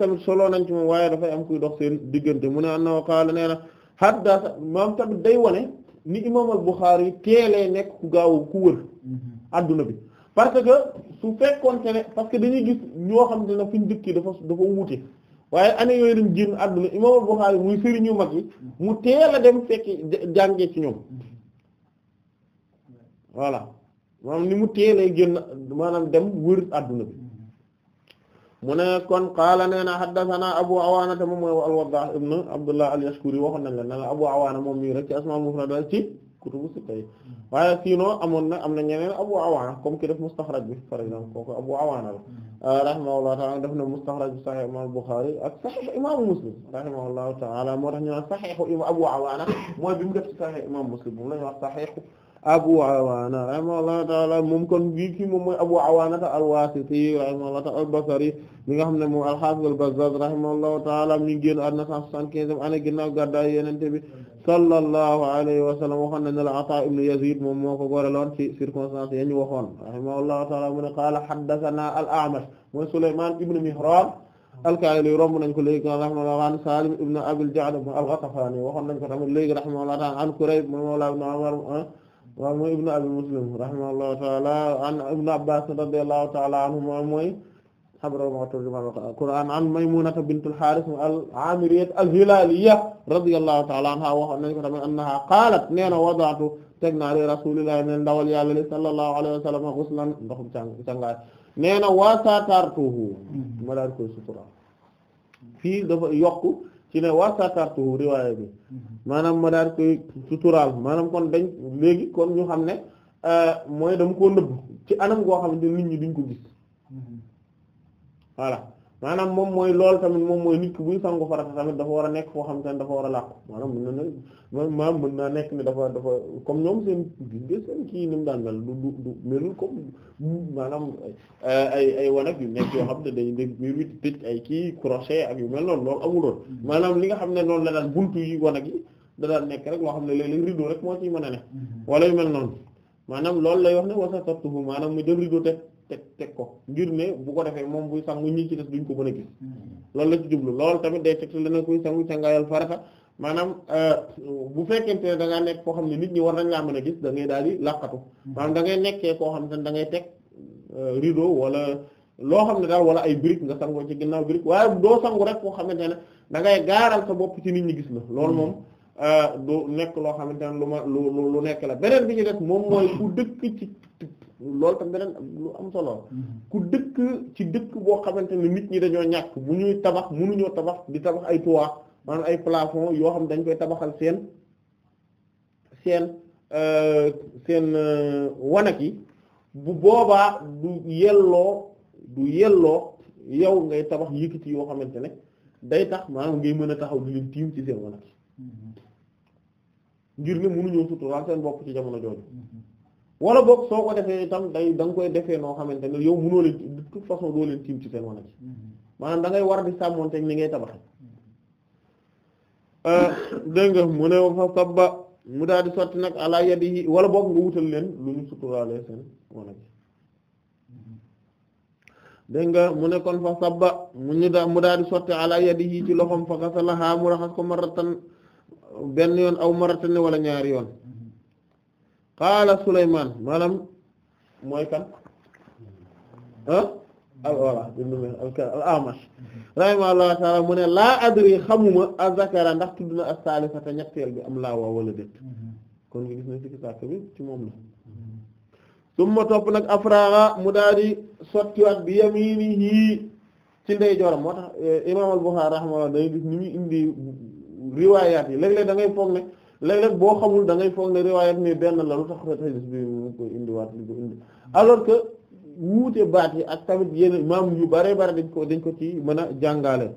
al solo nañ ci moom waaye dafay am kuy dox seen diggante mu ne annahu qaala nee na haddatha maam tamit day wane ni imam al-Bukhari teelee nekk ku gaaw ku wër hmm. àdduna bi parce que su fekkoonte ne parce que dañuy gis ñoo xam ne fu ñu dëkk dafa dafa wuute waaye année yooyu dañ génn àdduna imam al-Bukhari muy sëriñu mag yi hmm. mu teel a dem fekki jàngee ci ñoom voilà maanaam ni mu teelee génn maanaam dem wër adduna bi mu ne kon qaala nee na haddathana Abu Awaana te moom mooy al ibn Abdullah al-Yashkuri waxoon nañ la ne la Abu Awaana moom mii rek ci asmaa amoon na am na ñeneen Abu Awaana comme ki def euh, na Muslim mu def ci sahih imam Muslim moom la ñu wax sahih Abu Awaana rahimahullahu ta'ala moom kon bii kii moom mooy Abu Awaana al-Waasiti rahimahullahu ta'ala al-Basri mi nga xam ne moom al-Haafiz al-Bazzaaz rahimahullahu ta'ala mi ngi génn àdduna 175 année ginnaaw gàddaay Yonent bi sallallahu alayhi wa sallam waxoon nañ la Ataa ibn Yaziid moom moo ko goreloon ci circonstance ya ñu waxoon rahimahullahu ta'ala mu ne qaala haddathanaa al-A'mash mooy Sulaymaan ibn Mihraan al-Kaahili romb nañ ko léegi rahimahullahu an Saalim ibn Abil Ja'd al-Ghatafani waxoon ko tamit léegi rahimahullahu ta'ala an Kurayb moom mawlaa waaw mooy ibnu abi muslim rahimahullahu taala an ibnu abbas radiyallahu taala anhuma mooy xabramaturjumaquran an maymunata bintul xaaris al amiriyat al hilaliya radiyallahu taala anha waxoon nañ ko tamit annaha qaalat nee na wada'tu teg naa li rasulillahi ne ndawal yàlla li sallallahu alayhi wa sallam ghuslan ndoxum càng càngaay nee na waasatartuhu ma daan koy sutura fii dafa yokk ci ne wasatartu riwaaya bi mm-hmm. maanaam ma daal koy suturaal maanaam kon dañ léegi kon ñu xam ne euh, mooy dama koo nëbb ci anam koo xam ne nit ñi duñ ko gis mm-hmm. voilà maanaam moom mooy loolu tamit moom mooy nit ki buy sangu farata tamit dafa war a nekk foo xam te ne dafa war a làqu maanaam mën naa nekk ne dafa dafa comme ñoom seen gis seen daan mel du du du melul comme maanaam ay ay wanag yu nekk yoo xam ne dañuy dégg biir bi tëj ay kii crochet ak yu mel noonu loolu amuloon maanaam li nga xam ne noonu la daan buntu yi wanag yi da daan nekk rek loo xam ne léeg-léeg rideau rek moo ciy mën a ne mhm. wala yu mel noonu maanaam loolu lay wax ne wasatatuhu maanaam mu jël rideau teg teg teg ko ngir ne bu ko defee moom buy sangu ñi ci des duñ ko mën a gis hmm. loolu la ci jublu loolu tamit day teg leneen kuy sangu sangaayal farata maanaam euh, bu fekkente ne da ngaa nekk koo xam ne nit ñi war nañ laa mën a gis daal di làqatu hmm. maanaam da ngay nekkee koo xam ne da ngay teg euh, rido wala loo xam ne daal wala ay brique nga sangoo ci ginnaaw brique waaye doo sangu rek koo xamante ne dangay gaaral sa bopp ci nit ñi gis la lool hmm. moom euh, du nekk loo xamante ne lu ma lu lu nekk la beneen bi ñu def moom mooy ku dëkk ci loolu tam beneen lu am solo mm-hmm. ku dëkk ci dëkk boo xamante ne nit ñi dañoo ñàkk bu ñuy tabax mënuñoo tabax di tabax ay toit maanaam ay plafond yoo xam dañ koy tabaxal seen seen euh, euh, wanag yi bu boobaa du yelloo du yelloo yow ngay tabax yëkkati yoo xamante ne day tax maanaam ngay mën a taxaw di leen tiim ci seen wanag yi mm-hmm. ngir ne mënuñoo suturaal seen bopp ci jamono jooju mm-hmm. wala boog soo ko defee itam day danga koy defee noo xamante ne yow mënoo leen de toute façon doo leen tiim ci seen wana ci mm-hmm. maanaam da ngay war di sàmmonteeg ni ngay tabaxe mm-hmm. euh, dégg mu ne daal di sotti nag ala wala boog nga wutal leen mm-hmm. nga mu ne kon fa sabba mu ñu daa mu daal di sotti ala yadihi ci loxom fa xasalaha mu raxas ko maratan benn yoon aw maratan wala ñaari yoon qaala Sulaymaan maanaam mooy kan ah voilà al-Amash rahimahullahu ta'ala mu ne laa adri xamuma azakara ndax tudd na as-salisata ñetteel bi am laa waa wala déet kon nga gis ne sikki bi ci moom la summa topp nag afraga mu daal di sottiwaat bi yaminihi ci ndeyjooram moo tax eh, imaam al-Bukhari rahimahullah day gis ni muy indi riwaayaat yi léeg-léeg da foog ne léeg-léeg boo xamul da ngay foog ne riwaayat mi benn la lu tax hadis bi mu ko indiwaat li ko indi alors que wuute baat yi ak tamit yeneen maam yu bare bare dañ ko dañ ko ci mën a jàngaale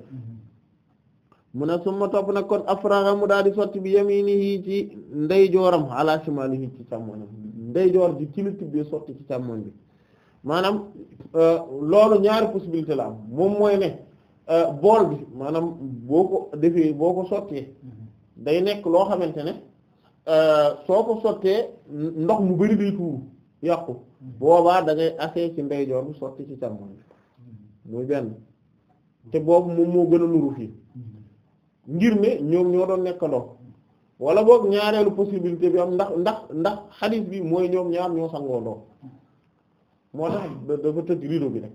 mu ne suma topp nag kon afraga mu daal di sotti bi yaminihi ci ndeyjooram ala shimalihi ci càmmoñam ndeyjoor ji ci la tibbee sotti ci càmmoñ bi maanaam euh, loolu ñaari possibilité la am moom mooy ne euh, bool bi maanaam boo ko defee boo ko sottee day nekk loo xamante ne euh, soo ko sottee ndox mu bari day tuuru yàqu hmm. boobaa da ngay asee ci ndeyjoor bi sotti ci bi hmm. muy benn te boobu moom moo gën a nuru fii hmm. ngir ne ñoom ñoo doon nekkandoo wala boog ñaareelu possibilité bi am ndax ndax ndax xadiis bi mooy ñoom ñaar ñoo sangoo ndoo moo tax dafa tëj rido bi rek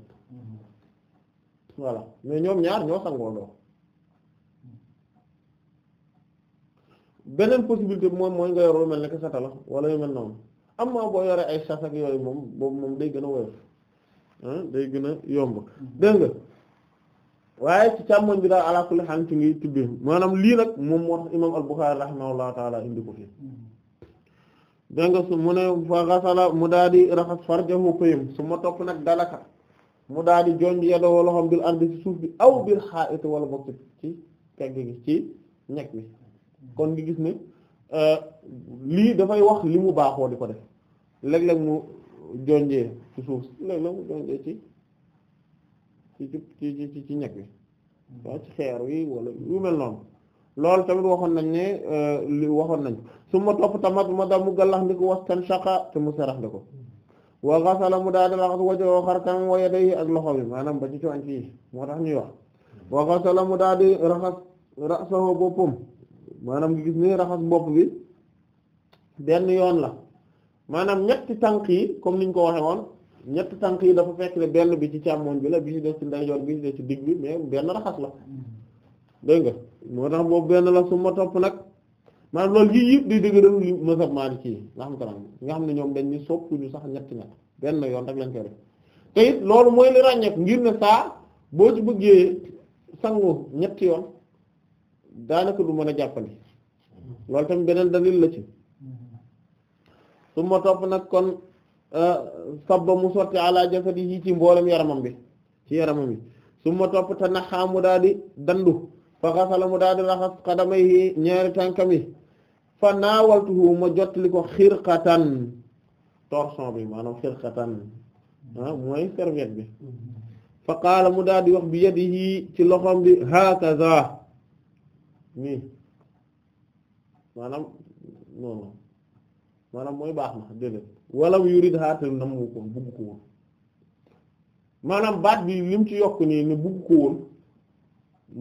voilà mais ñoom ñaar ñoo sangoo ndoo beneen possibilité moom mooy nga yor mel ni que satala wala yu mel noonu am na boo yoree ay sas ak yooyu moom boobu moom day gën a woyof day gën a yomb dégg nga waaye ci càmmoñ bi daal ala kulli haal ci lii nag moom moo tax imaam al-Bukhârî rahimahullahu taala su mu daal di raxas farjahu payam ma topp nag dalaka mu daal di joñ yadoo loxoom bil ardi ci suuf bi aw bil xaa it wala bokk ci pegg gi ci ñeg bi kon nga gis ne euh, lii dafay wax li mu baaxoo di ko def léeg-léeg mu jonjee ci suuf léeg-léeg mu jonjee ci ci ci ci ci ñeg bi waaw ci xeer wi wala yu mel noonu loolu tamit waxoon nañ ne euh, li waxoon nañ su ma topp tamat ma da mu gallax ndi ko wastan shaqa te mu sarax ndi ko wa ghasala mu daal di raxas wajoo xarkan wa yadayhi ak loxo bi maanaam ba ci coñ ci moo tax ñuy wax wa mu daal di raxas ra'sahu boppam maanaam nga gis ne raxas bopp bi benn yoon la maanaam ñetti tànk yi comme niñ ko waxe woon ñetti tànk yi dafa fekk ne benn bi ci càmmoñ bi la bi ci def ci ndeyjoor bi ci def ci digg bi mais benn raxas la dégg nga moo tax boobu benn la su ma topp nag maanaam loolu yii yëpp di dëgëral li mazhab maliki yi nga xam kanam nga xam ne ñoom dañ ñu soppu ñu sax ñetti ñett benn yoon rek lañ koy def te loolu mooy li ràññeek ngir ne saa boo bëggee sangu ñetti yoon daanaka du mën a jàppale loolu tamit beneen dalil la ci su ma topp nag kon euh, sabba mu sotti ala jasadihi ci mboolem yaramam bi ci yaramam bi su ma topp te mu daal di dandu fa xasala mu daal raxas xadamay yi ñaari tànkam yi fa naawaltuhu ma jottali ko xirqatan torchon bi maanaam xirqatan ah mooy serviette bi fa qaala mu daal wax bi yadihi ci loxom bi hakaza nii maanaam non non mooy baax na déedéet wala yurid haatal nam mu ko bugg ko maanaam baat bi lim ci yokk nii ne ko woon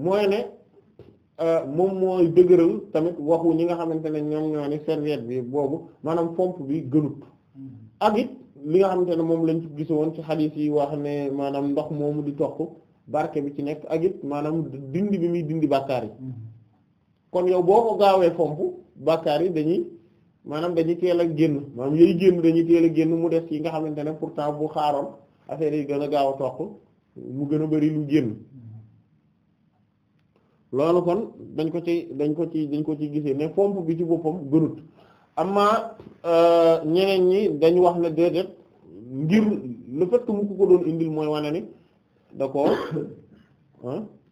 mooy euh, moom mooy dëgëral tamit waxu ñi nga xamante ne ñoom ñoo ni serviette bi boobu maanaam pomp bi gënut mm-hmm. ak it li nga xamante ne moom lañ ci woon ci xadiis yi wax ne maanaam ndox moomu di toq barke bi ci nekk ak it maanaam dindi bi muy dindi bàkkaar yi mm-hmm. kon yow boo ko gaawee fomp bakkaar yi dañuy maanaam dañuy teel a génn maanaam yooyu génn dañuy teel a génn mu def yi nga xamante ne pourtant bu xaaroon affaire yi gën a gaaw a toq mu gën a bari lu génn loolu kon dañ ko ci dañ ko ci dañ ko ci gisee ne fomp bi ci boppam gënut amma euh, ñeneen ñi dañ wax ne déedéet ngir le fait mu ko ko doon indil mooy wane ni [coughs] da ko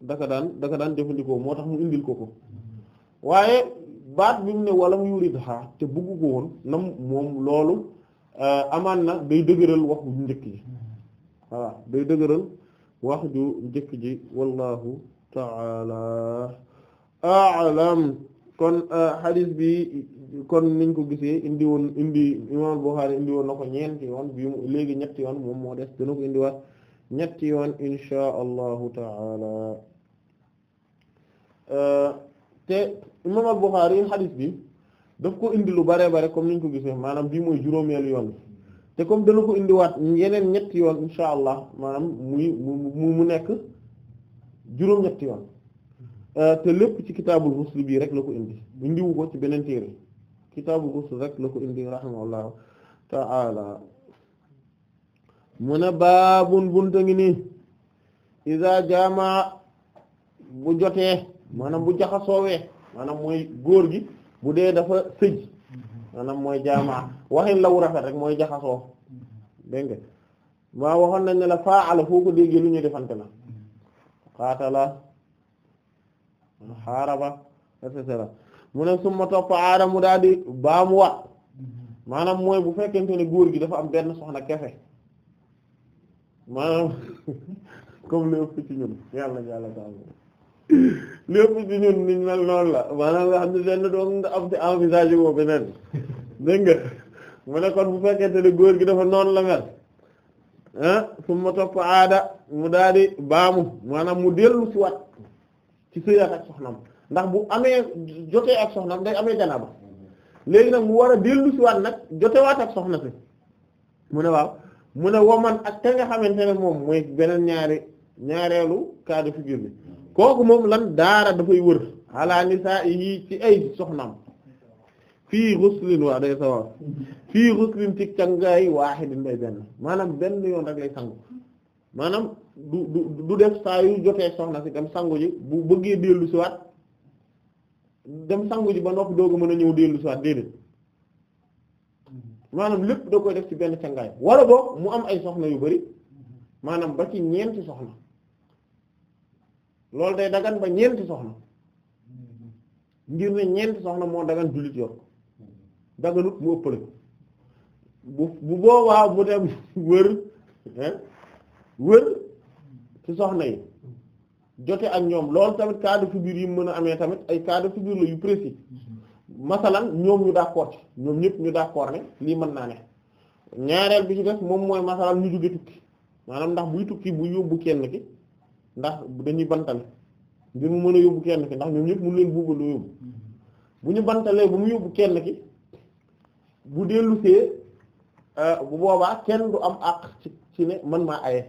daka daan daka daan jëfandikoo moo tax mu indil ko ko waaye baat bi mu ne wala mu yuridha te bëggu ko woon nam moom loolu euh, amaan na day dëgëral wax ju njëkk ji voilà day dëgëral wax ju njëkk ji wallahu ta'ala a'lam kon euh, hadith bi kon niñ ko gisee indi woon indi imam Bukhari indi woon na ko ñeenti yoon bi mu léegi ñetti yoon moom moo des dina ko indi waat ñetti yoon insha allahu ta'ala euh, te imam al-Bukhari yi bi daf ko indi lu bare bare comme ni ñu ko gisee maanaam bii mooy juróomeelu yoon te comme dana ko indiwaat yeneen ñetti yoon insha allah maanaam muy mu mu nekk juróom-ñetti yoon euh, te lépp ci kitaabul ghusl bii rek la ko indi indiwu ko ci beneen téere kitaabul ghusl rek la ko indi rahimahullahu ta'ala mu ne baabun bunta ngi nii iza jamaa bu jotee maanaam bu jaxasoowee maanaam mooy góor gi bu dee dafa sëj maanaam mooy jaamaa waxin la wu rafet rek mooy jaxasoo dégg nga maa waxoon nañ ne la faala foo ko déggee lu ñu defante la xaatala xaaraba et cetera mu ne summa topp aada mu daal di baamu wat maanaam mooy bu fekkente ne góor gi dafa am benn soxna kefe maanaam [laughs] comme lépp ci ñun yàlla yàlla taala lépp ci ñun niñ mel noonu la maanaam nga xam ne benn doom nga am ci envisagé boo beneen dégg mu ne kon bu fekkente ne góor gi dafa noonu la mel ah ma topp aada mu daal di baamu maanaam mu dellu ci wat ci sëyaat ak soxnam ndax bu amee jotee ak soxnam day amee janaba léegi nag mu war a dellu ci wat nag jotewaat ak soxna si mu ne waaw mu ne woman ak te nga xamante ne moom mooy beneen ñaari ñaareelu cas de figure bi kooku moom lan daara dafay wër ala nisaa'ihi ci ay soxnaam fii ghuslin waa day sawar fii ghuslin ci cangaay waahidin day benn maanaam benn yoon rek lay sangu maanaam du du du def saa yu jotee soxna si dem sangu ji bu bëggee dellu si waat dem sangu ji ba noppi doogu mën a ñëw dellu si waat déedéet maanaam lépp da koy def ci benn cangaay wala boog mu am ay soxna yu bari maanaam ba ci ñeenti soxna loolu day dagan ba ñeenti soxna ngir ne ñeenti soxna moo dagan jullit yor daganut mu ëppale bu bu boobaa mu dem [laughs] wër wër ci soxna yi jote ak ñoom lool tamit cas de figure yi mën a amee tamit ay cas de figure la yu précis masalan ñoom ñu d'accord ci ñoom ñëpp ñu d'accord ne lii mën naa ne ñaareel bi ci def moom mooy masalan ñu jóge tukki maanaam ndax buy tukki bu yóbbu kenn ki ndax dañuy bantale ngir mu mën a yóbbu kenn ki ndax ñoom ñëpp mën leen buubaloo yóbbu mm-hmm. bu ñu bantalee ba mu yóbbu kenn ki bu dellu see euh, bu boobaa kenn du am àq ci ci ne man maa aye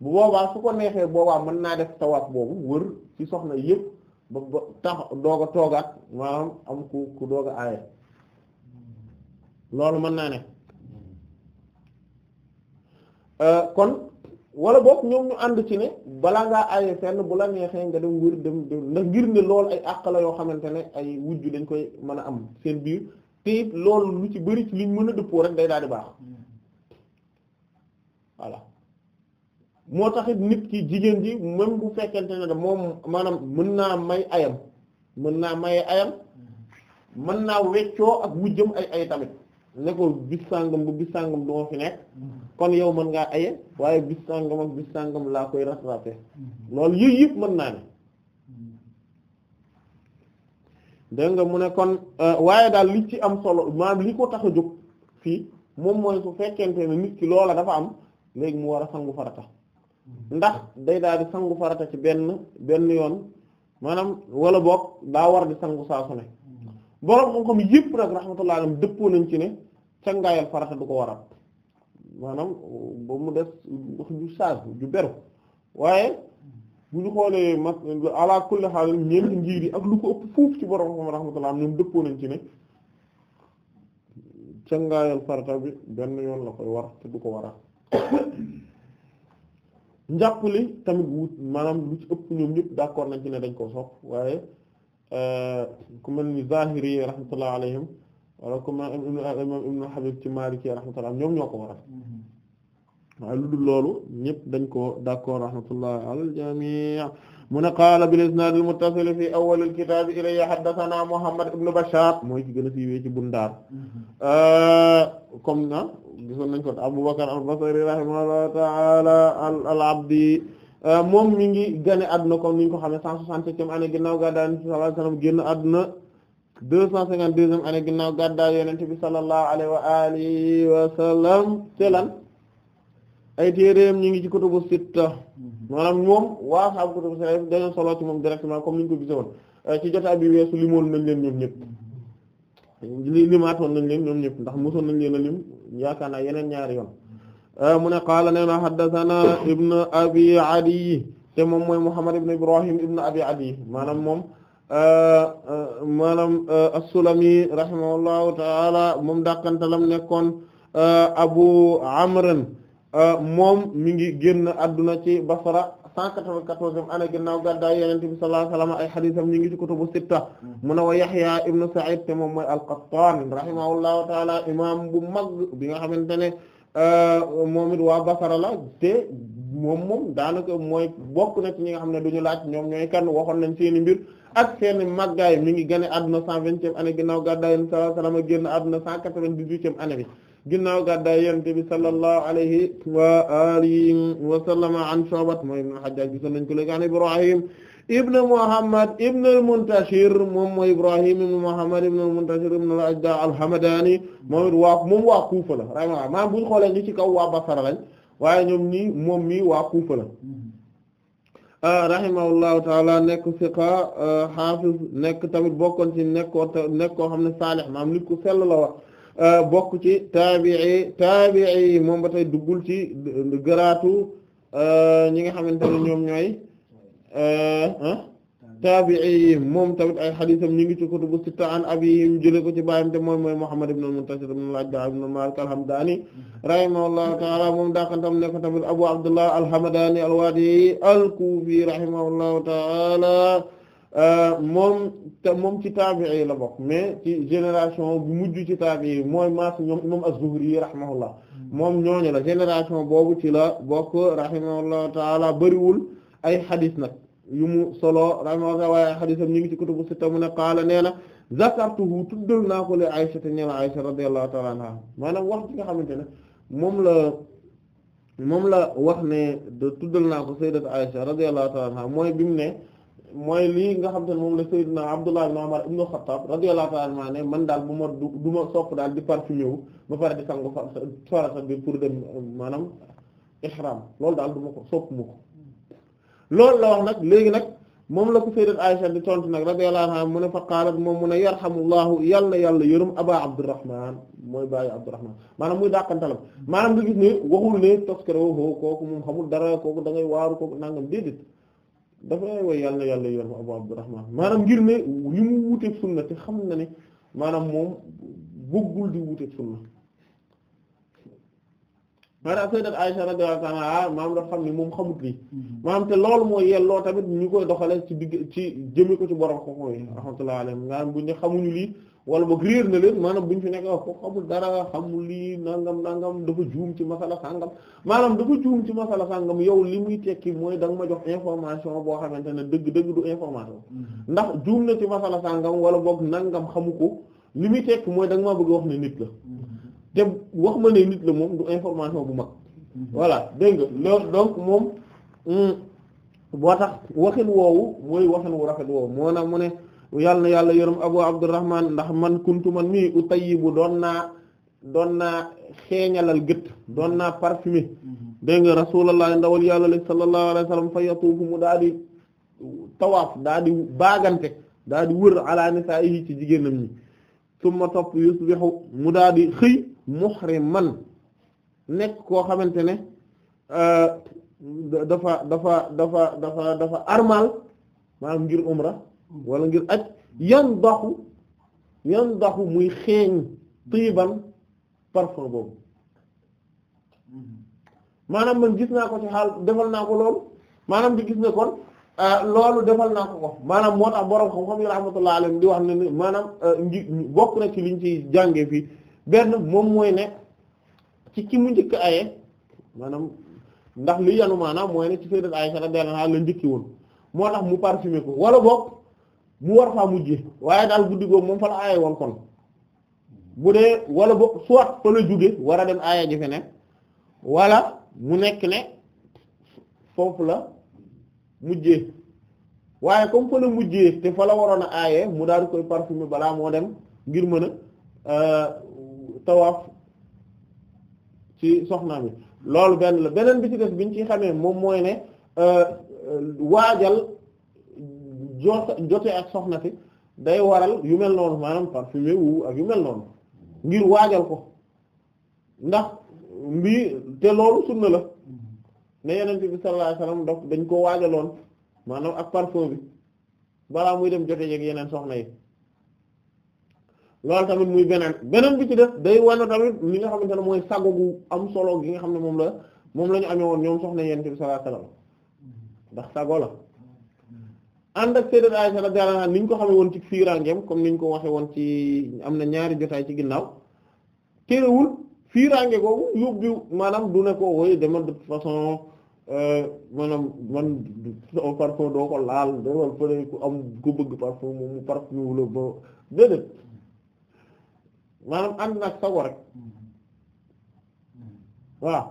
bu boobaa su ko neexee boobaa mën naa def tawaat boobu wër ci soxna yépp ba ba tax doog a toogaat maanaam am ku ku doog a aye mm-hmm. loolu mën naa ne mm-hmm. euh, kon wala bokk ñoom ñu ànd ci ne balaa ngaa aaye fenn bu la neexee nga dem wër dem dem ndax ngir ne lool ay àq la yoo xamante ne ay wujj dañ koy mën a am seen biir te it loolu lu ci bëri ci liñ mën a dëppoo rek day daal di baax voilà moo taxit nit ki jigéen ji même bu fekkente ne moom maanaam mën naa may ayam mën naa maye ayam mën naa weccoo ak wujjam ay ay tamit ne ko bis sàngam bu bis sàngam du ma fi nekk mm-hmm. kon yow mën ngaa aye waaye bis sàngam ak bis sàngam laa koy rattrapé mm-hmm. lool yëpp yëpp mën naa ne mm-hmm. dégg nga mu ne kon euh, waaye daal li ci am solo maanaam li ko tax a jóg fii moom mooy su fekkente ne nit ki loola dafa am léegi mu war a sangu farata ndax day daal di sangu farata ci benn benn yoon maanaam wala boog daa war di sangu saa su ne borom xam-xam yëpp nag rahmatullah alam dëppoo nañ ci ne cangaayal farata du ko waral maanaam ba mu des wax ju saag ju beru waaye bu ñu xoolee ma ala kulli xaal ñeent njiir yi ak lu ko ëpp fuuf ci borom xam rahmatullah ñoom dëppoo nañ ci ne cangaayal farata bi benn yoon la koy war te du ko waral njàpp li tamit wut maanaam lu ci ëpp ñoom ñëpp d'accord nañ ci ne dañ koo sopp waaye ku mel ni zahiri rahmatullah alayhim wala comme imam ibn Habib ci Maliki rahmatullah ñoom ñoo ko waral mm-hmm. waaye lu dul loolu ñëpp dañ ko d'accord rahmatullahi ala al-jami' mu ne qaala bil isnad al-muttasil fi awwal al-kitab ilayhi haddathana Muhammad ibn Bashar mooy ci gën a siiwee ci Bundaar mm-hmm. euh, comme na ko Abu Bakr al-Basri rahimahullahu ta'ala al-Abdi euh, moom mi ngi gane àdduna comme ni ko xamee 167e année ginnaaw gàddaay Yonent bi sallallahu alayhi deux cent cinquante deuxième année ginnaaw gàddaay yonent bi sallallahu alayhi wa alihi wa sallam selan ay téeréem ñi ngi ci kutubu sitta maanaam moom waa sahabu kutubu sitta dañoo solo ci moom directement comme ni ko gise woon eh, ci jotaay bi weesu limoon nañ leen ñoom ñëpp li limaatoon nañ leen ñoom ñépp ndax mosoon nañ leen a lim yaakaar naa yeneen ñaari yoon eh, mu ne qaala nee na haddathana ibn abi adi te moom mooy muhammad ibn ibrahim ibn abi adi maanaam moom Euh, euh, maanaam euh, as-Sulami rahimahullahu taala moom dàqantalam nekkoon Abu Amrin moom mi ngi génn adduna ci Basra 194e année ginnaaw gàddaay Yonent bi sallallahu ay hadiisam ñu ngi ci kutubu sitta mu ne wa Yahya ibn Sa'id te moom mooy al-Qattan rahimahullahu taala imaam bu mag bi nga xamante ne moom it waa Basra la te moom moom daanaka mooy bokk na ci ñi nga xam ne du ñu laaj ñoom ñooy kan waxoon nañ seeni mbir. ak seeni màggaay mi ngi gane àdduna cent vingtième année ginnaaw gàddaay yonent sallallahu alayhi wasallam génn àdduna cent quatre-vingt-dix-huitième année bi ginnaaw gàddaay yonent bi sallallahu alayhi wa alihi wa sallama an Shu'ba mooy ibn Hajjaj gisoon nañ ko léegi an Ibrahim ibn Muhammad ibn al-Muntashir moom mooy Ibrahim ibn Muhammad ibn al-Muntashir ibn al-Ajda al-Hamadani moom it waa moom waa Kuufa la vraiment maanaam bu ci kaw waa Basra lañ waaye ñoom ñii moom mi waa Kuufa rahimahullahu taala nekk siqa euh, xaafis nekk tamit bokkoon ci nekkoo nekk xam ne saalih maam nit ku sell la euh, bokk ci taabii taabii moom ba tey duggul ci garaatu euh, ñi nga xamante ne ñoom ñooy taabi'i yi moom tamit ay xadiisam ñu ngi ci kutubu sitta an abihi mu jëlee ko ci baayam te mooy mooy Muhammad ibn al-Muntasir ibn al-Ajda' ibn Malik al-Hamdani rahimahullahu ta'ala moom daakantam nekk tamit Abu Abdullah al-Hamdani al-Wadi'i al ta'ala moom ci taabi'i yi la bokk mais ci génération bu mujj ci taabi'i yi mooy maas ñoom moom az-Zuhri rahimahullah moom ñooñu la génération boobu ci la bokk rahimahullahu ta'ala bëriwul ay xadiis nag yu mu solo rahimahullah waaye xadisam ñu ngi ci kutubu si mu ne qaala nee na zakartuhu tuddal naa ko le Aysa te ñeel Aysa radiyallahu ta'ala maanaam wax ci nga xamante ne moom la moom la wax ne de tuddal naa ko sayyidat Aysa radiyallahu ta'ala anha mooy bi mu ne mooy lii nga xamante ne moom la sayyidna Abdullah ibn Umar ibn Khattab radiyallahu ta'ala anhu man daal bu ma du ma sopp daal di parfumé wu ba pare di sangu farata bi pour dem maanaam ihram loolu daal du ko sopp loolu la wax nag léegi nag moom la ko sayyidat Aisha di tontu nag radiyallahu anha mu ne fa qaalat moom mu ne yarhamullahu yàlla na yàlla yërëm Aba Abdurrahman mooy bàyyi Abdurrahman maanaam muy dàqantalam maanaam nga gis ne waxul ne taskarahu kooku moom xamul dara kooku da ngay waaru kooku nangam déedéet dafay way yàlla na yàlla yërëm Aba Abdurrahman maanaam ngir ne li mu wuteeg sunna te xam na ne maanaam moom bëggul di wuteeg sunna maanaam sayyidat Aisha radiyallahu anha ah, maam dafa xam ne moom xamut lii maanaam mm-hmm. te loolu mooy yelloo tamit ñu koy doxale ci digg ci jëme ko ci borom xoko yi rahmatullahi alayhim maanaam bu ñu xamuñu lii wala ba réer na leen maanaam bu ñu fi nekk ah, ko xamul dara xamul lii nangam nangam dafa juum ci masala sàngam maanaam dafa juum ci masala sàngam yow li muy tekki mooy da ma jox information boo xamante ne dëgg dëgg du information mm-hmm. ndax juum na ci masala sàngam wala boog nangam xamu ko li muy tekki mooy da nga bëgg wax ne nit la mm-hmm. te wax ma ne nit la moom du information bu mag voilà dégg nga loolu donc moom hmm, boo tax waxin woowu mooy waxin wu rafet woowu moo na mu ne yàlla na yàlla yërëm Abu Abdurrahman ndax man kuntu man mii utayibu doon naa doon naa xeeñalal gët doon na parfumé dégg nga rasulullah ndawal yàlla li sallallahu alayhi wasallam fa yatuufu mu daa di tawaaf daa di baagante daa di wër ci jigéenam ñi summa topp yusbihu mu daa xëy muhriman nekk koo xamante ne euh, dafa dafa dafa dafa dafa armal maanaam ngir umra wala ngir aj yan doxu yan doxu muy xeeñ tiiban parfum boobu maanaam man gis naa ko ci xaal defal naa ko loolu maanaam di gis ne kon euh, loolu defal naa ko ko maanaam moo tax boroom xam-xam yi laa alayhi di wax ne maanaam euh, ngi bokk na ci liñ ci jànge fii benn moom mooy ne ci ki mu njëkk aye maanaam ndax li yanu maanaam mooy ne ci sayyidat Aisha radiyallahu anha la njëkki woon moo tax mu parfumé ko wala boog mu war faa mujjee waaye daal guddi googu moom fa la aaye woon kon bu dee walla boog soit fa la jóge war a dem aaya ji feneen wala mu nekk ne foofu la mujjee waaye comme fa la mujjee te fa la waroon a aaye mu daal koy parfumé balaa moo dem ngir mën a euh, tawaaf ci soxna mi loolu benn la beneen bi ci des biñ ci xamee moom mooy ne euh, euh, waajal jote ak soxna si day waral yu mel noonu maanaam parfumé wu ak yu mel noonu ngir waajal ko ndax mbii te loolu sunna la ne Yonent bi sallallahu alayhi wasallam dañ koo waajaloon maanaam ak parfum bi balaa muy dem jote ak yeneen soxna yi loolu tamit muy beneen beneen bi ci def day wane tamit li nga xamante ne mooy sago gu am solo gi nga xam ne moom la moom la ñu amee woon ñoom soxna yonent bi sallallahu alayhi wasallam ndax sago la ànd ak sayyidat Aisha radiyallahu anha ni ñu ko xamee woon ci fiiraangeem comme ni ñu ko waxee woon ci am na ñaari jotaay ci ginnaaw terewul fiiraange googu yóbbu maanaam du ne ko woy dama de façon euh, maanaam man parfum doo ko laal doo ko ku am ku bëgg parfum mu parfum wu la maanaam ànd naag sago rek waaw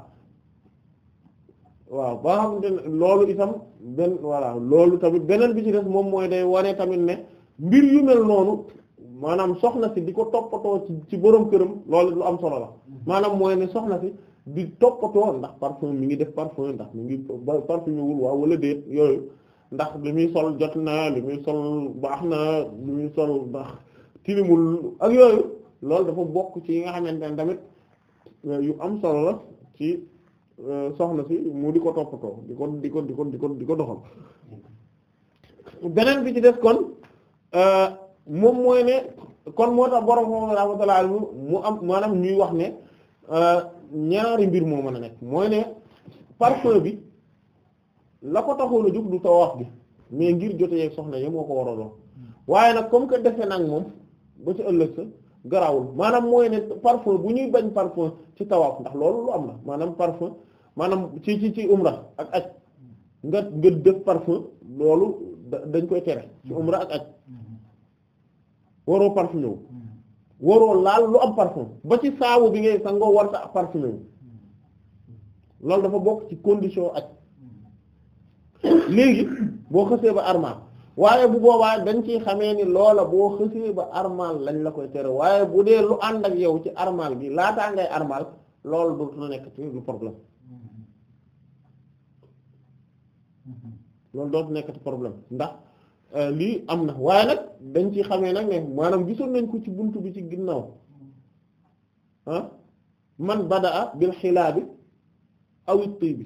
waaw ba xam loolu itam benn voilà loolu tamit beneen bi ci def moom mooy day wane tamit ne mbir yu mel noonu maanaam soxna si di ko toppatoo ci ci borom këram loolu lu am solo la maanaam mooy ne soxna si di toppatoo ndax parfum mi ngi def parfum ndax mi ngi parfumé wul waaw wala déet yooyu ndax li muy sol jot naa li muy sol baax naa li muy sol baax tilimul ak yooyu loolu dafa bokk ci yi nga xamante ne tamit euh, yu am solo la ci euh, soxna si mu di ko toppatoo di ko di ko di ko di ko di ko doxal beneen bi ci def kon euh, moom mooy ne kon moo tax borom laa rahmatullah mu am maanaam ñuy wax ne ñaari mbir moo mën a nekk mooy ne parfum bi la ko taxoon a jóg du tawaaf bi mais ngir jotee soxna yi moo ko war a doon hmm. waaye nag comme que defe nag moom ba ci ëllëg sa garawul maanaam mooy ne parfum bu ñuy bañ parfum ci tawaaf ndax loolu lu am na maanaam parfum maanaam ci ci ci umra ak aj nga nga def parfum loolu dañ koy tere ci umra ak aj waroo parfumé wu waroo laal lu am parfum ba ci saabu bi ngay sangoo warta parfumé wu loolu dafa bokk ci condition aj léegi boo xësee ba armal waaye bu boobaa dañ ciy xamee ni loola boo xësee ba armal lañ la koy tere waaye bu dee lu ànd ak yow ci armal bi laataa ngay armal loolu du la nekk ci lu problème loolu dootu nekkati problème ndax euh, lii am na waaye nag dañ ci xamee nag ne maanaam gisoon nañ ko ci buntu bi ci ginnaaw ah man badaa bil xilaa bi awit tëy bi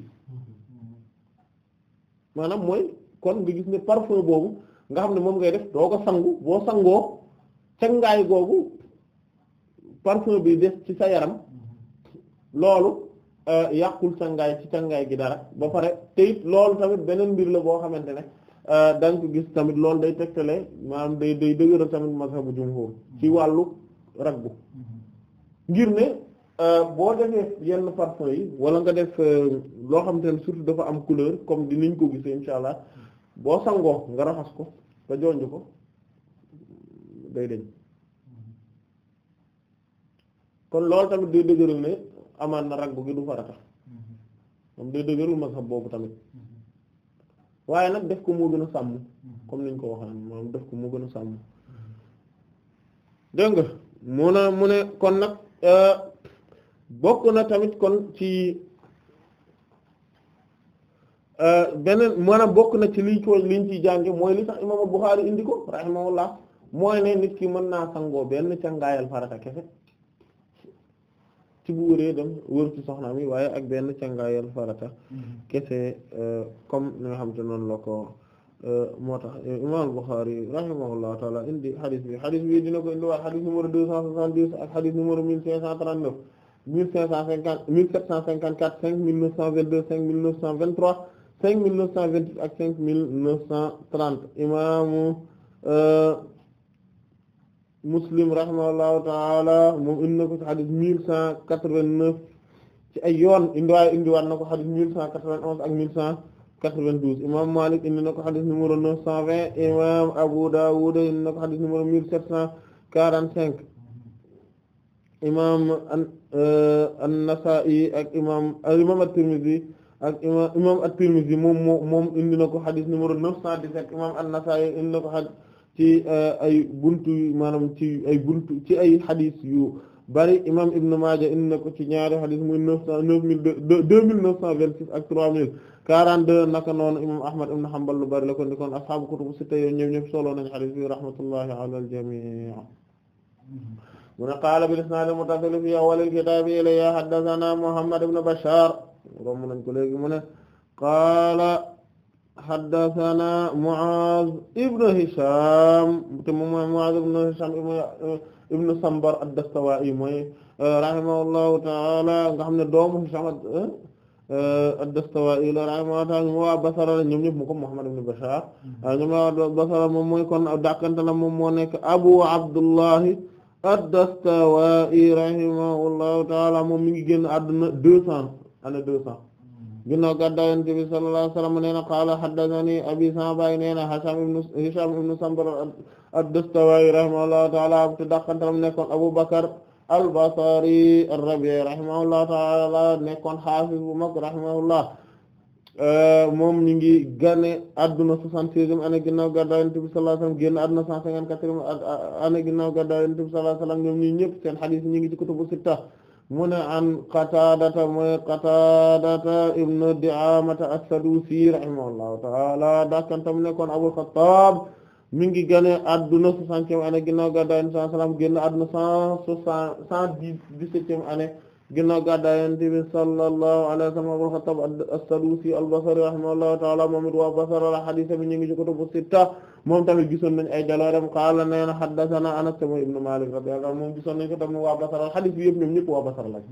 maanaam mooy kon nga gis ne parfum boobu nga xam ne moom ngay def doo ko sangu boo sangoo cangaay googu parfum bi def ci sa yaram loolu euh, yàqul cangaay ci cangaay gi dara ba pare te it loolu tamit beneen mbir la boo xamante ne euh, da ko gis tamit loolu day tegtale maanaam day day dëgëral tamit mazhabu jumhur ci wàllu ragbu ngir ne euh, boo defee yenn parfum yi wala nga def loo xamante ne surtout dafa am couleur comme dinañ ko gisee insha allah boo sangoo nga raxas ko nga jonj ko day deñ kon loolu tamit day dëgëral ne amaan na raggu gi du farata moom day dëgëral mazhab boobu tamit waaye nag def ko moo gën a sàmm comme niñ ko waxee moom def ko moo gën a sàmm dégg nga mu mu ne kon nag euh, bokk na tamit kon ci Euh, beneen maanaam bokk na ci liñ ko liñ ciy jànge mooy li tax imam Bukhari indi ko rahimahullah mooy ne nit ki mën naa sangoo benn càngaayal farata kese ci bu wëree dem wër ci soxna mi waaye ak benn càngaayal farata mm-hmm. kese euh, comme ni nga xam te noonu la ko euh, moo tax imam Bukhari rahimahullahu taala indi xadis bi xadis bi dina ko indi waa xadis deux cent soixante-dix ak xadis numéro cinq cent trente-neuf mille cinq cent cinquante mille sept cent cinquante cinq mille neuf cent vingt-huit ak cinq mille neuf cent trente imaamu euh, Muslim rahimahullahu taala moom indi ko xadis mille cent quatre-vingt-neuf ci ay yoon indiwaay indiwaat na ko xadis mille cent quatre-vingt-onze ak mille cent quatre-vingt-douze imam Malik indi na ko xadis numéro neuf Abu Dawud indi na ko xadis numéro mille sept cent quarante-cinq imam an euh, ak imam al imam ak imaam imaam at-Tirmidhi moom moo moom indi na ko xadis numéro 917 imaam an-Nasa'i indi na ko xadis ci euh, ay buntu maanaam ci ay buntu ci ay xadis yu bari imaam Ibn Maaja indi na ci ñaari xadis muy 900 9000 2926 ak 3000 42 naka noonu imaam Ahmad ibn Hanbal lu bari la ko indi kon ashaabu kutubu sitta yooyu ñoom ñëpp solo nañu xadis bi rahmatullahi ala al-jamii' mu ne qaala bil isnaad de muttasil fi awwal al-kitaab ilayhi haddathanaa Muhammad ibn Bashaar romb nañ ko léegi mu ne qaala haddathana Mu'aaz ibn Hishaam te moom mooy Mu'aaz ibn Hishaam ibn Sambar ad-Dastawaa'i mooy rahimahullahu ta'ala nga xam ne doomu Hishaam eh, ad-Dastawaa'i la rahimahullahu ta'ala waa Basra la ñoom ñëpp mu ko Muhammad ibn Bashaar hmm. ñoom waa Basra moom mooy kon dàkkante la moom moo nekk Abu Abdullahi ad-Dastawaa'i rahimahullahu ta'ala moom mi ngi génn àdduna deux cents ana deux cent ginnaaw gàddaay Yonent bi sallallahu alayhi wa sallam nee na qaala haddathanii abii sama baay nee na Hishaam ibnu Hishaam ibnu Sambar ad-Dastuwaa'i rahimahullahu ta'aala te dàqantalam nekkoon Abu Bakr al-Basri ar-Rabi'i rahimahullahu ta'aala nekkoon haafiz bu mag rahimahullah moom ñu ngi gane adduna soixante-seizième année ginnaaw gàddaay Yonent bi adduna cent cinquante-quatrième année ginnaaw gàddaay Yonent bi sallallahu alayhi wa sallam ñu ngi ci kutubu sitta mu ne an qataadata mooy qataadata ibnu di'aamata as-saduusi rahimahullahu ta'aala dakantam nekkoon abul xattaab mi ngi gane adduna soixantième année ginnaaw gàddaay Yonent bi sallallahu alayhi wa sallam génn adduna cent soixante cent dix-septième année ginnaaw gàddaay Yonent bi sallallahu alayhi wa sallam abul xattaab as-saduusi al-basri rahimahullahu ta'aala moom it waa Basra la hadiis bi ñu ngi ci kutubu ta moom tamit gisoon nañ ay jaloorem qaala nee na haddathana Anas mooy ibnu Malik radiyallahu anhu moom gisoon nañ ko tam waa Basra xadiis bi yëpp ñoom ñëpp waa Basra lañ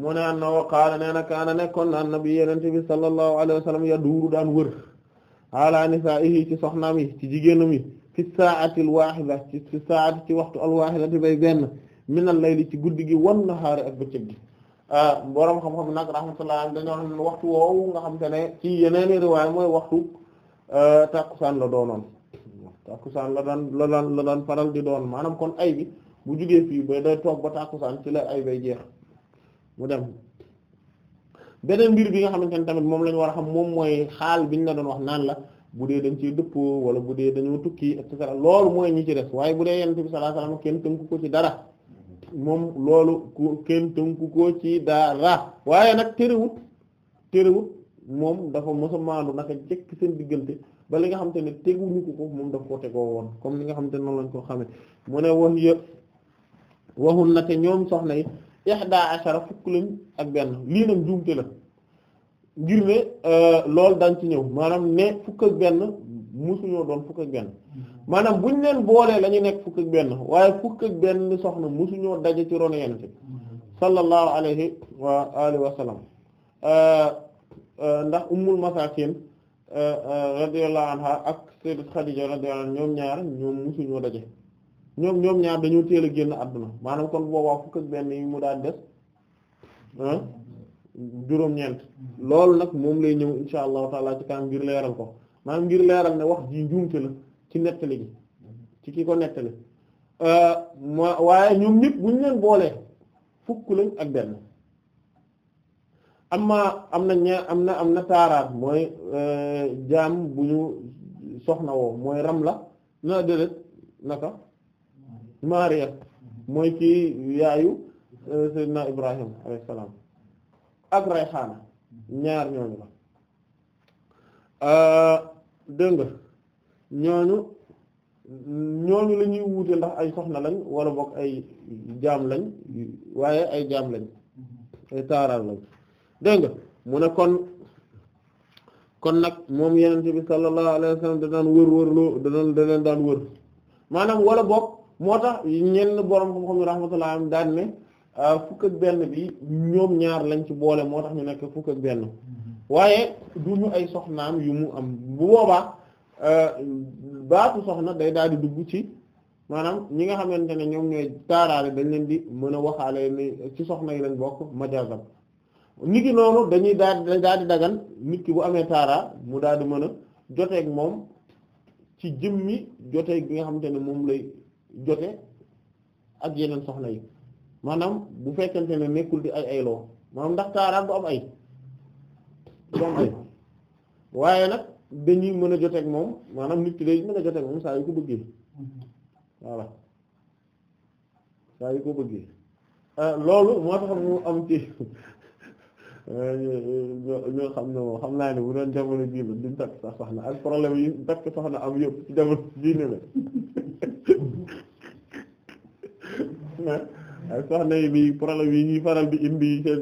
mu ne an na wa qaala na kaana nekkoon na annabi yenente bi sallallahu alayhi wa sallam daan wër ala nisaa'ihi ci soxnaam yi ci jigéenam yi fi saa'ati al-waahida ci fi ci waxtu al-waahida te bay benn min al-layli ci guddi gi wan nahaari ak bëccëg gi ah, boroom xam-xam nag rahmatullah dañoo xam ne waxtu woowu nga xam te ne ci yeneen riwaay mooy waxtu Euh, tàkkusaan la doonoon tàkkusaan la daan la daan la daan faral di doon maanaam kon ay bi bu jugee fii ba day toog ba tàkkusaan ci la ay bay jeex mu dem beneen mbir bi nga xamante ne tamit moom la war a xam moom mooy xaal bi ñu la doon wax naan la bu dee dañ ciy dëppoo wala bu dee dañu tukki et cetera loolu mooy ñi ci def waaye bu dee yonent bi sallallahu alayhi wasallam kenn tënku ko ci dara moom loolu ku kenn tënku ko ci dara waaye nag terewut terewut moom dafa mosa maandu naka jekk seen diggante ba li nga xam te ne teguñu ko ko moom daf ko tegoo woon comme li nga xam te noonu lañ ko xamee mu ne wax yë waxul na ñoom soxna yi daa ashara fukk lañ ak benn lii nag njuumte la ngir ne euh, loolu dañ ci ñëw maanaam ne fukk ak benn musuñoo doon fukk ak benn mm-hmm. maanaam buñ leen boolee lañu nekk fukk ak benn waaye fukk ak benn soxna musuñoo daje ci ronu yenente mm-hmm. sallallahu alayhi wa alihi wa sallam euh, Euh, ndax ummul masakin euh, euh, radiyallahu anha ak sayyidat Khadija radiyallahu anha ñoom ñaar ñoom musuñoo daje ñoom ñoom ñaar dañoo teel a génn àdduna maanaam kon boobaa fukk ak benn yi mu daan des juróom-ñeent loolu nag moom lay ñëw insha allahu taala ci kanam ngir leeral ko maanaam ngir leeral ne wax ji njuumte la ci nettali gi ci ki ko nettali waaye ñoom ñëpp buñu leen boolee fukk lañ ak benn amma am na ña am na am na taaraat mooy euh, jaam bu ñu soxna woo mooy Ramla na déedéet naka Maria mooy kii yaayu euh, Seydina Ibrahim alayhi salaam ak Rayxaana ñaar ñooñu la euh, dégg nga ñooñu ñooñu la ñuy ndax ay soxna lañ wala bokk ay jaam lañ waaye ay jaam lañ ay taaraat lañ dégg nga mu ne kon kon nag moom yenente bi sallallahu alayhi wa sallam da daan wër wër loo maanaam wala boog moo tax ñenn borom xam-xam yi rahmatullah am daan ne ah, fukk ak benn bi ñoom ñaar lañ ci boole moo tax ñu nekk fukk ak benn waaye du ñu ay soxnaam yu mu am bu boobaa ah, baatu soxna day daal di dugg ci maanaam ñi nga xamante ne ñoom ñooy taaraale dañ leen di mën a waxaale ni ci soxna yi lañ bokk majaasam ñi ki noonu dañuy daal di daal di dagan nit ki bu amee taara mu daal di mën a joteeg moom ci jëmmi joteeg bi nga xamante ne moom lay jote ak yeneen soxna yi maanaam bu fekkente ne nekkul di ay ayloo loo ndax taara du am ay du am ay waaye nag dañuy mën a joteeg moom maanaam nit ki day moom saa yu ko bëggee voilà saa yu ko bëggee euh, loolu moo tax mu am ci. [laughs] ñoo xam ne moom xam naa ne bu doon jamono jii la ak problème yi takk soxna am yëpp ci jamono [laughs] jii ne la [laughs] ah, ak faral di indi seen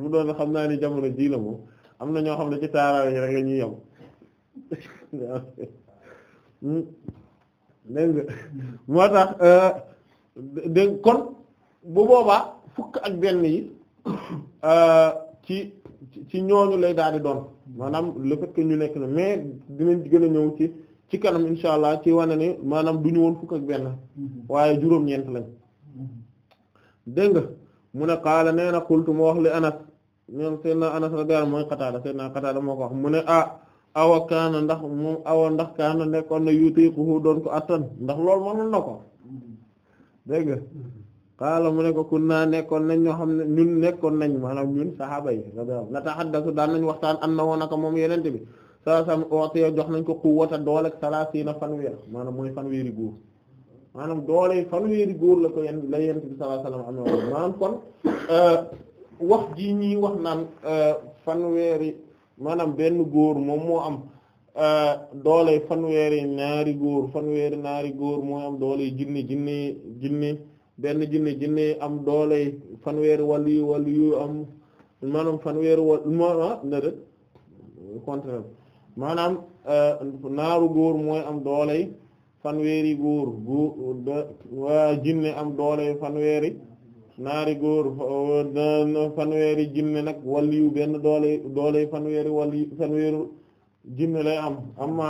doon xam naa ni jamono jii la moom am na ñoo xam ne ci taaraw yi rek la ñuy yem [laughs] hmm, moo tax euh, dégg kon bu boobaa fukk ak benn yi. Euh, ci ci ñooñu lay daal di doon maanaam le fait ñu nekk na mais dinañ gën a ñëw ci ci kanam insha allah ci wane ne maanaam du ñu woon fukk ak benn mm-hmm. waaye juróom-ñeent lañ mm-hmm. dégg nga mu ne qaala nee na qultu ma wax li anas seen seydna anas radiyallahu mooy Qataada seydna Qataada moo ko wax mu ne ah awa kaana ndax moom awa ndax kaana nekkoon na yutiquhu doon ko attan ndax loolu mënoon na ko mm-hmm. dégg nga qaala mu ne ko kunna nekkoon nañ ñoo xam ne ñun nekkoon nañ maanaam ñun sahaaba yi natahaddasu daan nañ waxtaan an na woo naka moom yenente bi saa sam ootiyo jox nañ ko quwwata doole salaasiina fanweer maanaam mooy fanweeri góor maanaam doole fanweeri góor la ko yen la yenente bi sallallahu alayhi wasallam amee maanaam kon euh, wax ji ñii wax naan euh, fanweeri maanaam benn góor moom moo am euh, doole fanweeri ñaari góor fanweeri ñaari góor moo am doole jinni jinni jinni benn jinne jinne am doole fanweeri waliyu waliyu am maanaam fanweeri wal ma na de contraire maanaam euh, naaru góor mooy am doole fanweeri góor góor waa jinne am doole fanweeri naari góor fanweeri jinne nag waliyu benn doole doole fanweeri waliyu fanweeri jinne lay am amma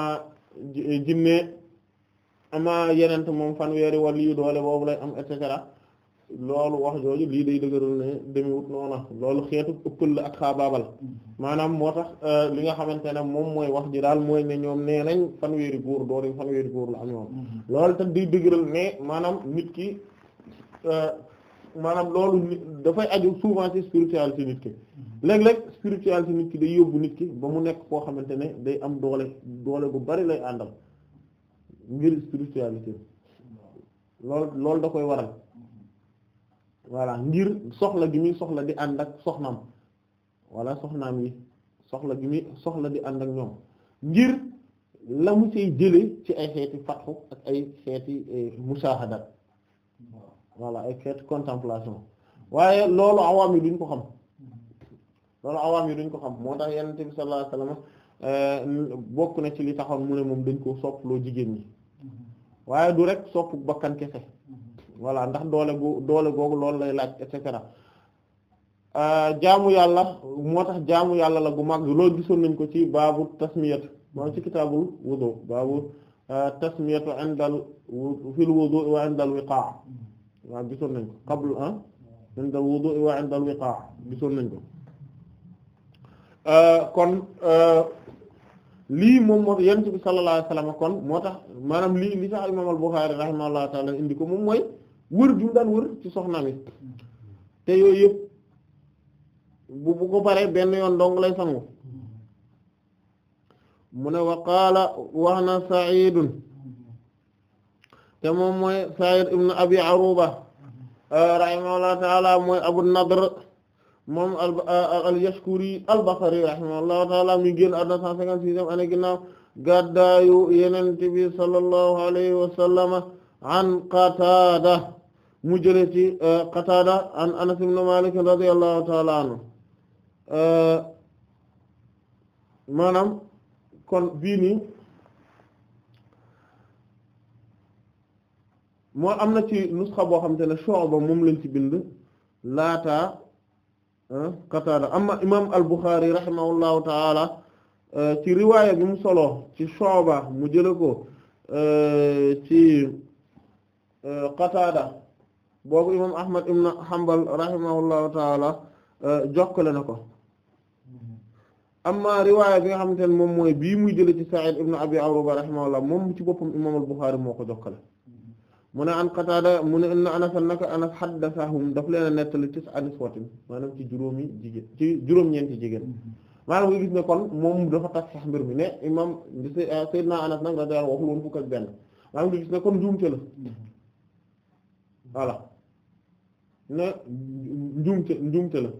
jinne ama yeneen moom fanweeri wàllu yu doole boobu lay am et cetera loolu wax jooju lii day dëgëral ne demiwut noona loolu xeetu ëppal la ak xaabaabal maanaam moo tax euh, li nga xamante ne moom mooy wax ji daal mooy ne ñoom nee nañ fanweeri góor doole fanweeri góor la am ñoom mm-hmm. loolu tam day dëgëral ne maanaam nit ki euh, maanaam loolu dafay aju souvent ci spiritualité nit ki mm-hmm. léeg-léeg spiritualité nit ki day yóbbu nit ki ba mu nekk koo xamante ne day am doole doole bu bari lay àndal ngir spiritualité lool loolu da koy waral voilà ngir soxla gi muy soxla di ànd ak soxnaam wala soxnaam yi soxla gi mi soxla di ànd ak ñoom ngir la mu say jële ci ay xeeti fatxu ak ay xeeti eh, musaahadat voilà ay xeeti contemplation waaye loolu awaam yi duñ ko xam loolu awaam yi duñ ko xam moo tax yonent bi sallallahu alayhi wasallam eh, bokk na ci li taxoon mu ne moom dañ ko sopp loo jigéen ñi waaye du rek sopp bakkan kese voilà ndax doole gu doole googu loolu lay laaj et cetera euh, jaamu yàlla moo tax jaamu yàlla la gu mag lool gisoon nañ ko ci baabu tasmiyat moom ci kitaabul wudu baabu euh, tasmiyatu indal fil wudu wa waa ah? wiqaa gisoon nañ ko qablu ah indal wudu wiqaa gisoon nañ ko kon euh, lii moom moo yonent bi sallallahu alayhi wasallam kon moo tax maanaam lii li sax imam al-Bukhari rahimahullahu ta'ala indi ko moom mooy wër ju wër ci soxna yi te yooyu yëpp bu bu ko paree benn yoon dong lay sangu mu ne wa qaala wax te moom mooy Sa'id ibn Abi Aruba rahimahullahu ta'ala mooy Abu Nadr moom al-Yashkuri al-Basri rahimahullahu ta'ala mi génn àdduna 156e année ginnaaw gàddaayu Yonent bi sallallahu alayhi wa sallam an Qatada mu jëlee ci Qatada Anas ibn Malik radiyallahu ta'ala anhu maanaam kon bii moo am na ci nusxa boo xam te ne moom lañ ci bind laata Qataada amma imaam al-Bukhari rahimahullahu taala euh, ci riwaaya gi mu solo ci Shu'ba mu jële ko euh, ci euh, Qataada boobu imaam Ahmad ibn Hanbal rahimahullahu taala jokkale na ko amma riwaaya bi nga xamante ne moom mooy bii muy jële ci Sa'id ibn Abi Aruba rahimahullah moom ci boppam imaam al-Bukhari moo ko jokkale mu ne an Qataada mu ne inna Anasan naka Anas haddasahum daf leen a nettali ci sa aniswatin maanaam ci juróomi jigéen ci juróom-ñeenti jigéen mm-hmm. maanaam ne kon moom dafa tas mbir mi ne imam ah, Seydina Anas nag radiyallahu waxul woon fukk ak benn maanaam nga gis ne kon la mm-hmm. voilà ne njuumte njuumte la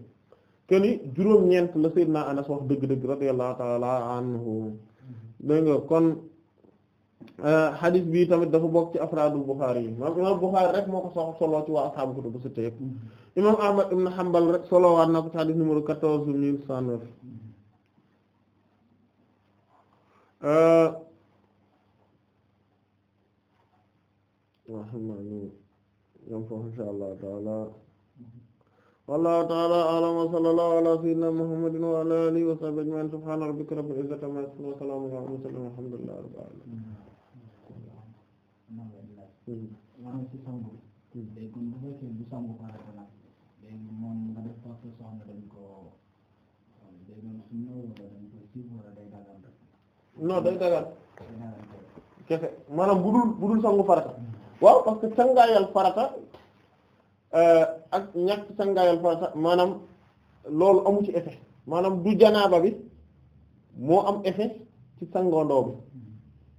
ke juróom-ñeent la Seydina Anas wax dëgg-dëgg radiyallahu ta'ala anhu mm-hmm. dégg nga kon. xadis euh, bi tamit dafa bokk ci afraadul Buxaari yi moom imaam Buxaari rek moo ko soxla solo ci waa ashaabu kutubu sitta yëpp mm-hmm. imaam Ahmad ibn Hanbal rek solo waat na ko ci xadis numéro quatorze mille cent neuf euh, xam naa ni ñoom foofu Allah taala wallahu taala a'lam wa sallallahu ala sayyidina Muhammadin wa ala alihi wa sahbihi ajma'in subhana rabbika non non. day dagal non day dagal. bu dul bu dul sangu farata. waaw parce que sangaayal farata ak ñàkk sangaayal farata maanaam loolu amu ci effet maanaam du janaaba bi moo am effet ci sangoondoo bi. Hmm.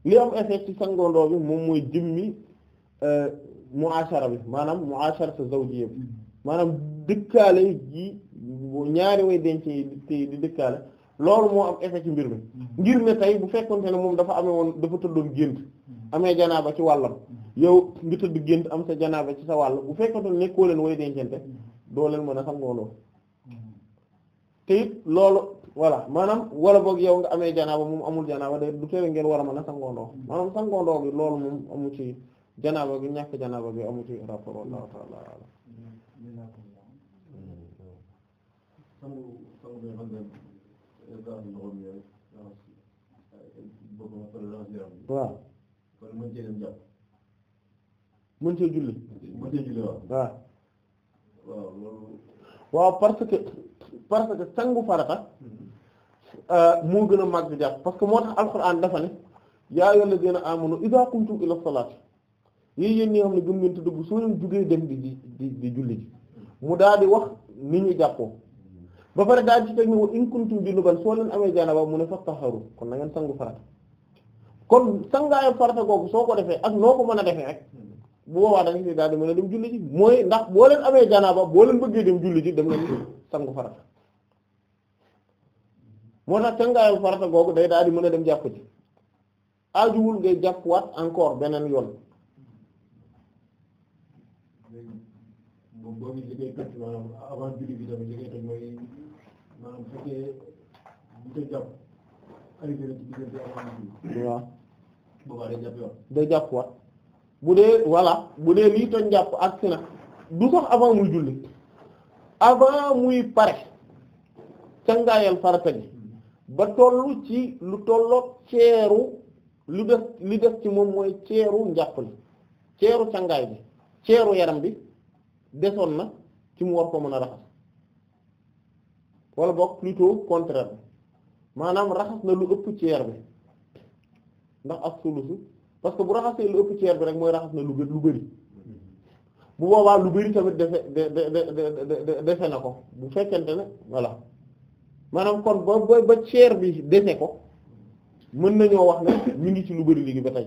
li am effet ci sangondoo bi moom mooy jëmmi euh, mu'ashara bi maanaam mu'ashara sa zawjiyya bi maanaam dëkkaale gi ñaari way denc yi di dëkkaale loolu moo am effet ci mbir mi ngir ne tey bu fekkoon te ne moom dafa amee woon dafa tëddoon gént amee janaaba ci wàllam yow ngi tëdd gént am sa janaaba ci sa wàll bu fekkonte ne nekkoo leen way dencante doo leen mën a sangondoo te it loolu voilà maanaam wala boog yow nga amee janaaba moom amul janaaba de du tere ngeen war a mën a sangoondoo maanaam sangoondoo bi loolu moom amu ci janaaba gi ñàkk janaaba bi amu ci rapport waaw mën cee julli waaw waaw parce que parce que sangu farata Euh, moo gën a màgg jàpp parce que moo tax alxuraan dafa ne yaa ayyuhal lazina amanu idha qumtum ila salaati yii yéen ñi nga xam ne gëm ngeen te dëgg soo leen jugee dem di di di julli ji mu daal di wax ni ñu jàppoo ba pare daal ci teg ne wax in kuntum junuban soo leen amee janaba mu ne fattaharu kon na ngeen sangu farata kon sangaayam farata googu soo ko defee ak noo ko mën a defee rek bu boobaa da nga ci daal di mën a dem julli ji mooy ndax boo leen amee janaba boo leen bëggee dem julli ji dem leen sangu farata moo tax càngaayu farata googu day daal di mën a dem jàpp ci aajuwul ngay jàppwaat encore beneen yoon waaw day jàppwaat bu dee voilà bu dee lii toj jàpp ak si na du sax avant muy julli avant muy pare càngaayal farata gi ba toll ci lu tolloog ceeru lu def li def ci moom mooy ceeru njàpp li ceeru cangaay bi ceeru yaram bi desoon na ci mu war ko mën a raxas wala boog plutôt contraire bi maanaam raxas na lu ëpp ceer bi ndax ak solusu parce que bu raxasee lu ëpp ceer bi rek mooy raxas na lu gë lu bëri bu boobaa lu bëri tamit defe de de de defe na ko bu fekkente ne voilà maanaam kon ba ba ba ceer bi dese ko mën nañoo wax ne ñu ngi ci lu bari léegi ba tey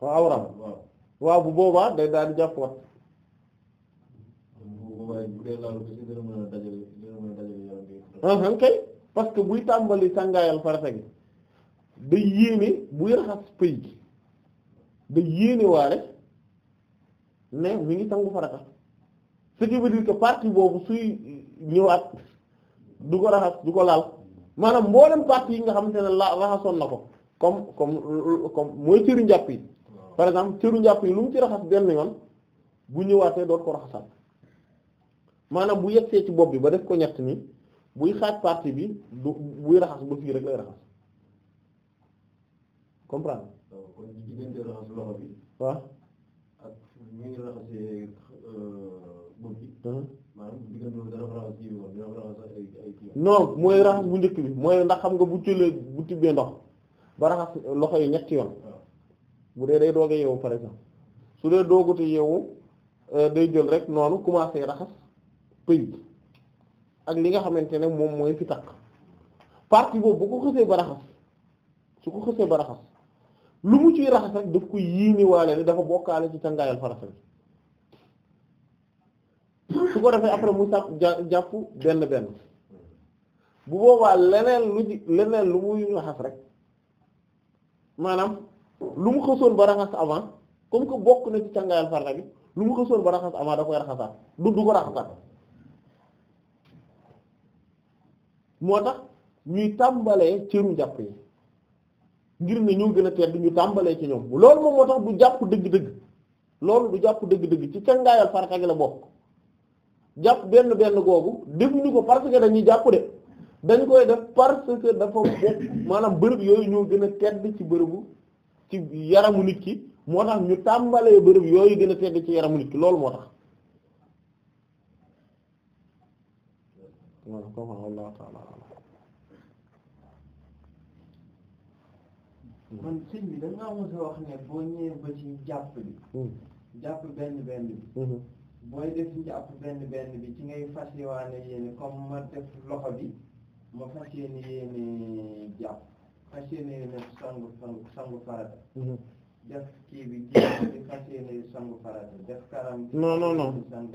waaw awram waaw bu boobaa day daal jàpp wat uh-huh, kay parce que buy tàmbali sàngaayal farata gi day yéene buy raxas pëy gi da yéene waale ne mi ngi sangu farata ce qui veut dire que partie boobu suy ñëwaat du ko raxas du ko laal maanaam mboolem partie yi nga xamante ne la raxasoon na ko comme comme comme mooy cëru njàpp yi par exemple cëru njàpp yi lu mu ci raxas benn yoon bu ñëwaatee doot ko raxasaat maanaam bu yegsee ci bopp bi ba def ko ñett ni buy xaaj partie bi du buy raxas ba fii rek lay raxas comprendre kon bi. waaw. ak ñu ngi raxasee euh, bopp non mooy raxas bu njëkk bi mooy ndax xam nga bu jëlee bu tibbee ndox ba raxas loxo yi ñetti yoon. bu dee day doog a yeewu par exemple su dee doogute yeewu euh, day jël rek noonu commencé raxas pëy ak li nga xamante ne moom mooy fi taq partie boobu bu ko xësee ba raxas su ko xësee ba raxas lu mu ciy raxas rek daf ko yiiniwaale ne dafa bokkaale ci cangaayal farata bi su ko defee après mu sàpp jàpp benn benn bu boobaa leneen lu leneen lu muy raxas rek maanaam lu mu xësoon ba raxas avant comme que bokk na ci cangaayal farata bi lu mu xësoon ba raxas avant da koy raxasaat du du ko raxasaat moo tax ñuy tàmbalee cëru jàpp yi ngir ne ñoo gën a tedd ñu tàmbalee ci ñoom loolu moom moo tax du jàpp dëgg-dëgg loolu du jàpp dëgg-dëgg ci cangaayal farata gi la bokk jàpp benn benn googu defuñu ko parce que dañuy jàpp de dañu koy def parce que dafa bokk maanaam bërëb yooyu ñoo gën a tedd ci bërëbu ci yaramu nit ki moo tax ñu tàmbalee bërëb yooyu gën a tedd ci yaramu nit ki loolu moo tax waaw wallahu ta'ala man sëñ bi da ngaa mos a wax ne boo ñëwee ba ci jàpp bi hmm. hmm. jàpp benn benn bi ci ngay fas yéene yéene comme ma def loxo bi ma fas yéene yéene jàpp fas yéene yéene sangu sangu sangu farata hmm. def kii bi jéem bi fas yéene sangu farata def karam non non non sangu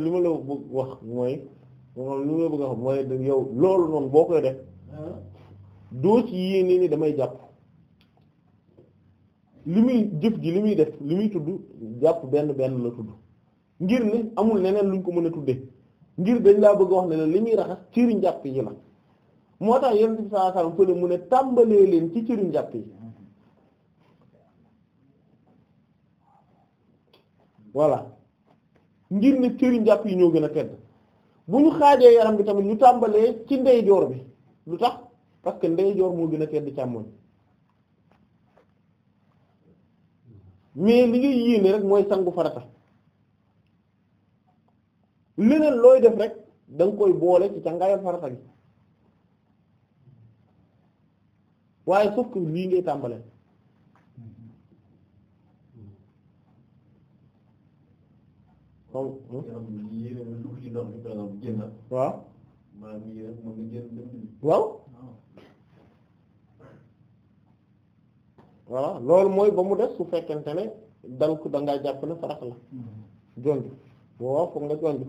li ma la bëgg wax mooy moom li ma la bëgg wax mooy yow loolu noonu boo koy doo ci yéene ni damay jàpp li muy jëf gi li muy def li muy tudd jàpp benn benn la tudd ngir ne amul neneen luñ ko mën a tuddee ngir dañ laa bëgg wax ne la li muy raxas cëri njàpp yi la moo tax yenn bi saa sallam fële mu ne tàmbalee leen ci cëri njàpp yi voilà ngir ne cëri njàpp yi ñoo gën a tedd bu ñu xaajee yaram bi tamit ñu tàmbalee ci ndeyjoor bi lu tax parce que ndeyjoor moo gën a tedd càmmoñ mais li ngay yéene rek mooy sangu farata leneen looy def rek da nga koy boole ci càngaayal farata gi waaye sauf que lii ngay tàmbalee waaw waaw voilà loolu mooy ba mu def su fekkente ne dal ko da ngaa jàpp ne farata la jonj waaw foog nga jonj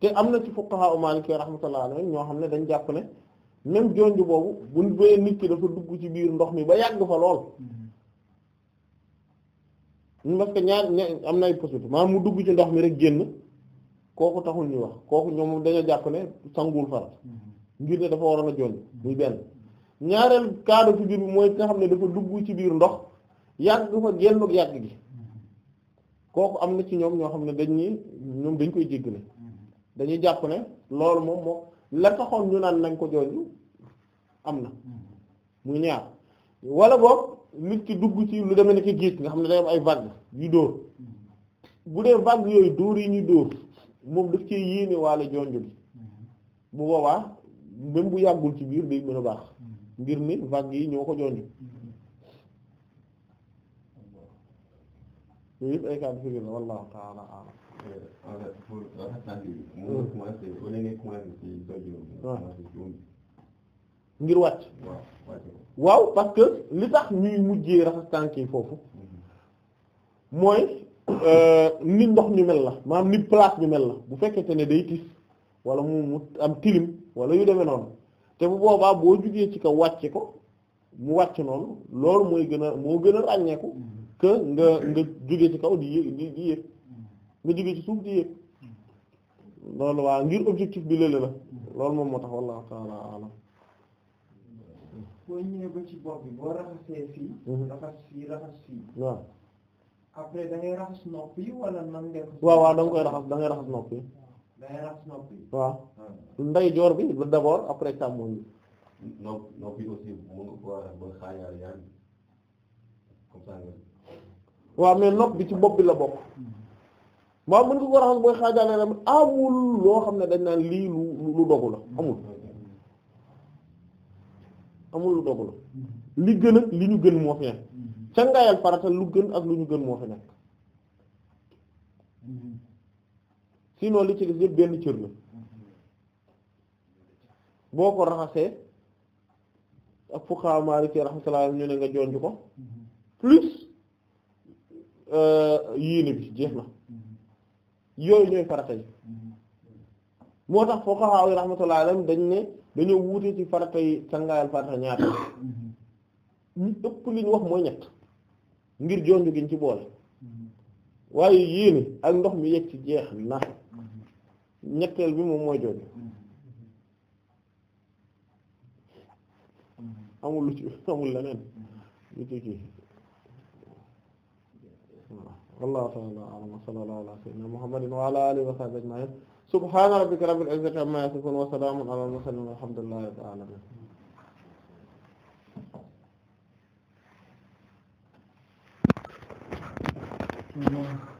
te am ci fuqaha maliki ñoo xam ne dañ jàpp ne même jonj boobu bu bayee nit ki dafa dugg ci biir ndox mi ba yàgg fa lool mm-hmm. parce que ñaar am na ay possibilité maanaam mu dugg ci ndox mi rek génn kooku taxul ñuy wax kooku ñoom dañoo jàpp ne sanguwul farat mm-hmm. ngir ne dafa waroon a jonj muy benn ñaareel kaada figir bi mooy nga xam ne dafa dugg ci biir ndox yàgg fa gennuk yàgg gi kooku am na ci ñoom ñoo xam ne dañ ñi ñoom dañ koy jéggale dañuy jàpp ne loolu moom moo la taxoon ñu naan nañ ko jooju am na mu ñaar wala boog nit ki dugg ci lu demee ne ki nga xam ne day am ay vague yu dóor bu dee vague yooyu dóor yi ñuy dóor moom daf cee yéene waale jonjo bi bu boobaa même bu yàggul ci biir day mën a baax ngir ni vagues yi ñoo ko jooju yooyu yëpp wàcc waaw parce que li tax ñuy mujjee raxas tànk foofu mooy euh, ni ndox ñu mel la maanaam ni place bi mel la bu fekkente ne day tis wala mu am tilim wala yu demee noonu te bu boobaa boo jugee ci kaw wàcce ko mu wàcc noonu loolu mooy gën a moo gën a ràññeeku que nga nga jugee ci kaw di yéeg di yéeg nga jugee ci suuf di yéeg loolu waa ngir objectif bi lële la loolu moom moo tax wallahu ta'ala a'lam boo bi boo mhm. waaw da ngay raxas nopp yi wala nan waaw waaw koy raxas da ngay raxas nopp waaw hmm. nday joor bi d'abord après càmmoñ bi donc bi mais nopp bi ci bopp bi la bokk waaw mën nga ko raxas booy xaajaale la amul loo xam ne dañ naan lii lu lu dogu la amul amul lu dogu la li gën ak li ñu gën moo fi nekk hmm. ca ngaayal lu gën ak lu ñu gën moo fi nekk hmm. sinon li ci des yëpp benn cër la boo ko raxasee ak fuqaha maliki rahmatullah ñu ne nga jonj ko plus euh, yéene bi jeex na yooyu ñooy farata yi moo tax fuqaha rahmatullah alayhim dañ ne dañoo wuute ci farata yi sangaayal farata ñaata ñu ëpp li ñu wax mooy ñett ngir jonj giñ ci boole waaye yéene ak ndox mi yegg ci jeex na ñetteel bi moom mooy jooju amul lu ci amul leneen lu ci kii wallahu ta'ala a'lam wa sallallahu ala sayyidina muhammadin wa ala alihi wa sahbihi ajma'in subhana rabbika rabbil izzati amma yasifun wa salamun ala al-mursalin walhamdulillahi rabbil alamin Mm-hmm.